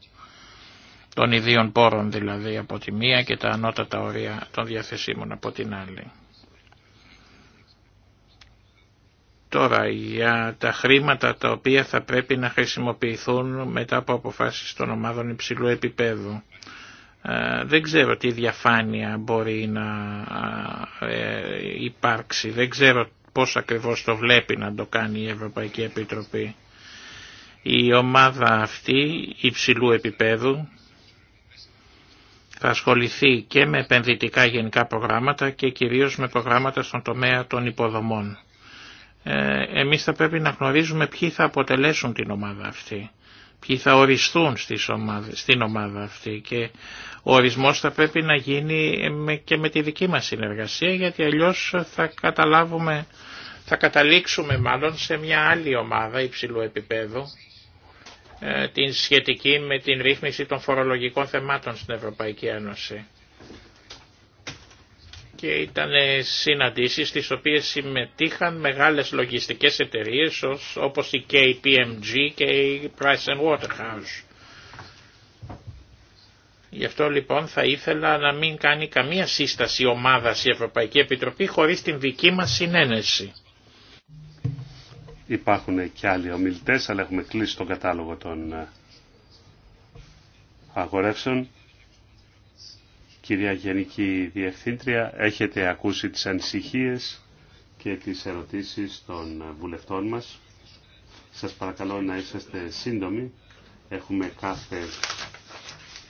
των ιδίων πόρων δηλαδή από τη μία και τα ανώτατα όρια των διαθεσίμων από την άλλη. Τώρα για τα χρήματα τα οποία θα πρέπει να χρησιμοποιηθούν μετά από αποφάσεις των ομάδων υψηλού επίπεδου. Ε, δεν ξέρω τι διαφάνεια μπορεί να υπάρξει, δεν ξέρω πώς ακριβώς το βλέπει να το κάνει η Ευρωπαϊκή Επιτροπή. Η ομάδα αυτή υψηλού επίπεδου θα ασχοληθεί και με επενδυτικά γενικά προγράμματα και κυρίως με προγράμματα στον τομέα των υποδομών. Ε, εμείς θα πρέπει να γνωρίζουμε ποιοι θα αποτελέσουν την ομάδα αυτή ποιοι θα οριστούν στην ομάδα αυτή και ο ορισμός θα πρέπει να γίνει και με τη δική μας συνεργασία γιατί αλλιώς θα καταλάβουμε, θα καταλήξουμε μάλλον σε μια άλλη ομάδα υψηλού επίπεδου ε, την σχετική με την ρύθμιση των φορολογικών θεμάτων στην Ευρωπαϊκή Ένωση και ήταν συναντήσεις στις οποίες συμμετείχαν μεγάλες λογιστικές εταιρείες όπως η KPMG και η Price Waterhouse. Γι' αυτό λοιπόν θα ήθελα να μην κάνει καμία σύσταση ομάδας η Ευρωπαϊκή Επιτροπή χωρίς την δική μας συνένεση. Υπάρχουν και άλλοι ομιλητές, αλλά έχουμε κλείσει τον κατάλογο των ε, αγορεύσεων. Κυρία Γενική Διευθύντρια, έχετε ακούσει τις ανησυχίες και τις ερωτήσεις των βουλευτών μας. Σας παρακαλώ να είσαστε σύντομοι. Έχουμε κάθε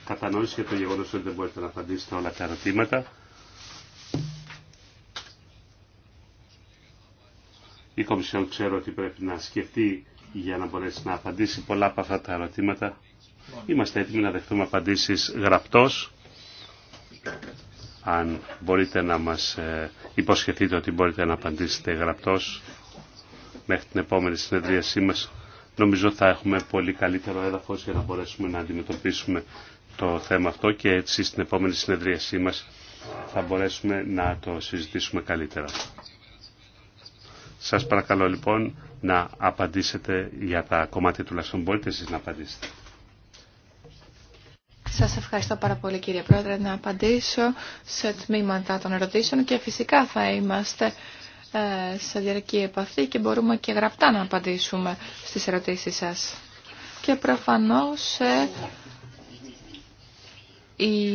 κατανόηση για το γεγονός ότι δεν μπορείτε να απαντήσετε όλα τα ερωτήματα. Η Κομισιόν ξέρω ότι πρέπει να σκεφτεί για να μπορέσει να απαντήσει πολλά από αυτά τα ερωτήματα. Είμαστε έτοιμοι να δεχτούμε απαντήσεις γραπτός αν μπορείτε να μας ε, υποσχεθείτε ότι μπορείτε να απαντήσετε γραπτός μέχρι την επόμενη συνεδρίασή μας, νομίζω θα έχουμε πολύ καλύτερο έδαφος για να μπορέσουμε να αντιμετωπίσουμε το θέμα αυτό και έτσι στην επόμενη συνεδρίασή μας θα μπορέσουμε να το συζητήσουμε καλύτερα. Σας παρακαλώ λοιπόν να απαντήσετε για τα κομμάτια τουλάχιστον μπορείτε εσείς να απαντήσετε. Σας ευχαριστώ πάρα πολύ κύριε Πρόεδρε να απαντήσω σε τμήματα των ερωτήσεων και φυσικά θα είμαστε ε, σε διαρκή επαφή και μπορούμε και γραπτά να απαντήσουμε στις ερωτήσεις σας. Και προφανώς ε, οι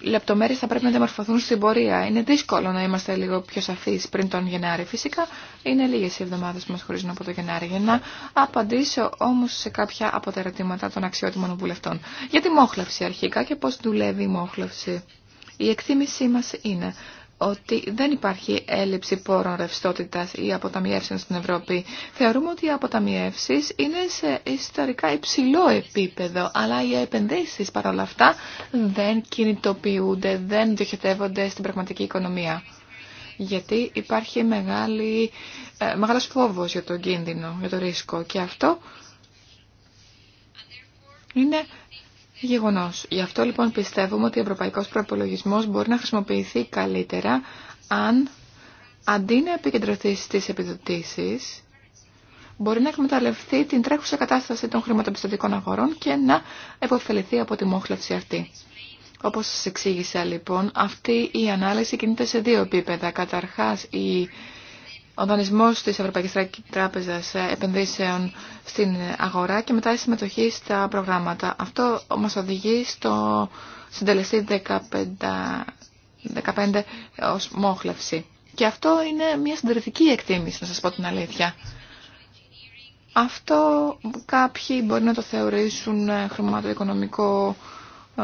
λεπτομέρειες θα πρέπει να διαμορφωθούν στην πορεία. Είναι δύσκολο να είμαστε λίγο πιο σαφείς πριν τον Γενάρη. Φυσικά είναι λίγες οι εβδομάδες που μας χωρίζουν από τον Γενάρη για να απαντήσω όμως σε κάποια από τα ερωτήματα των αξιότιμων βουλευτών. Για τη μόχλευση αρχικά και πώς δουλεύει η μόχλευση. Η εκτίμησή μας είναι ότι δεν υπάρχει έλλειψη πόρων ρευστότητα ή αποταμιεύσεων στην Ευρώπη. Θεωρούμε ότι οι αποταμιεύσει είναι σε ιστορικά υψηλό επίπεδο, αλλά οι επενδύσει παρόλα αυτά δεν κινητοποιούνται, δεν διοχετεύονται στην πραγματική οικονομία. Γιατί υπάρχει μεγάλη, ε, μεγάλος φόβος για τον κίνδυνο, για το ρίσκο και αυτό είναι γεγονός. Γι' αυτό λοιπόν πιστεύουμε ότι ο ευρωπαϊκός Προπολογισμό μπορεί να χρησιμοποιηθεί καλύτερα αν αντί να επικεντρωθεί στις επιδοτήσεις μπορεί να εκμεταλλευτεί την τρέχουσα κατάσταση των χρηματοπιστωτικών αγορών και να επωφεληθεί από τη μόχλευση αυτή. Όπως σας εξήγησα λοιπόν, αυτή η ανάλυση κινείται σε δύο επίπεδα. Καταρχάς, η ο δανεισμός της Ευρωπαϊκής Τράπεζας Επενδύσεων στην αγορά και μετά η συμμετοχή στα προγράμματα. Αυτό μας οδηγεί στο συντελεστή 15, 15 ως μόχλευση. Και αυτό είναι μια συντηρητική εκτίμηση, να σας πω την αλήθεια. Αυτό κάποιοι μπορεί να το θεωρήσουν χρηματοοικονομικό ε,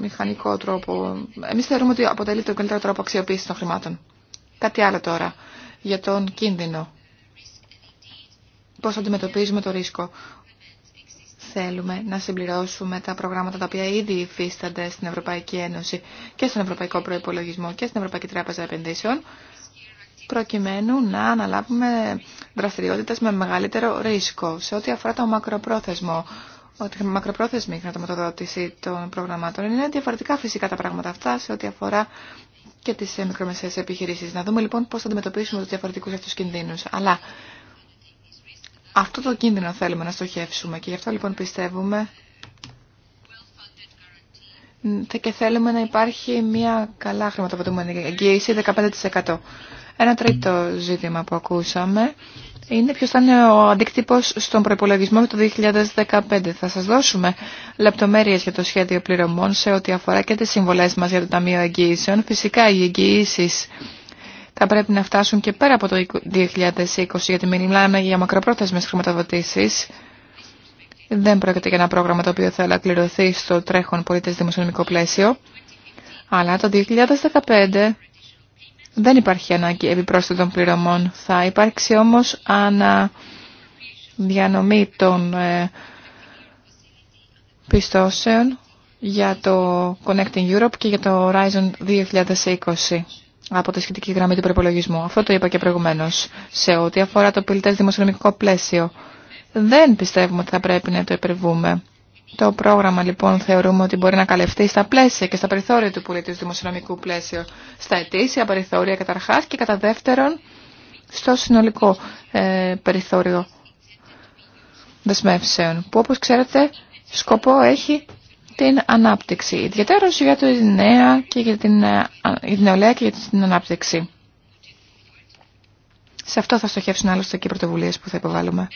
μηχανικό τρόπο. Εμείς θεωρούμε ότι αποτελεί τον καλύτερο τρόπο αξιοποίησης των χρημάτων. Κάτι άλλο τώρα για τον κίνδυνο. Πώς αντιμετωπίζουμε το ρίσκο. Θέλουμε να συμπληρώσουμε τα προγράμματα τα οποία ήδη υφίστανται στην Ευρωπαϊκή Ένωση και στον Ευρωπαϊκό Προϋπολογισμό και στην Ευρωπαϊκή Τράπεζα Επενδύσεων προκειμένου να αναλάβουμε δραστηριότητες με μεγαλύτερο ρίσκο σε ό,τι αφορά το μακροπρόθεσμο ότι η μακροπρόθεσμη χρηματοδότηση των προγραμμάτων είναι διαφορετικά φυσικά τα πράγματα αυτά σε ό,τι αφορά και τις μικρομεσαίες επιχειρήσεις. Να δούμε λοιπόν πώς θα αντιμετωπίσουμε τους διαφορετικούς αυτούς κινδύνους. Αλλά αυτό το κίνδυνο θέλουμε να στοχεύσουμε και γι' αυτό λοιπόν πιστεύουμε και θέλουμε να υπάρχει μια καλά χρηματοδοτούμενη εγγύηση 15%. Ένα τρίτο ζήτημα που ακούσαμε είναι ποιος θα είναι ο αντίκτυπος στον προπολογισμό του 2015. Θα σας δώσουμε λεπτομέρειες για το σχέδιο πληρωμών σε ό,τι αφορά και τις συμβολές μας για το Ταμείο Εγγύησεων. Φυσικά οι εγγυήσει θα πρέπει να φτάσουν και πέρα από το 2020, γιατί μιλάμε για μακροπρόθεσμες χρηματοδοτήσεις. Δεν πρόκειται για ένα πρόγραμμα το οποίο θα ολοκληρωθεί στο τρέχον πολίτες δημοσιονομικό πλαίσιο. Αλλά το 2015 δεν υπάρχει ανάγκη επιπρόσθετων πληρωμών. Θα υπάρξει όμως αναδιανομή των ε, πιστώσεων για το Connecting Europe και για το Horizon 2020 από τη σχετική γραμμή του προπολογισμού. Αυτό το είπα και προηγουμένω. Σε ό,τι αφορά το πολιτέ δημοσιονομικό πλαίσιο, δεν πιστεύουμε ότι θα πρέπει να το υπερβούμε. Το πρόγραμμα λοιπόν θεωρούμε ότι μπορεί να καλευτεί στα πλαίσια και στα περιθώρια του πολιτικού δημοσιονομικού πλαίσιο, στα ετήσια περιθώρια καταρχάς και κατά δεύτερον στο συνολικό ε, περιθώριο δεσμεύσεων που όπως ξέρετε σκοπό έχει την ανάπτυξη, ιδιαίτερως για τη νέα και για την, για ε, την νεολαία και για την ανάπτυξη. Σε αυτό θα στοχεύσουν άλλωστε και οι πρωτοβουλίες που θα υποβάλουμε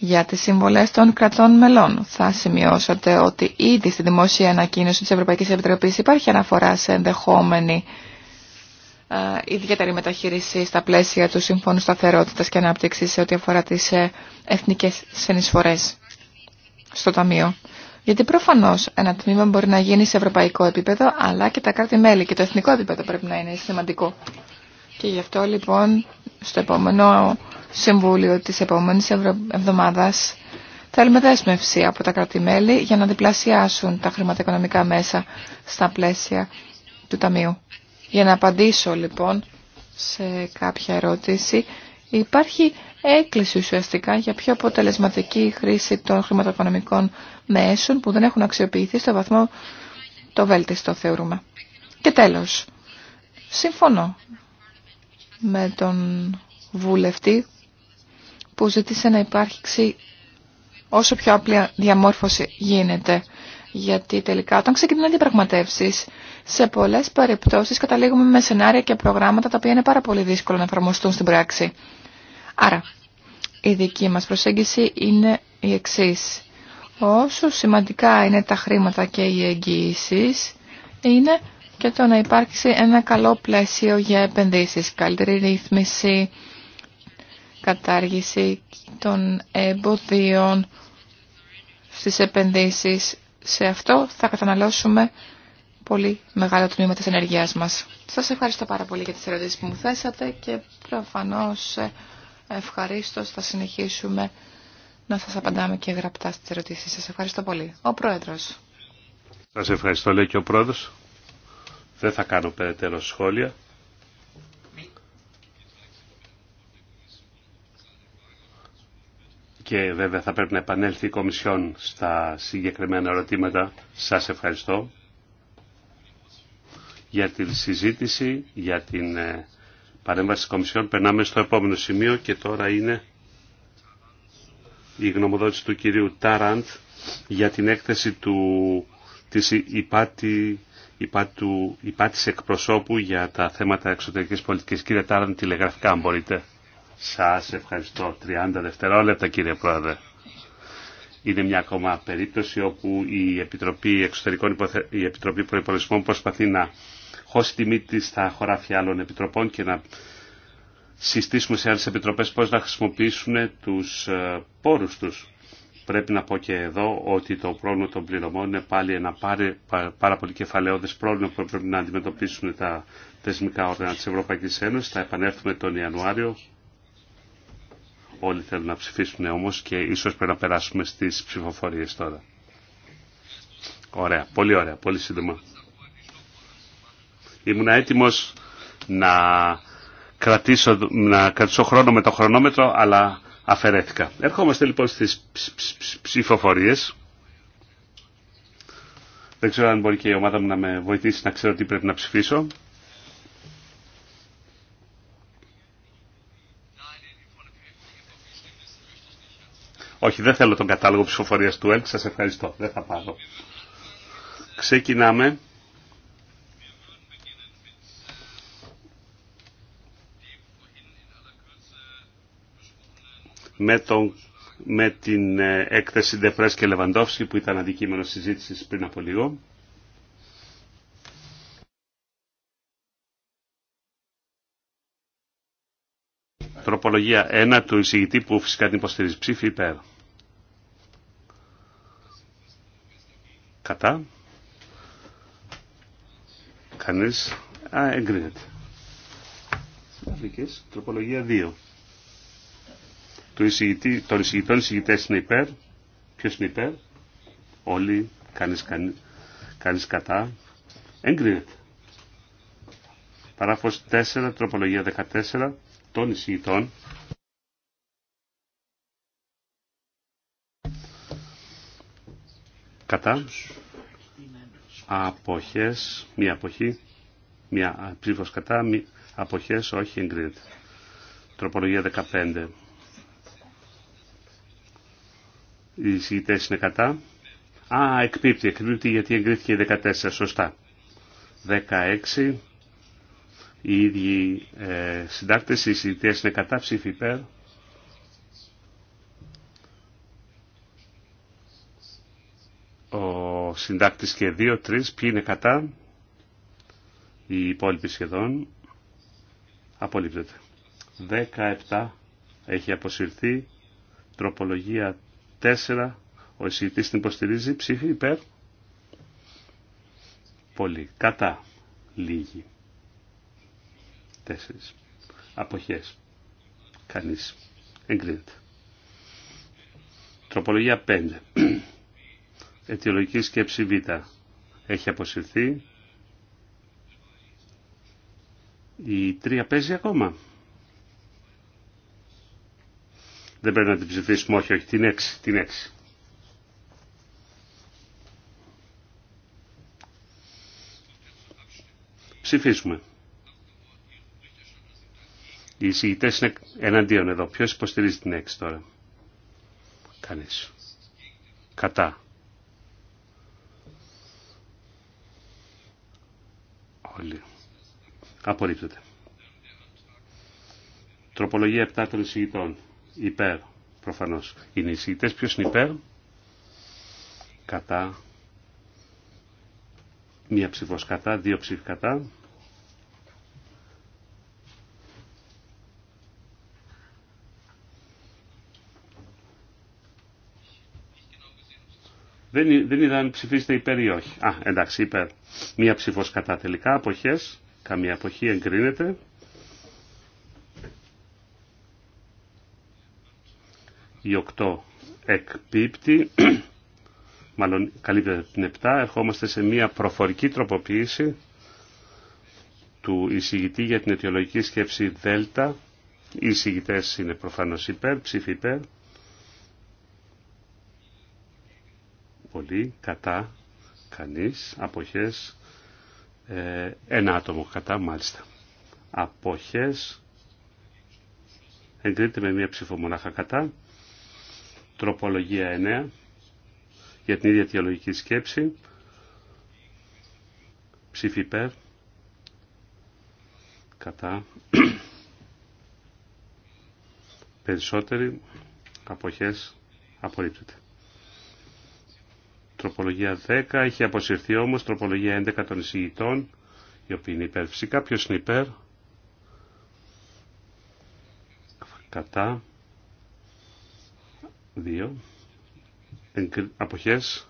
για τις συμβολές των κρατών μελών. Θα σημειώσατε ότι ήδη στη δημόσια ανακοίνωση της Ευρωπαϊκής Επιτροπής υπάρχει αναφορά σε ενδεχόμενη ε, ιδιαίτερη μεταχείριση στα πλαίσια του Συμφώνου Σταθερότητας και Ανάπτυξης σε ό,τι αφορά τις ε, εθνικές συνεισφορές στο Ταμείο. Γιατί προφανώς ένα τμήμα μπορεί να γίνει σε ευρωπαϊκό επίπεδο, αλλά και τα κράτη-μέλη και το εθνικό επίπεδο πρέπει να είναι σημαντικό. Και γι' αυτό λοιπόν στο επόμενο Συμβούλιο της επόμενης εβδομάδας θέλουμε δέσμευση από τα κρατη για να διπλασιάσουν τα χρηματοοικονομικά μέσα στα πλαίσια του Ταμείου. Για να απαντήσω λοιπόν σε κάποια ερώτηση, υπάρχει έκκληση ουσιαστικά για πιο αποτελεσματική χρήση των χρηματοοικονομικών μέσων που δεν έχουν αξιοποιηθεί στο βαθμό το βέλτιστο θεωρούμε. Και τέλος, συμφωνώ με τον βουλευτή που ζήτησε να υπάρξει όσο πιο απλή διαμόρφωση γίνεται. Γιατί τελικά όταν ξεκινούν διαπραγματεύσει, σε πολλέ περιπτώσει καταλήγουμε με σενάρια και προγράμματα τα οποία είναι πάρα πολύ δύσκολο να εφαρμοστούν στην πράξη. Άρα, η δική μα προσέγγιση είναι η εξή. Όσο σημαντικά είναι τα χρήματα και οι εγγύησει, είναι και το να υπάρξει ένα καλό πλαίσιο για επενδύσεις, καλύτερη ρύθμιση, κατάργηση των εμποδίων στις επενδύσεις. Σε αυτό θα καταναλώσουμε πολύ μεγάλο τμήμα της ενεργειάς μας. Σας ευχαριστώ πάρα πολύ για τις ερωτήσεις που μου θέσατε και προφανώς ε, ευχαρίστως θα συνεχίσουμε να σας απαντάμε και γραπτά στις ερωτήσεις. Σας ευχαριστώ πολύ. Ο Πρόεδρος. Σας ευχαριστώ λέει και ο Πρόεδρος. Δεν θα κάνω περαιτέρω σχόλια. και βέβαια θα πρέπει να επανέλθει η Κομισιόν στα συγκεκριμένα ερωτήματα. Σας ευχαριστώ για τη συζήτηση, για την ε, παρέμβαση της Κομισιόν. Περνάμε στο επόμενο σημείο και τώρα είναι η γνωμοδότηση του κυρίου Τάραντ για την έκθεση του, της υπάτη, υπάτης εκπροσώπου για τα θέματα εξωτερικής πολιτικής. Κύριε Τάραντ, τηλεγραφικά αν μπορείτε. Σας ευχαριστώ. 30 δευτερόλεπτα κύριε Πρόεδρε. Είναι μια ακόμα περίπτωση όπου η Επιτροπή, Εξωτερικών Υποθε... η Επιτροπή Προϋπολογισμών προσπαθεί να χώσει τη μύτη στα χωράφια άλλων επιτροπών και να συστήσουμε σε άλλες επιτροπές πώς να χρησιμοποιήσουν τους ε, πόρους τους. Πρέπει να πω και εδώ ότι το πρόβλημα των πληρωμών είναι πάλι ένα πάρα πολύ κεφαλαιόδες πρόβλημα που πρέπει να αντιμετωπίσουν τα θεσμικά όργανα της Ευρωπαϊκής Ένωσης. Θα επανέλθουμε τον Ιανουάριο Όλοι θέλουν να ψηφίσουν όμως και ίσως πρέπει να περάσουμε στις ψηφοφορίες τώρα. Ωραία, πολύ ωραία, πολύ σύντομα. Ήμουν έτοιμος να κρατήσω, να χρόνο με το χρονόμετρο, αλλά αφαιρέθηκα. Ερχόμαστε λοιπόν στις ψηφοφορίες. Δεν ξέρω αν μπορεί και η ομάδα μου να με βοηθήσει να ξέρω τι πρέπει να ψηφίσω. Όχι, δεν θέλω τον κατάλογο ψηφοφορίας του ΕΛΚ. Σας ευχαριστώ. Δεν θα πάρω. Ξεκινάμε. Με, τον, με την ε, έκθεση Ντεπρές και Λεβαντόφσκι που ήταν αντικείμενο συζήτησης πριν από λίγο. Τροπολογία 1 του εισηγητή που φυσικά την υποστηρίζει. Ψήφι υπέρ. Κατά. Κανεί Α, εγκρίνεται. Τροπολογία 2. Του εισηγητή, των εισηγητών εισηγητές είναι υπέρ. Ποιος είναι υπέρ. Όλοι. κανεί κανείς, κατά. Εγκρίνεται. Παράφος 4, τροπολογία 14 των εισηγητών κατά αποχές, μία αποχή, μία ψήφος κατά, μία αποχές, όχι εγκρίνεται. Τροπολογία 15. Οι εισηγητές είναι κατά. Α, εκπίπτει, εκπίπτει γιατί εγκρίθηκε η 14, σωστά. 16 οι ίδιοι ε, συντάκτες, οι συζητητές είναι κατά ψήφι υπέρ. Ο συντάκτης και δύο, τρεις, ποιοι είναι κατά, οι υπόλοιποι σχεδόν, απολύπτεται. 17 έχει αποσυρθεί, τροπολογία 4, ο εισηγητής την υποστηρίζει, ψήφι υπέρ. Πολύ. Κατά. Λίγοι. Τέσσερις. Αποχές. Κανείς. Εγκρίνεται. Τροπολογία 5. Αιτιολογική σκέψη Β. Έχει αποσυρθεί. Η τρία παίζει ακόμα. Δεν πρέπει να την ψηφίσουμε. Όχι, όχι. Την 6. Την 6. Ψηφίσουμε. Οι εισηγητές είναι εναντίον εδώ. Ποιος υποστηρίζει την έξι τώρα. Κανείς. Κατά. Όλοι. Απορρίπτεται. Τροπολογία επτά των εισηγητών. Υπέρ. Προφανώς. Είναι οι εισηγητές. Ποιος είναι υπέρ. Κατά. Μία ψηφός κατά. Δύο ψήφοι κατά. Δεν, δεν είδα αν ψηφίσετε υπέρ ή όχι. Α, εντάξει, υπέρ. Μία ψήφος κατά τελικά, αποχές. Καμία αποχή εγκρίνεται. Η 8 εκπίπτει. Μάλλον καλύπτεται την 7. Ερχόμαστε σε μία προφορική τροποποίηση του εισηγητή για την αιτιολογική σκέψη Δέλτα. Οι εισηγητέ είναι προφανώς υπέρ, ψήφι υπέρ. πολύ, κατά, κανείς, αποχές, ε, ένα άτομο κατά μάλιστα. Αποχές, εγκρίνεται με μία ψηφομονάχα κατά, τροπολογία 9, για την ίδια διαλογική σκέψη, ψήφι κατά, περισσότεροι, αποχές, απορρίπτεται. Τροπολογία 10 έχει αποσυρθεί όμως. Τροπολογία 11 των εισηγητών, η οποία είναι υπέρ. Φυσικά ποιος είναι υπέρ. Κατά. 2. αποχέ, Αποχές.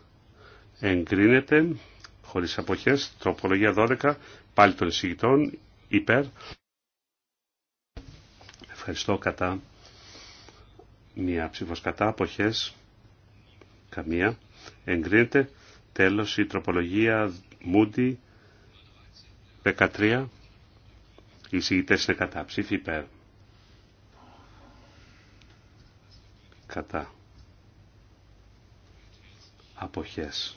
Εγκρίνεται. Χωρίς αποχές. Τροπολογία 12. Πάλι των εισηγητών. Υπέρ. Ευχαριστώ. Κατά. Μία ψήφος κατά. Αποχές. Καμία εγκρίνεται. Τέλος η τροπολογία Moody 13. Οι συγητές είναι κατά. Ψήφι υπέρ. Κατά. Αποχές.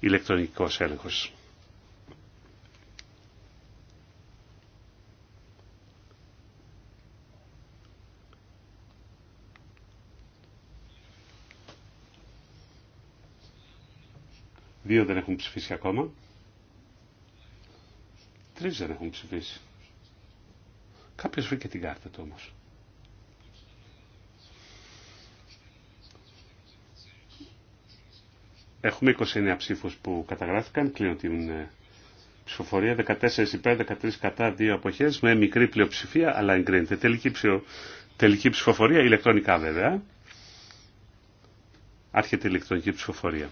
Ηλεκτρονικός έλεγχος. Δύο δεν έχουν ψηφίσει ακόμα. τρει δεν έχουν ψηφίσει. Κάποιο βρήκε την κάρτα του όμως. Έχουμε 29 ψήφου που καταγράφηκαν, κλείνω την ε, ψηφοφορία 14 υπέρ, 13 κατά, 2 αποχέ. με μικρή πλειοψηφία, αλλά εγκρίνεται. Τελική, ψηφο... τελική ψηφοφορία, ηλεκτρονικά βέβαια. Άρχεται η ηλεκτρονική ψηφοφορία.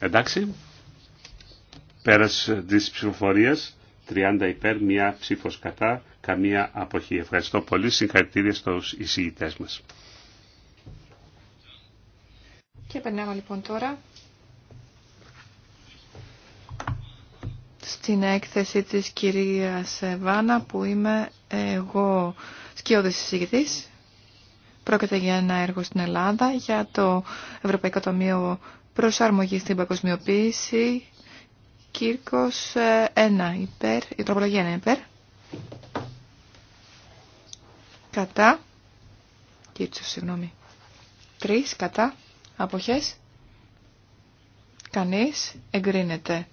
Εντάξει. πέρας της ψηφοφορίας. 30 υπέρ, μία ψήφος κατά, καμία αποχή. Ευχαριστώ πολύ. Συγχαρητήρια στους εισηγητές μας. Και περνάμε λοιπόν τώρα στην έκθεση της κυρίας Βάνα που είμαι εγώ σκιώδης εισηγητής. Πρόκειται για ένα έργο στην Ελλάδα για το Ευρωπαϊκό Τομείο προσαρμογή στην παγκοσμιοποίηση. Κύρκος 1 ε, υπέρ, η τροπολογία είναι υπέρ. Κατά. Κύρτσος, συγγνώμη. Τρει κατά. Αποχές. Κανείς εγκρίνεται.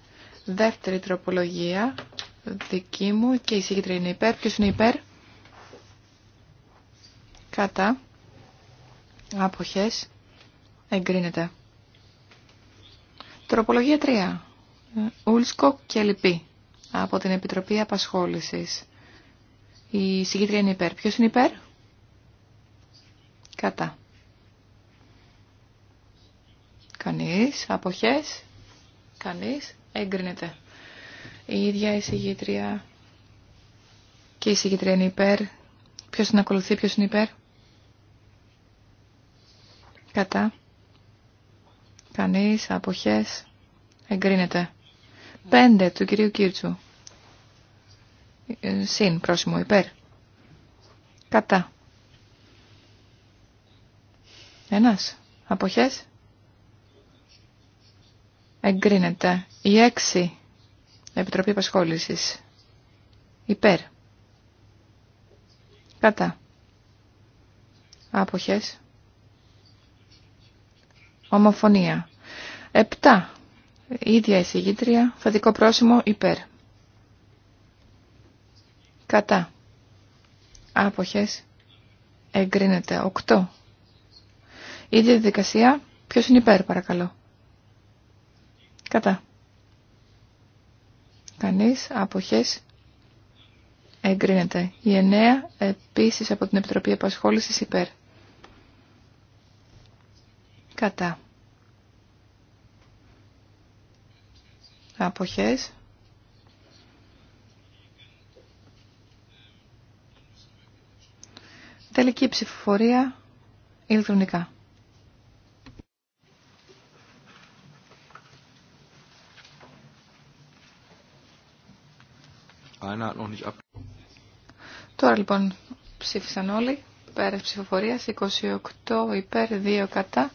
Δεύτερη τροπολογία δική μου και η σύγκριτρια είναι υπέρ. Ποιος είναι υπέρ. Κατά. Αποχές. Εγκρίνεται. Τροπολογία 3. Ούλσκο και Λυπή από την Επιτροπή Απασχόλησης. Η συγκήτρια είναι υπέρ. Ποιος είναι υπέρ? Κατά. Κανείς. Αποχές. Κανείς. Έγκρινεται. Η ίδια η συγκήτρια και η συγκήτρια είναι υπέρ. Ποιος την ακολουθεί, ποιος είναι υπέρ. Κατά. Κανείς, αποχές, εγκρίνεται. Πέντε, του κυρίου Κίρτσου. Ε, συν, πρόσημο, υπέρ. Κατά. Ένας. Αποχές. Εγκρίνεται. Η έξι. Επιτροπή Επασχόλησης. Υπέρ. Κατά. Αποχές. Ομοφωνία. 7. ίδια εισηγήτρια. Θετικό πρόσημο υπέρ. Κατά. Άποχες. Εγκρίνεται. 8. ίδια διαδικασία. Ποιος είναι υπέρ παρακαλώ. Κατά. Κανείς. Άποχες. Εγκρίνεται. Η 9. Επίσης από την Επιτροπή Επασχόλησης υπέρ. Κατά. αποχές τελική ψηφοφορία ηλεκτρονικά. Τώρα λοιπόν ψήφισαν όλοι. υπέρ ψηφοφορίας 28 υπέρ 2 κατά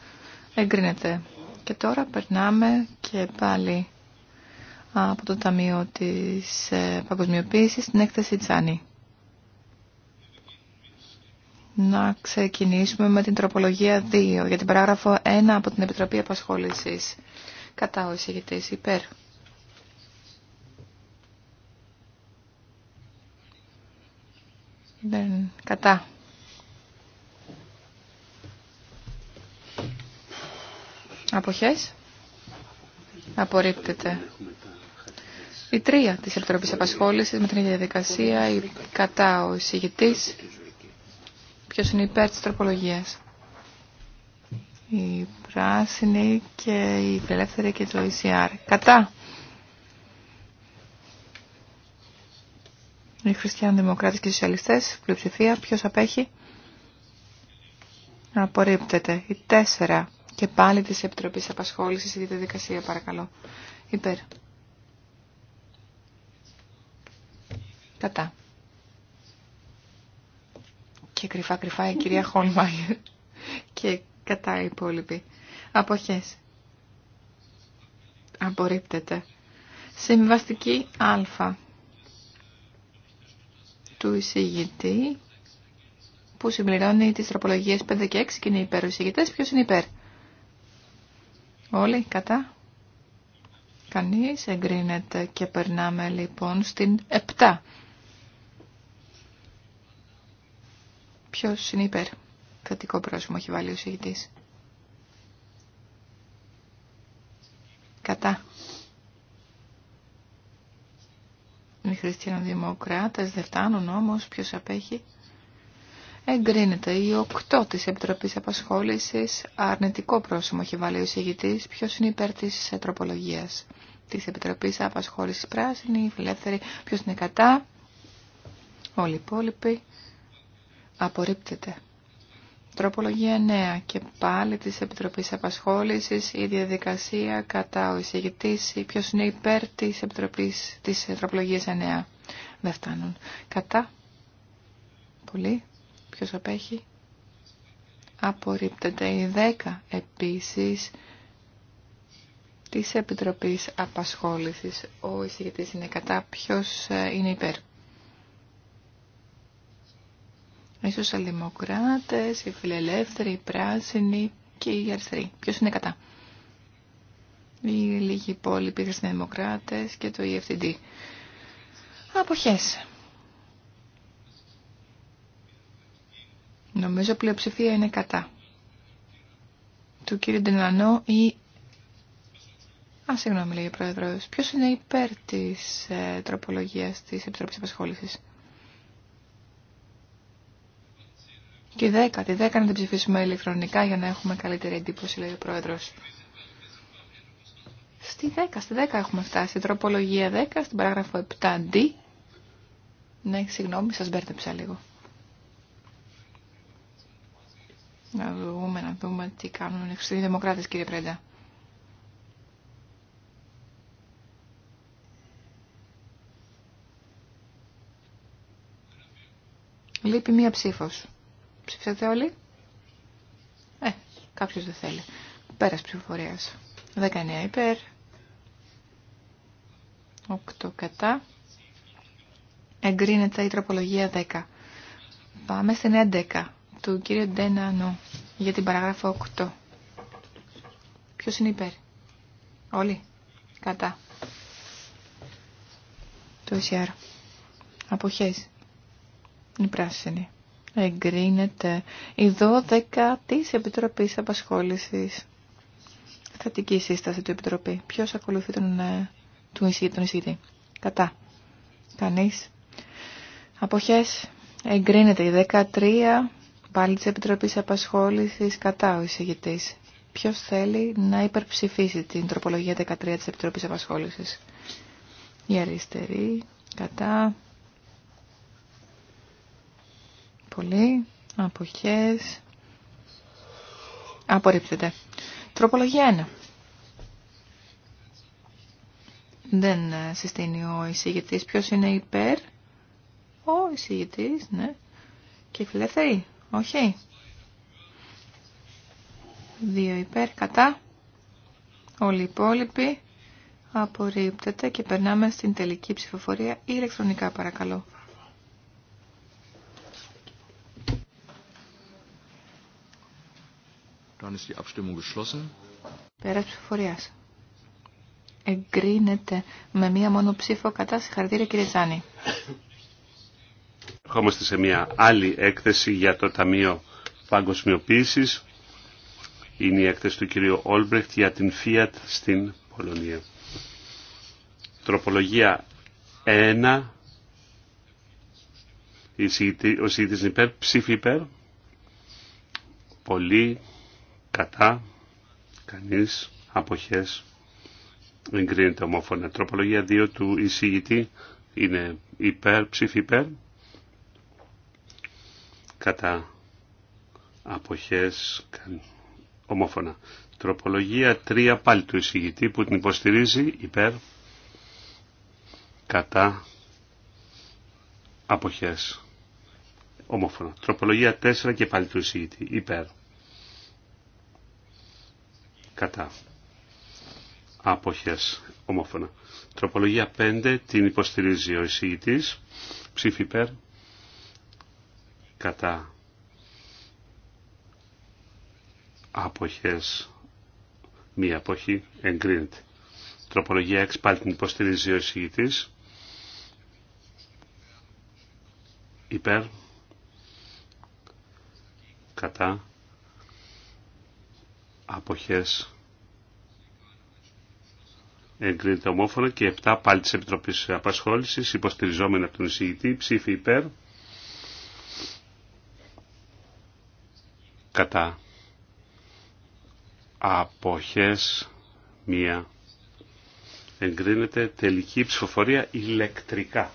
εγκρίνεται. Και τώρα περνάμε και πάλι από το Ταμείο της ε, Παγκοσμιοποίησης στην έκθεση Τσάνι. Να ξεκινήσουμε με την τροπολογία 2 για την παράγραφο 1 από την Επιτροπή Απασχόλησης. Κατά ο εισηγητής υπέρ. Δεν κατά. Αποχές. Απορρίπτεται. Η τρία της Επιτροπής Απασχόλησης με την ίδια διαδικασία, η κατά ο εισηγητής. Ποιος είναι υπέρ της τροπολογίας. Η πράσινη και η ελεύθερη και το ECR. Κατά. Οι χριστιανοδημοκράτες και οι σοσιαλιστές, πλειοψηφία, ποιος απέχει. Απορρίπτεται. Η τέσσερα και πάλι της Επιτροπής Απασχόλησης, η διαδικασία παρακαλώ. Υπέρ. Κατά. Και κρυφά κρυφά η κυρία Χόλμαγερ. Και κατά οι υπόλοιποι. Αποχές. Απορρίπτεται. Συμβαστική α του εισηγητή που συμπληρώνει τις τροπολογίες 5 και 6 και είναι υπέρ. Ο εισηγητές ποιος είναι υπέρ. Όλοι κατά. Κανείς εγκρίνεται και περνάμε λοιπόν στην 7 Ποιο είναι υπέρ. Θετικό πρόσημο έχει βάλει ο Συγητή. Κατά. Οι χριστιανοδημοκράτε δεν φτάνουν όμω, ποιο απέχει. Εγκρίνεται η 8 της Επιτροπής Απασχόλησης. Αρνητικό πρόσημο έχει βάλει ο συγητής. Ποιος είναι υπέρ της τροπολογίας της Επιτροπής Απασχόλησης Πράσινη, Φιλεύθερη. Ποιος είναι κατά. Όλοι οι υπόλοιποι Απορρίπτεται. Τροπολογία 9. Και πάλι της Επιτροπής Απασχόλησης η διαδικασία κατά ο εισηγητής ή ποιος είναι υπέρ της Επιτροπής της Τροπολογίας 9. Δεν φτάνουν. Κατά. Πολύ. Ποιος απέχει. Απορρίπτεται η 10 επίσης της Επιτροπής Απασχόλησης. Ο εισηγητής είναι κατά. Ποιος ε, είναι υπέρ. οι σοσιαλδημοκράτες, οι φιλελεύθεροι, οι πράσινοι και οι αριστεροί. Ποιος είναι κατά. Οι λίγοι υπόλοιποι χριστιανοδημοκράτες και το EFTD. Αποχές. Νομίζω πλειοψηφία είναι κατά. Του κύριου Ντενανό ή... Α, συγγνώμη λέει ο Πρόεδρος. Ποιος είναι υπέρ της ε, τροπολογίας της Επιτροπής Επασχόλησης. Τη 10, τη 10 να την ψηφίσουμε ηλεκτρονικά για να έχουμε καλύτερη εντύπωση, λέει ο Πρόεδρος. Στη 10, στη 10 έχουμε φτάσει. Τροπολογία 10, στην παράγραφο 7D. Ναι, συγγνώμη, σας μπέρδεψα λίγο. Να δούμε, να δούμε τι κάνουν οι χριστιανοί κύριε Πρέντα. Λείπει μία ψήφο. Ψήφισατε όλοι. Ε, κάποιος δεν θέλει. Πέρας ψηφοφορίας. 19 υπέρ. 8 κατά. Εγκρίνεται η τροπολογία 10. Πάμε στην 11 του κύριου Ντένανο για την παράγραφο 8. Ποιος είναι υπέρ. Όλοι. Κατά. Το Ισιάρ. Αποχές. Είναι πράσινη εγκρίνεται η 12 της Επιτροπής Απασχόλησης. Θετική σύσταση του Επιτροπή. Ποιος ακολουθεί τον, ε, τον εισηγητή. Κατά. Κανείς. Αποχές. Εγκρίνεται η 13 πάλι της Επιτροπής Απασχόλησης κατά ο εισηγητής. Ποιος θέλει να υπερψηφίσει την τροπολογία 13 της Επιτροπής Απασχόλησης. Η αριστερή κατά πολύ. Αποχές. Απορρίπτεται. Τροπολογία 1. Δεν ε, συστήνει ο εισηγητής. Ποιος είναι υπέρ. Ο εισηγητής, ναι. Και φιλελεύθερη. Όχι. Δύο υπέρ, κατά. Όλοι οι υπόλοιποι απορρίπτεται και περνάμε στην τελική ψηφοφορία ηλεκτρονικά παρακαλώ. Dann ist die Abstimmung geschlossen. Εγκρίνεται με μία μόνο ψήφο κατά συγχαρητήρια κύριε Τσάνη. Ερχόμαστε σε μία άλλη έκθεση για το Ταμείο παγκοσμιοποίηση. Είναι η έκθεση του κυρίου Όλμπρεχτ για την Fiat στην Πολωνία. Τροπολογία 1. Ο είναι υπέρ, ψήφι υπέρ. Πολύ κατά, κανείς, αποχές, εγκρίνεται ομόφωνα. Τροπολογία 2 του εισηγητή είναι υπέρ, ψήφι υπέρ, κατά, αποχές, ομόφωνα. Τροπολογία 3 πάλι του εισηγητή που την υποστηρίζει υπέρ, κατά, αποχές, ομόφωνα. Τροπολογία 4 και πάλι του εισηγητή υπέρ κατά άποχες ομόφωνα. Τροπολογία 5 την υποστηρίζει ο εισηγητής. Ψήφι υπέρ κατά άποχες μία αποχή εγκρίνεται. Τροπολογία 6 πάλι την υποστηρίζει ο εισηγητής. Υπέρ κατά αποχές εγκρίνεται ομόφωνα και 7 πάλι της Επιτροπής Απασχόλησης υποστηριζόμενη από τον εισηγητή ψήφι υπέρ κατά αποχές μία εγκρίνεται τελική ψηφοφορία ηλεκτρικά.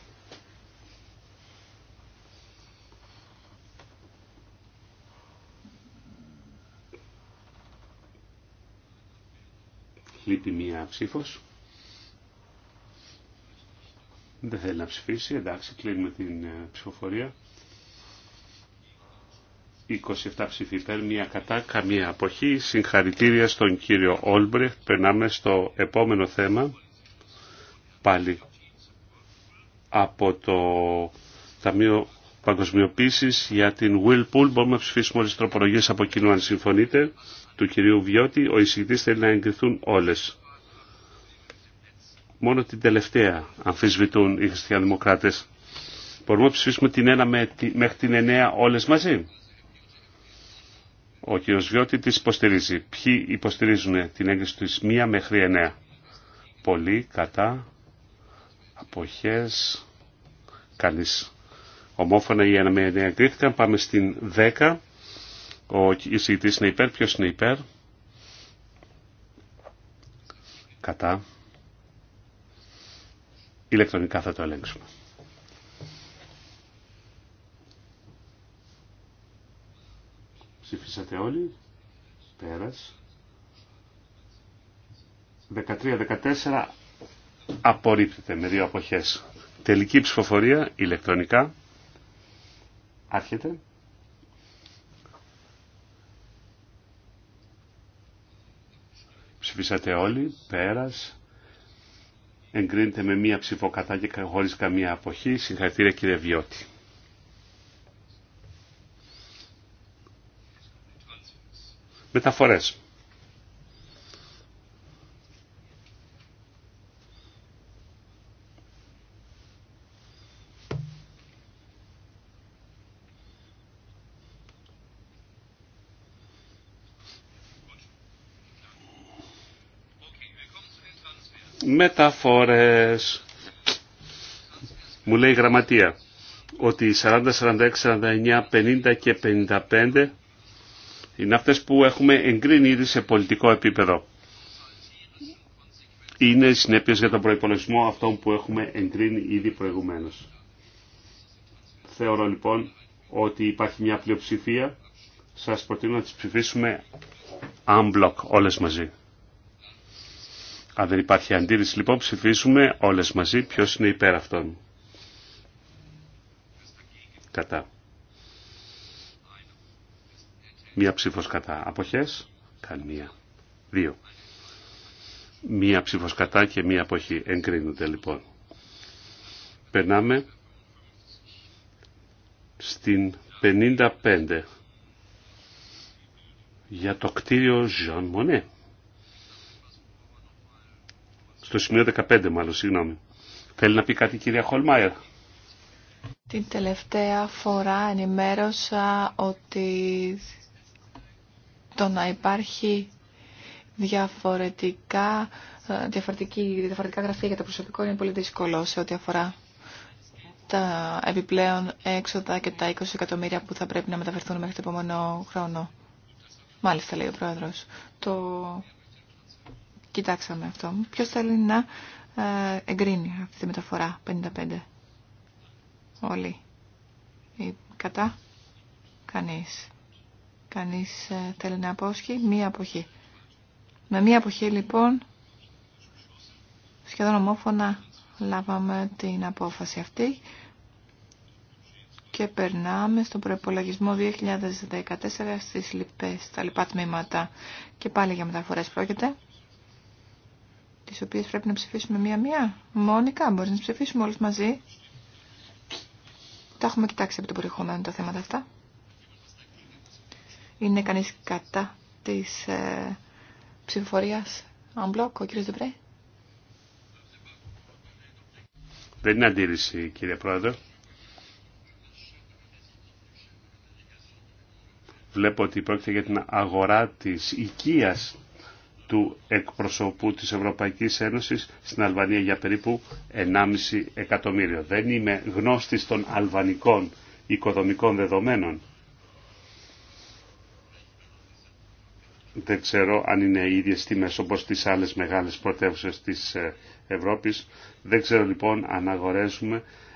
Λείπει μία ψήφος. Δεν θέλει να ψηφίσει. Εντάξει, κλείνουμε την ε, ψηφοφορία. 27 ψήφοι υπέρ, μία κατά, καμία αποχή. Συγχαρητήρια στον κύριο Όλμπρεχτ. Περνάμε στο επόμενο θέμα. Πάλι από το Ταμείο Παγκοσμιοποίηση για την Whirlpool. Μπορούμε να ψηφίσουμε όλε τι τροπολογίε από κοινού αν συμφωνείτε. Του κυρίου Βιώτη, ο εισηγητή θέλει να εγκριθούν όλε. Μόνο την τελευταία αμφισβητούν οι χριστιανοδημοκράτες. Μπορούμε να ψηφίσουμε την 1 μέχρι την 9 όλε μαζί. Ο κύριο Βιώτη τι υποστηρίζει. Ποιοι υποστηρίζουν την έγκριση της 1 μέχρι 9. Πολύ κατά αποχές κανείς ομόφωνα ή 1 με εγκρίθηκαν. Πάμε στην 10. Ο εισηγητής είναι υπέρ. Ποιο είναι υπέρ. Κατά. Ηλεκτρονικά θα το ελέγξουμε. Ψηφίσατε όλοι. Πέρας. 13-14 απορρίπτεται με δύο αποχές. Τελική ψηφοφορία ηλεκτρονικά. Άρχεται. Ψηφίσατε όλοι. Πέρας. Εγκρίνεται με μία ψηφοκατά και χωρίς καμία αποχή. Συγχαρητήρια κύριε Βιώτη. Μεταφορές. μεταφορές. Μου λέει η γραμματεία ότι 40, 46, 49, 50 και 55 είναι αυτές που έχουμε εγκρίνει ήδη σε πολιτικό επίπεδο. Είναι συνέπειες για τον προϋπολογισμό αυτών που έχουμε εγκρίνει ήδη προηγουμένως. Θεωρώ λοιπόν ότι υπάρχει μια πλειοψηφία. Σας προτείνω να τις ψηφίσουμε unblock όλες μαζί. Αν δεν υπάρχει αντίρρηση λοιπόν ψηφίσουμε όλες μαζί ποιος είναι υπέρ αυτών. Κατά. Μία ψήφος κατά. Αποχές. Καν μία. Δύο. Μία ψήφος κατά και μία αποχή. Εγκρίνονται λοιπόν. Περνάμε στην 55 για το κτίριο Jean Monnet. Στο σημείο 15 μάλλον, συγγνώμη. Θέλει να πει κάτι η κυρία Χολμάιερ. Την τελευταία φορά ενημέρωσα ότι το να υπάρχει διαφορετικά, ε, διαφορετική, διαφορετικά γραφεία για το προσωπικό είναι πολύ δύσκολο σε ό,τι αφορά τα επιπλέον έξοδα και τα 20 εκατομμύρια που θα πρέπει να μεταφερθούν μέχρι το επόμενο χρόνο. Μάλιστα, λέει ο Πρόεδρος. Το κοιτάξαμε αυτό. Ποιο θέλει να ε, εγκρίνει αυτή τη μεταφορά 55. Όλοι. Ή κατά. Κανείς. Κανείς ε, θέλει να απόσχει. Μία αποχή. Με μία αποχή λοιπόν σχεδόν ομόφωνα λάβαμε την απόφαση αυτή και περνάμε στον προπολογισμό 2014 στις λοιπές, στα λοιπά τμήματα και πάλι για μεταφορές πρόκειται τις οποίες πρέπει να ψηφίσουμε μία-μία. Μόνικα, μπορεί να ψηφίσουμε όλους μαζί. Τα έχουμε κοιτάξει από το προηγουμένο τα θέματα αυτά. Είναι κανείς κατά της ε, ψηφοφορίας ο κύριος Δεπρέ. Δεν είναι αντίρρηση, κύριε Πρόεδρε. Βλέπω ότι πρόκειται για την αγορά της οικίας του εκπροσωπού της Ευρωπαϊκής Ένωσης στην Αλβανία για περίπου 1,5 εκατομμύριο. Δεν είμαι γνώστης των αλβανικών οικοδομικών δεδομένων. Δεν ξέρω αν είναι οι ίδιες τιμές όπως τις άλλες μεγάλες πρωτεύουσες της ε, Ευρώπης. Δεν ξέρω λοιπόν αν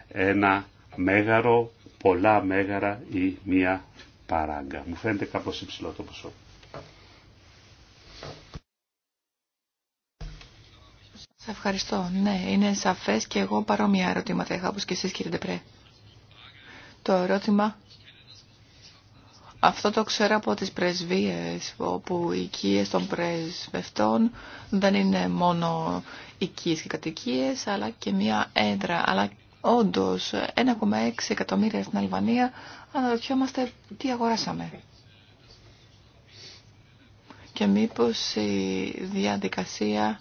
ένα μέγαρο, πολλά μέγαρα ή μία παράγκα. Μου φαίνεται κάπως υψηλό το ποσό. Σα ευχαριστώ. Ναι, είναι σαφέ και εγώ παρόμοια ερωτήματα είχα όπω και εσείς κύριε Ντεπρέ. Το ερώτημα αυτό το ξέρω από τις πρεσβείες, όπου οι οικίες των πρεσβευτών δεν είναι μόνο οικίες και κατοικίες, αλλά και μία έντρα. Αλλά όντως 1,6 εκατομμύρια στην Αλβανία αναρωτιόμαστε τι αγοράσαμε. Και μήπως η διαδικασία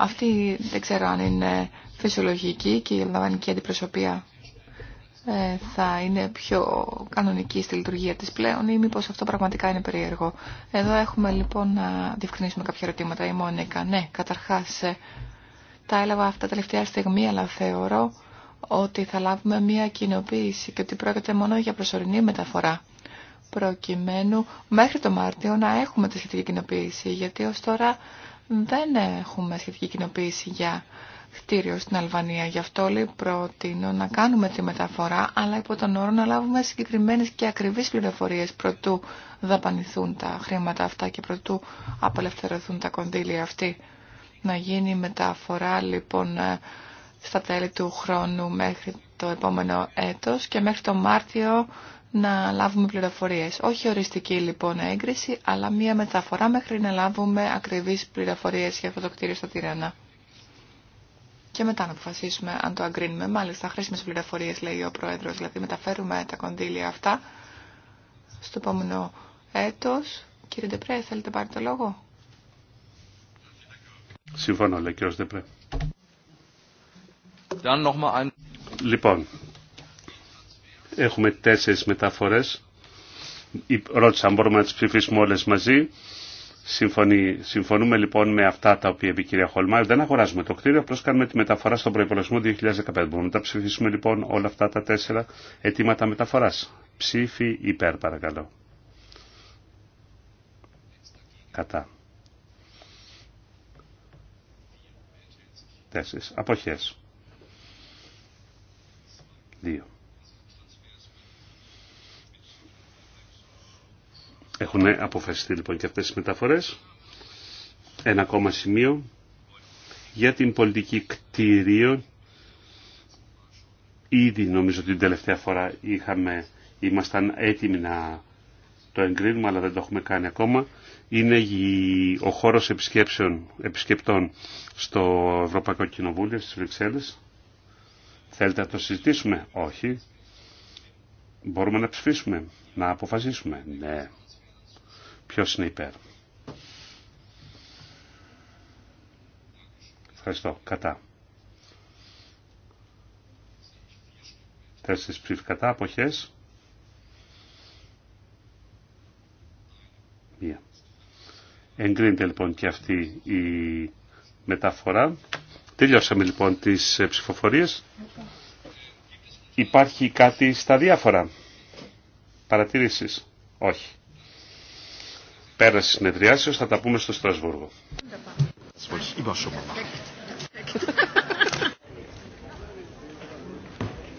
αυτή δεν ξέρω αν είναι φυσιολογική και η λαμβανική αντιπροσωπεία ε, θα είναι πιο κανονική στη λειτουργία της πλέον ή μήπως αυτό πραγματικά είναι περίεργο. Εδώ έχουμε λοιπόν να διευκρινίσουμε κάποια ερωτήματα. Η Μόνικα, ναι, καταρχάς ε, τα έλαβα αυτά τελευταία στιγμή, αλλά θεωρώ ότι θα λάβουμε μία κοινοποίηση και ότι πρόκειται μόνο για προσωρινή μεταφορά προκειμένου μέχρι το Μάρτιο να έχουμε τη σχετική κοινοποίηση, γιατί ως τώρα δεν έχουμε σχετική κοινοποίηση για κτίριο στην Αλβανία. Γι' αυτό όλοι προτείνω να κάνουμε τη μεταφορά, αλλά υπό τον όρο να λάβουμε συγκεκριμένες και ακριβεί πληροφορίε προτού δαπανηθούν τα χρήματα αυτά και προτού απελευθερωθούν τα κονδύλια αυτή. Να γίνει μεταφορά λοιπόν ε, στα τέλη του χρόνου μέχρι το επόμενο έτος και μέχρι το Μάρτιο να λάβουμε πληροφορίες. Όχι οριστική λοιπόν έγκριση, αλλά μία μεταφορά μέχρι να λάβουμε ακριβείς πληροφορίες για αυτό το κτίριο στα Τυρανα. Και μετά να αποφασίσουμε αν το αγκρίνουμε. Μάλιστα, χρήσιμες πληροφορίες λέει ο Πρόεδρος, δηλαδή μεταφέρουμε τα κονδύλια αυτά στο επόμενο έτος. Κύριε Ντεπρέ, θέλετε πάρει το λόγο. Συμφωνώ, λέει κύριος Ντεπρέ. Λοιπόν, Έχουμε τέσσερις μεταφορές. Ρώτησα αν μπορούμε να τις ψηφίσουμε όλες μαζί. Συμφωνεί, συμφωνούμε λοιπόν με αυτά τα οποία είπε η κυρία Χολμάρ. Δεν αγοράζουμε το κτίριο, απλώ κάνουμε τη μεταφορά στον προπολογισμό 2015. Μπορούμε να τα ψηφίσουμε λοιπόν όλα αυτά τα τέσσερα αιτήματα μεταφορά. Ψήφι υπέρ παρακαλώ. Κατά. Τέσσερι. Αποχέ. Δύο. Έχουν αποφασιστεί λοιπόν και αυτές τις μεταφορές. Ένα ακόμα σημείο για την πολιτική κτηρίων. Ήδη νομίζω ότι την τελευταία φορά είχαμε, ήμασταν έτοιμοι να το εγκρίνουμε αλλά δεν το έχουμε κάνει ακόμα. Είναι ο χώρος επισκέψεων, επισκεπτών στο Ευρωπαϊκό Κοινοβούλιο στις Βρυξέλλες. Θέλετε να το συζητήσουμε. Όχι. Μπορούμε να ψηφίσουμε, να αποφασίσουμε. Ναι. Ποιος είναι υπέρ. Ευχαριστώ. Κατά. Τέσσερις ψήφι κατά. Αποχές. Μία. Εγκρίνεται λοιπόν και αυτή η μεταφορά. Τελειώσαμε λοιπόν τις ε, ψηφοφορίες. Υπάρχει κάτι στα διάφορα. Παρατηρήσεις. Όχι. Πέραση συνεδριάσεω, συνεδριάσεως θα τα πούμε στο Στρασβούργο.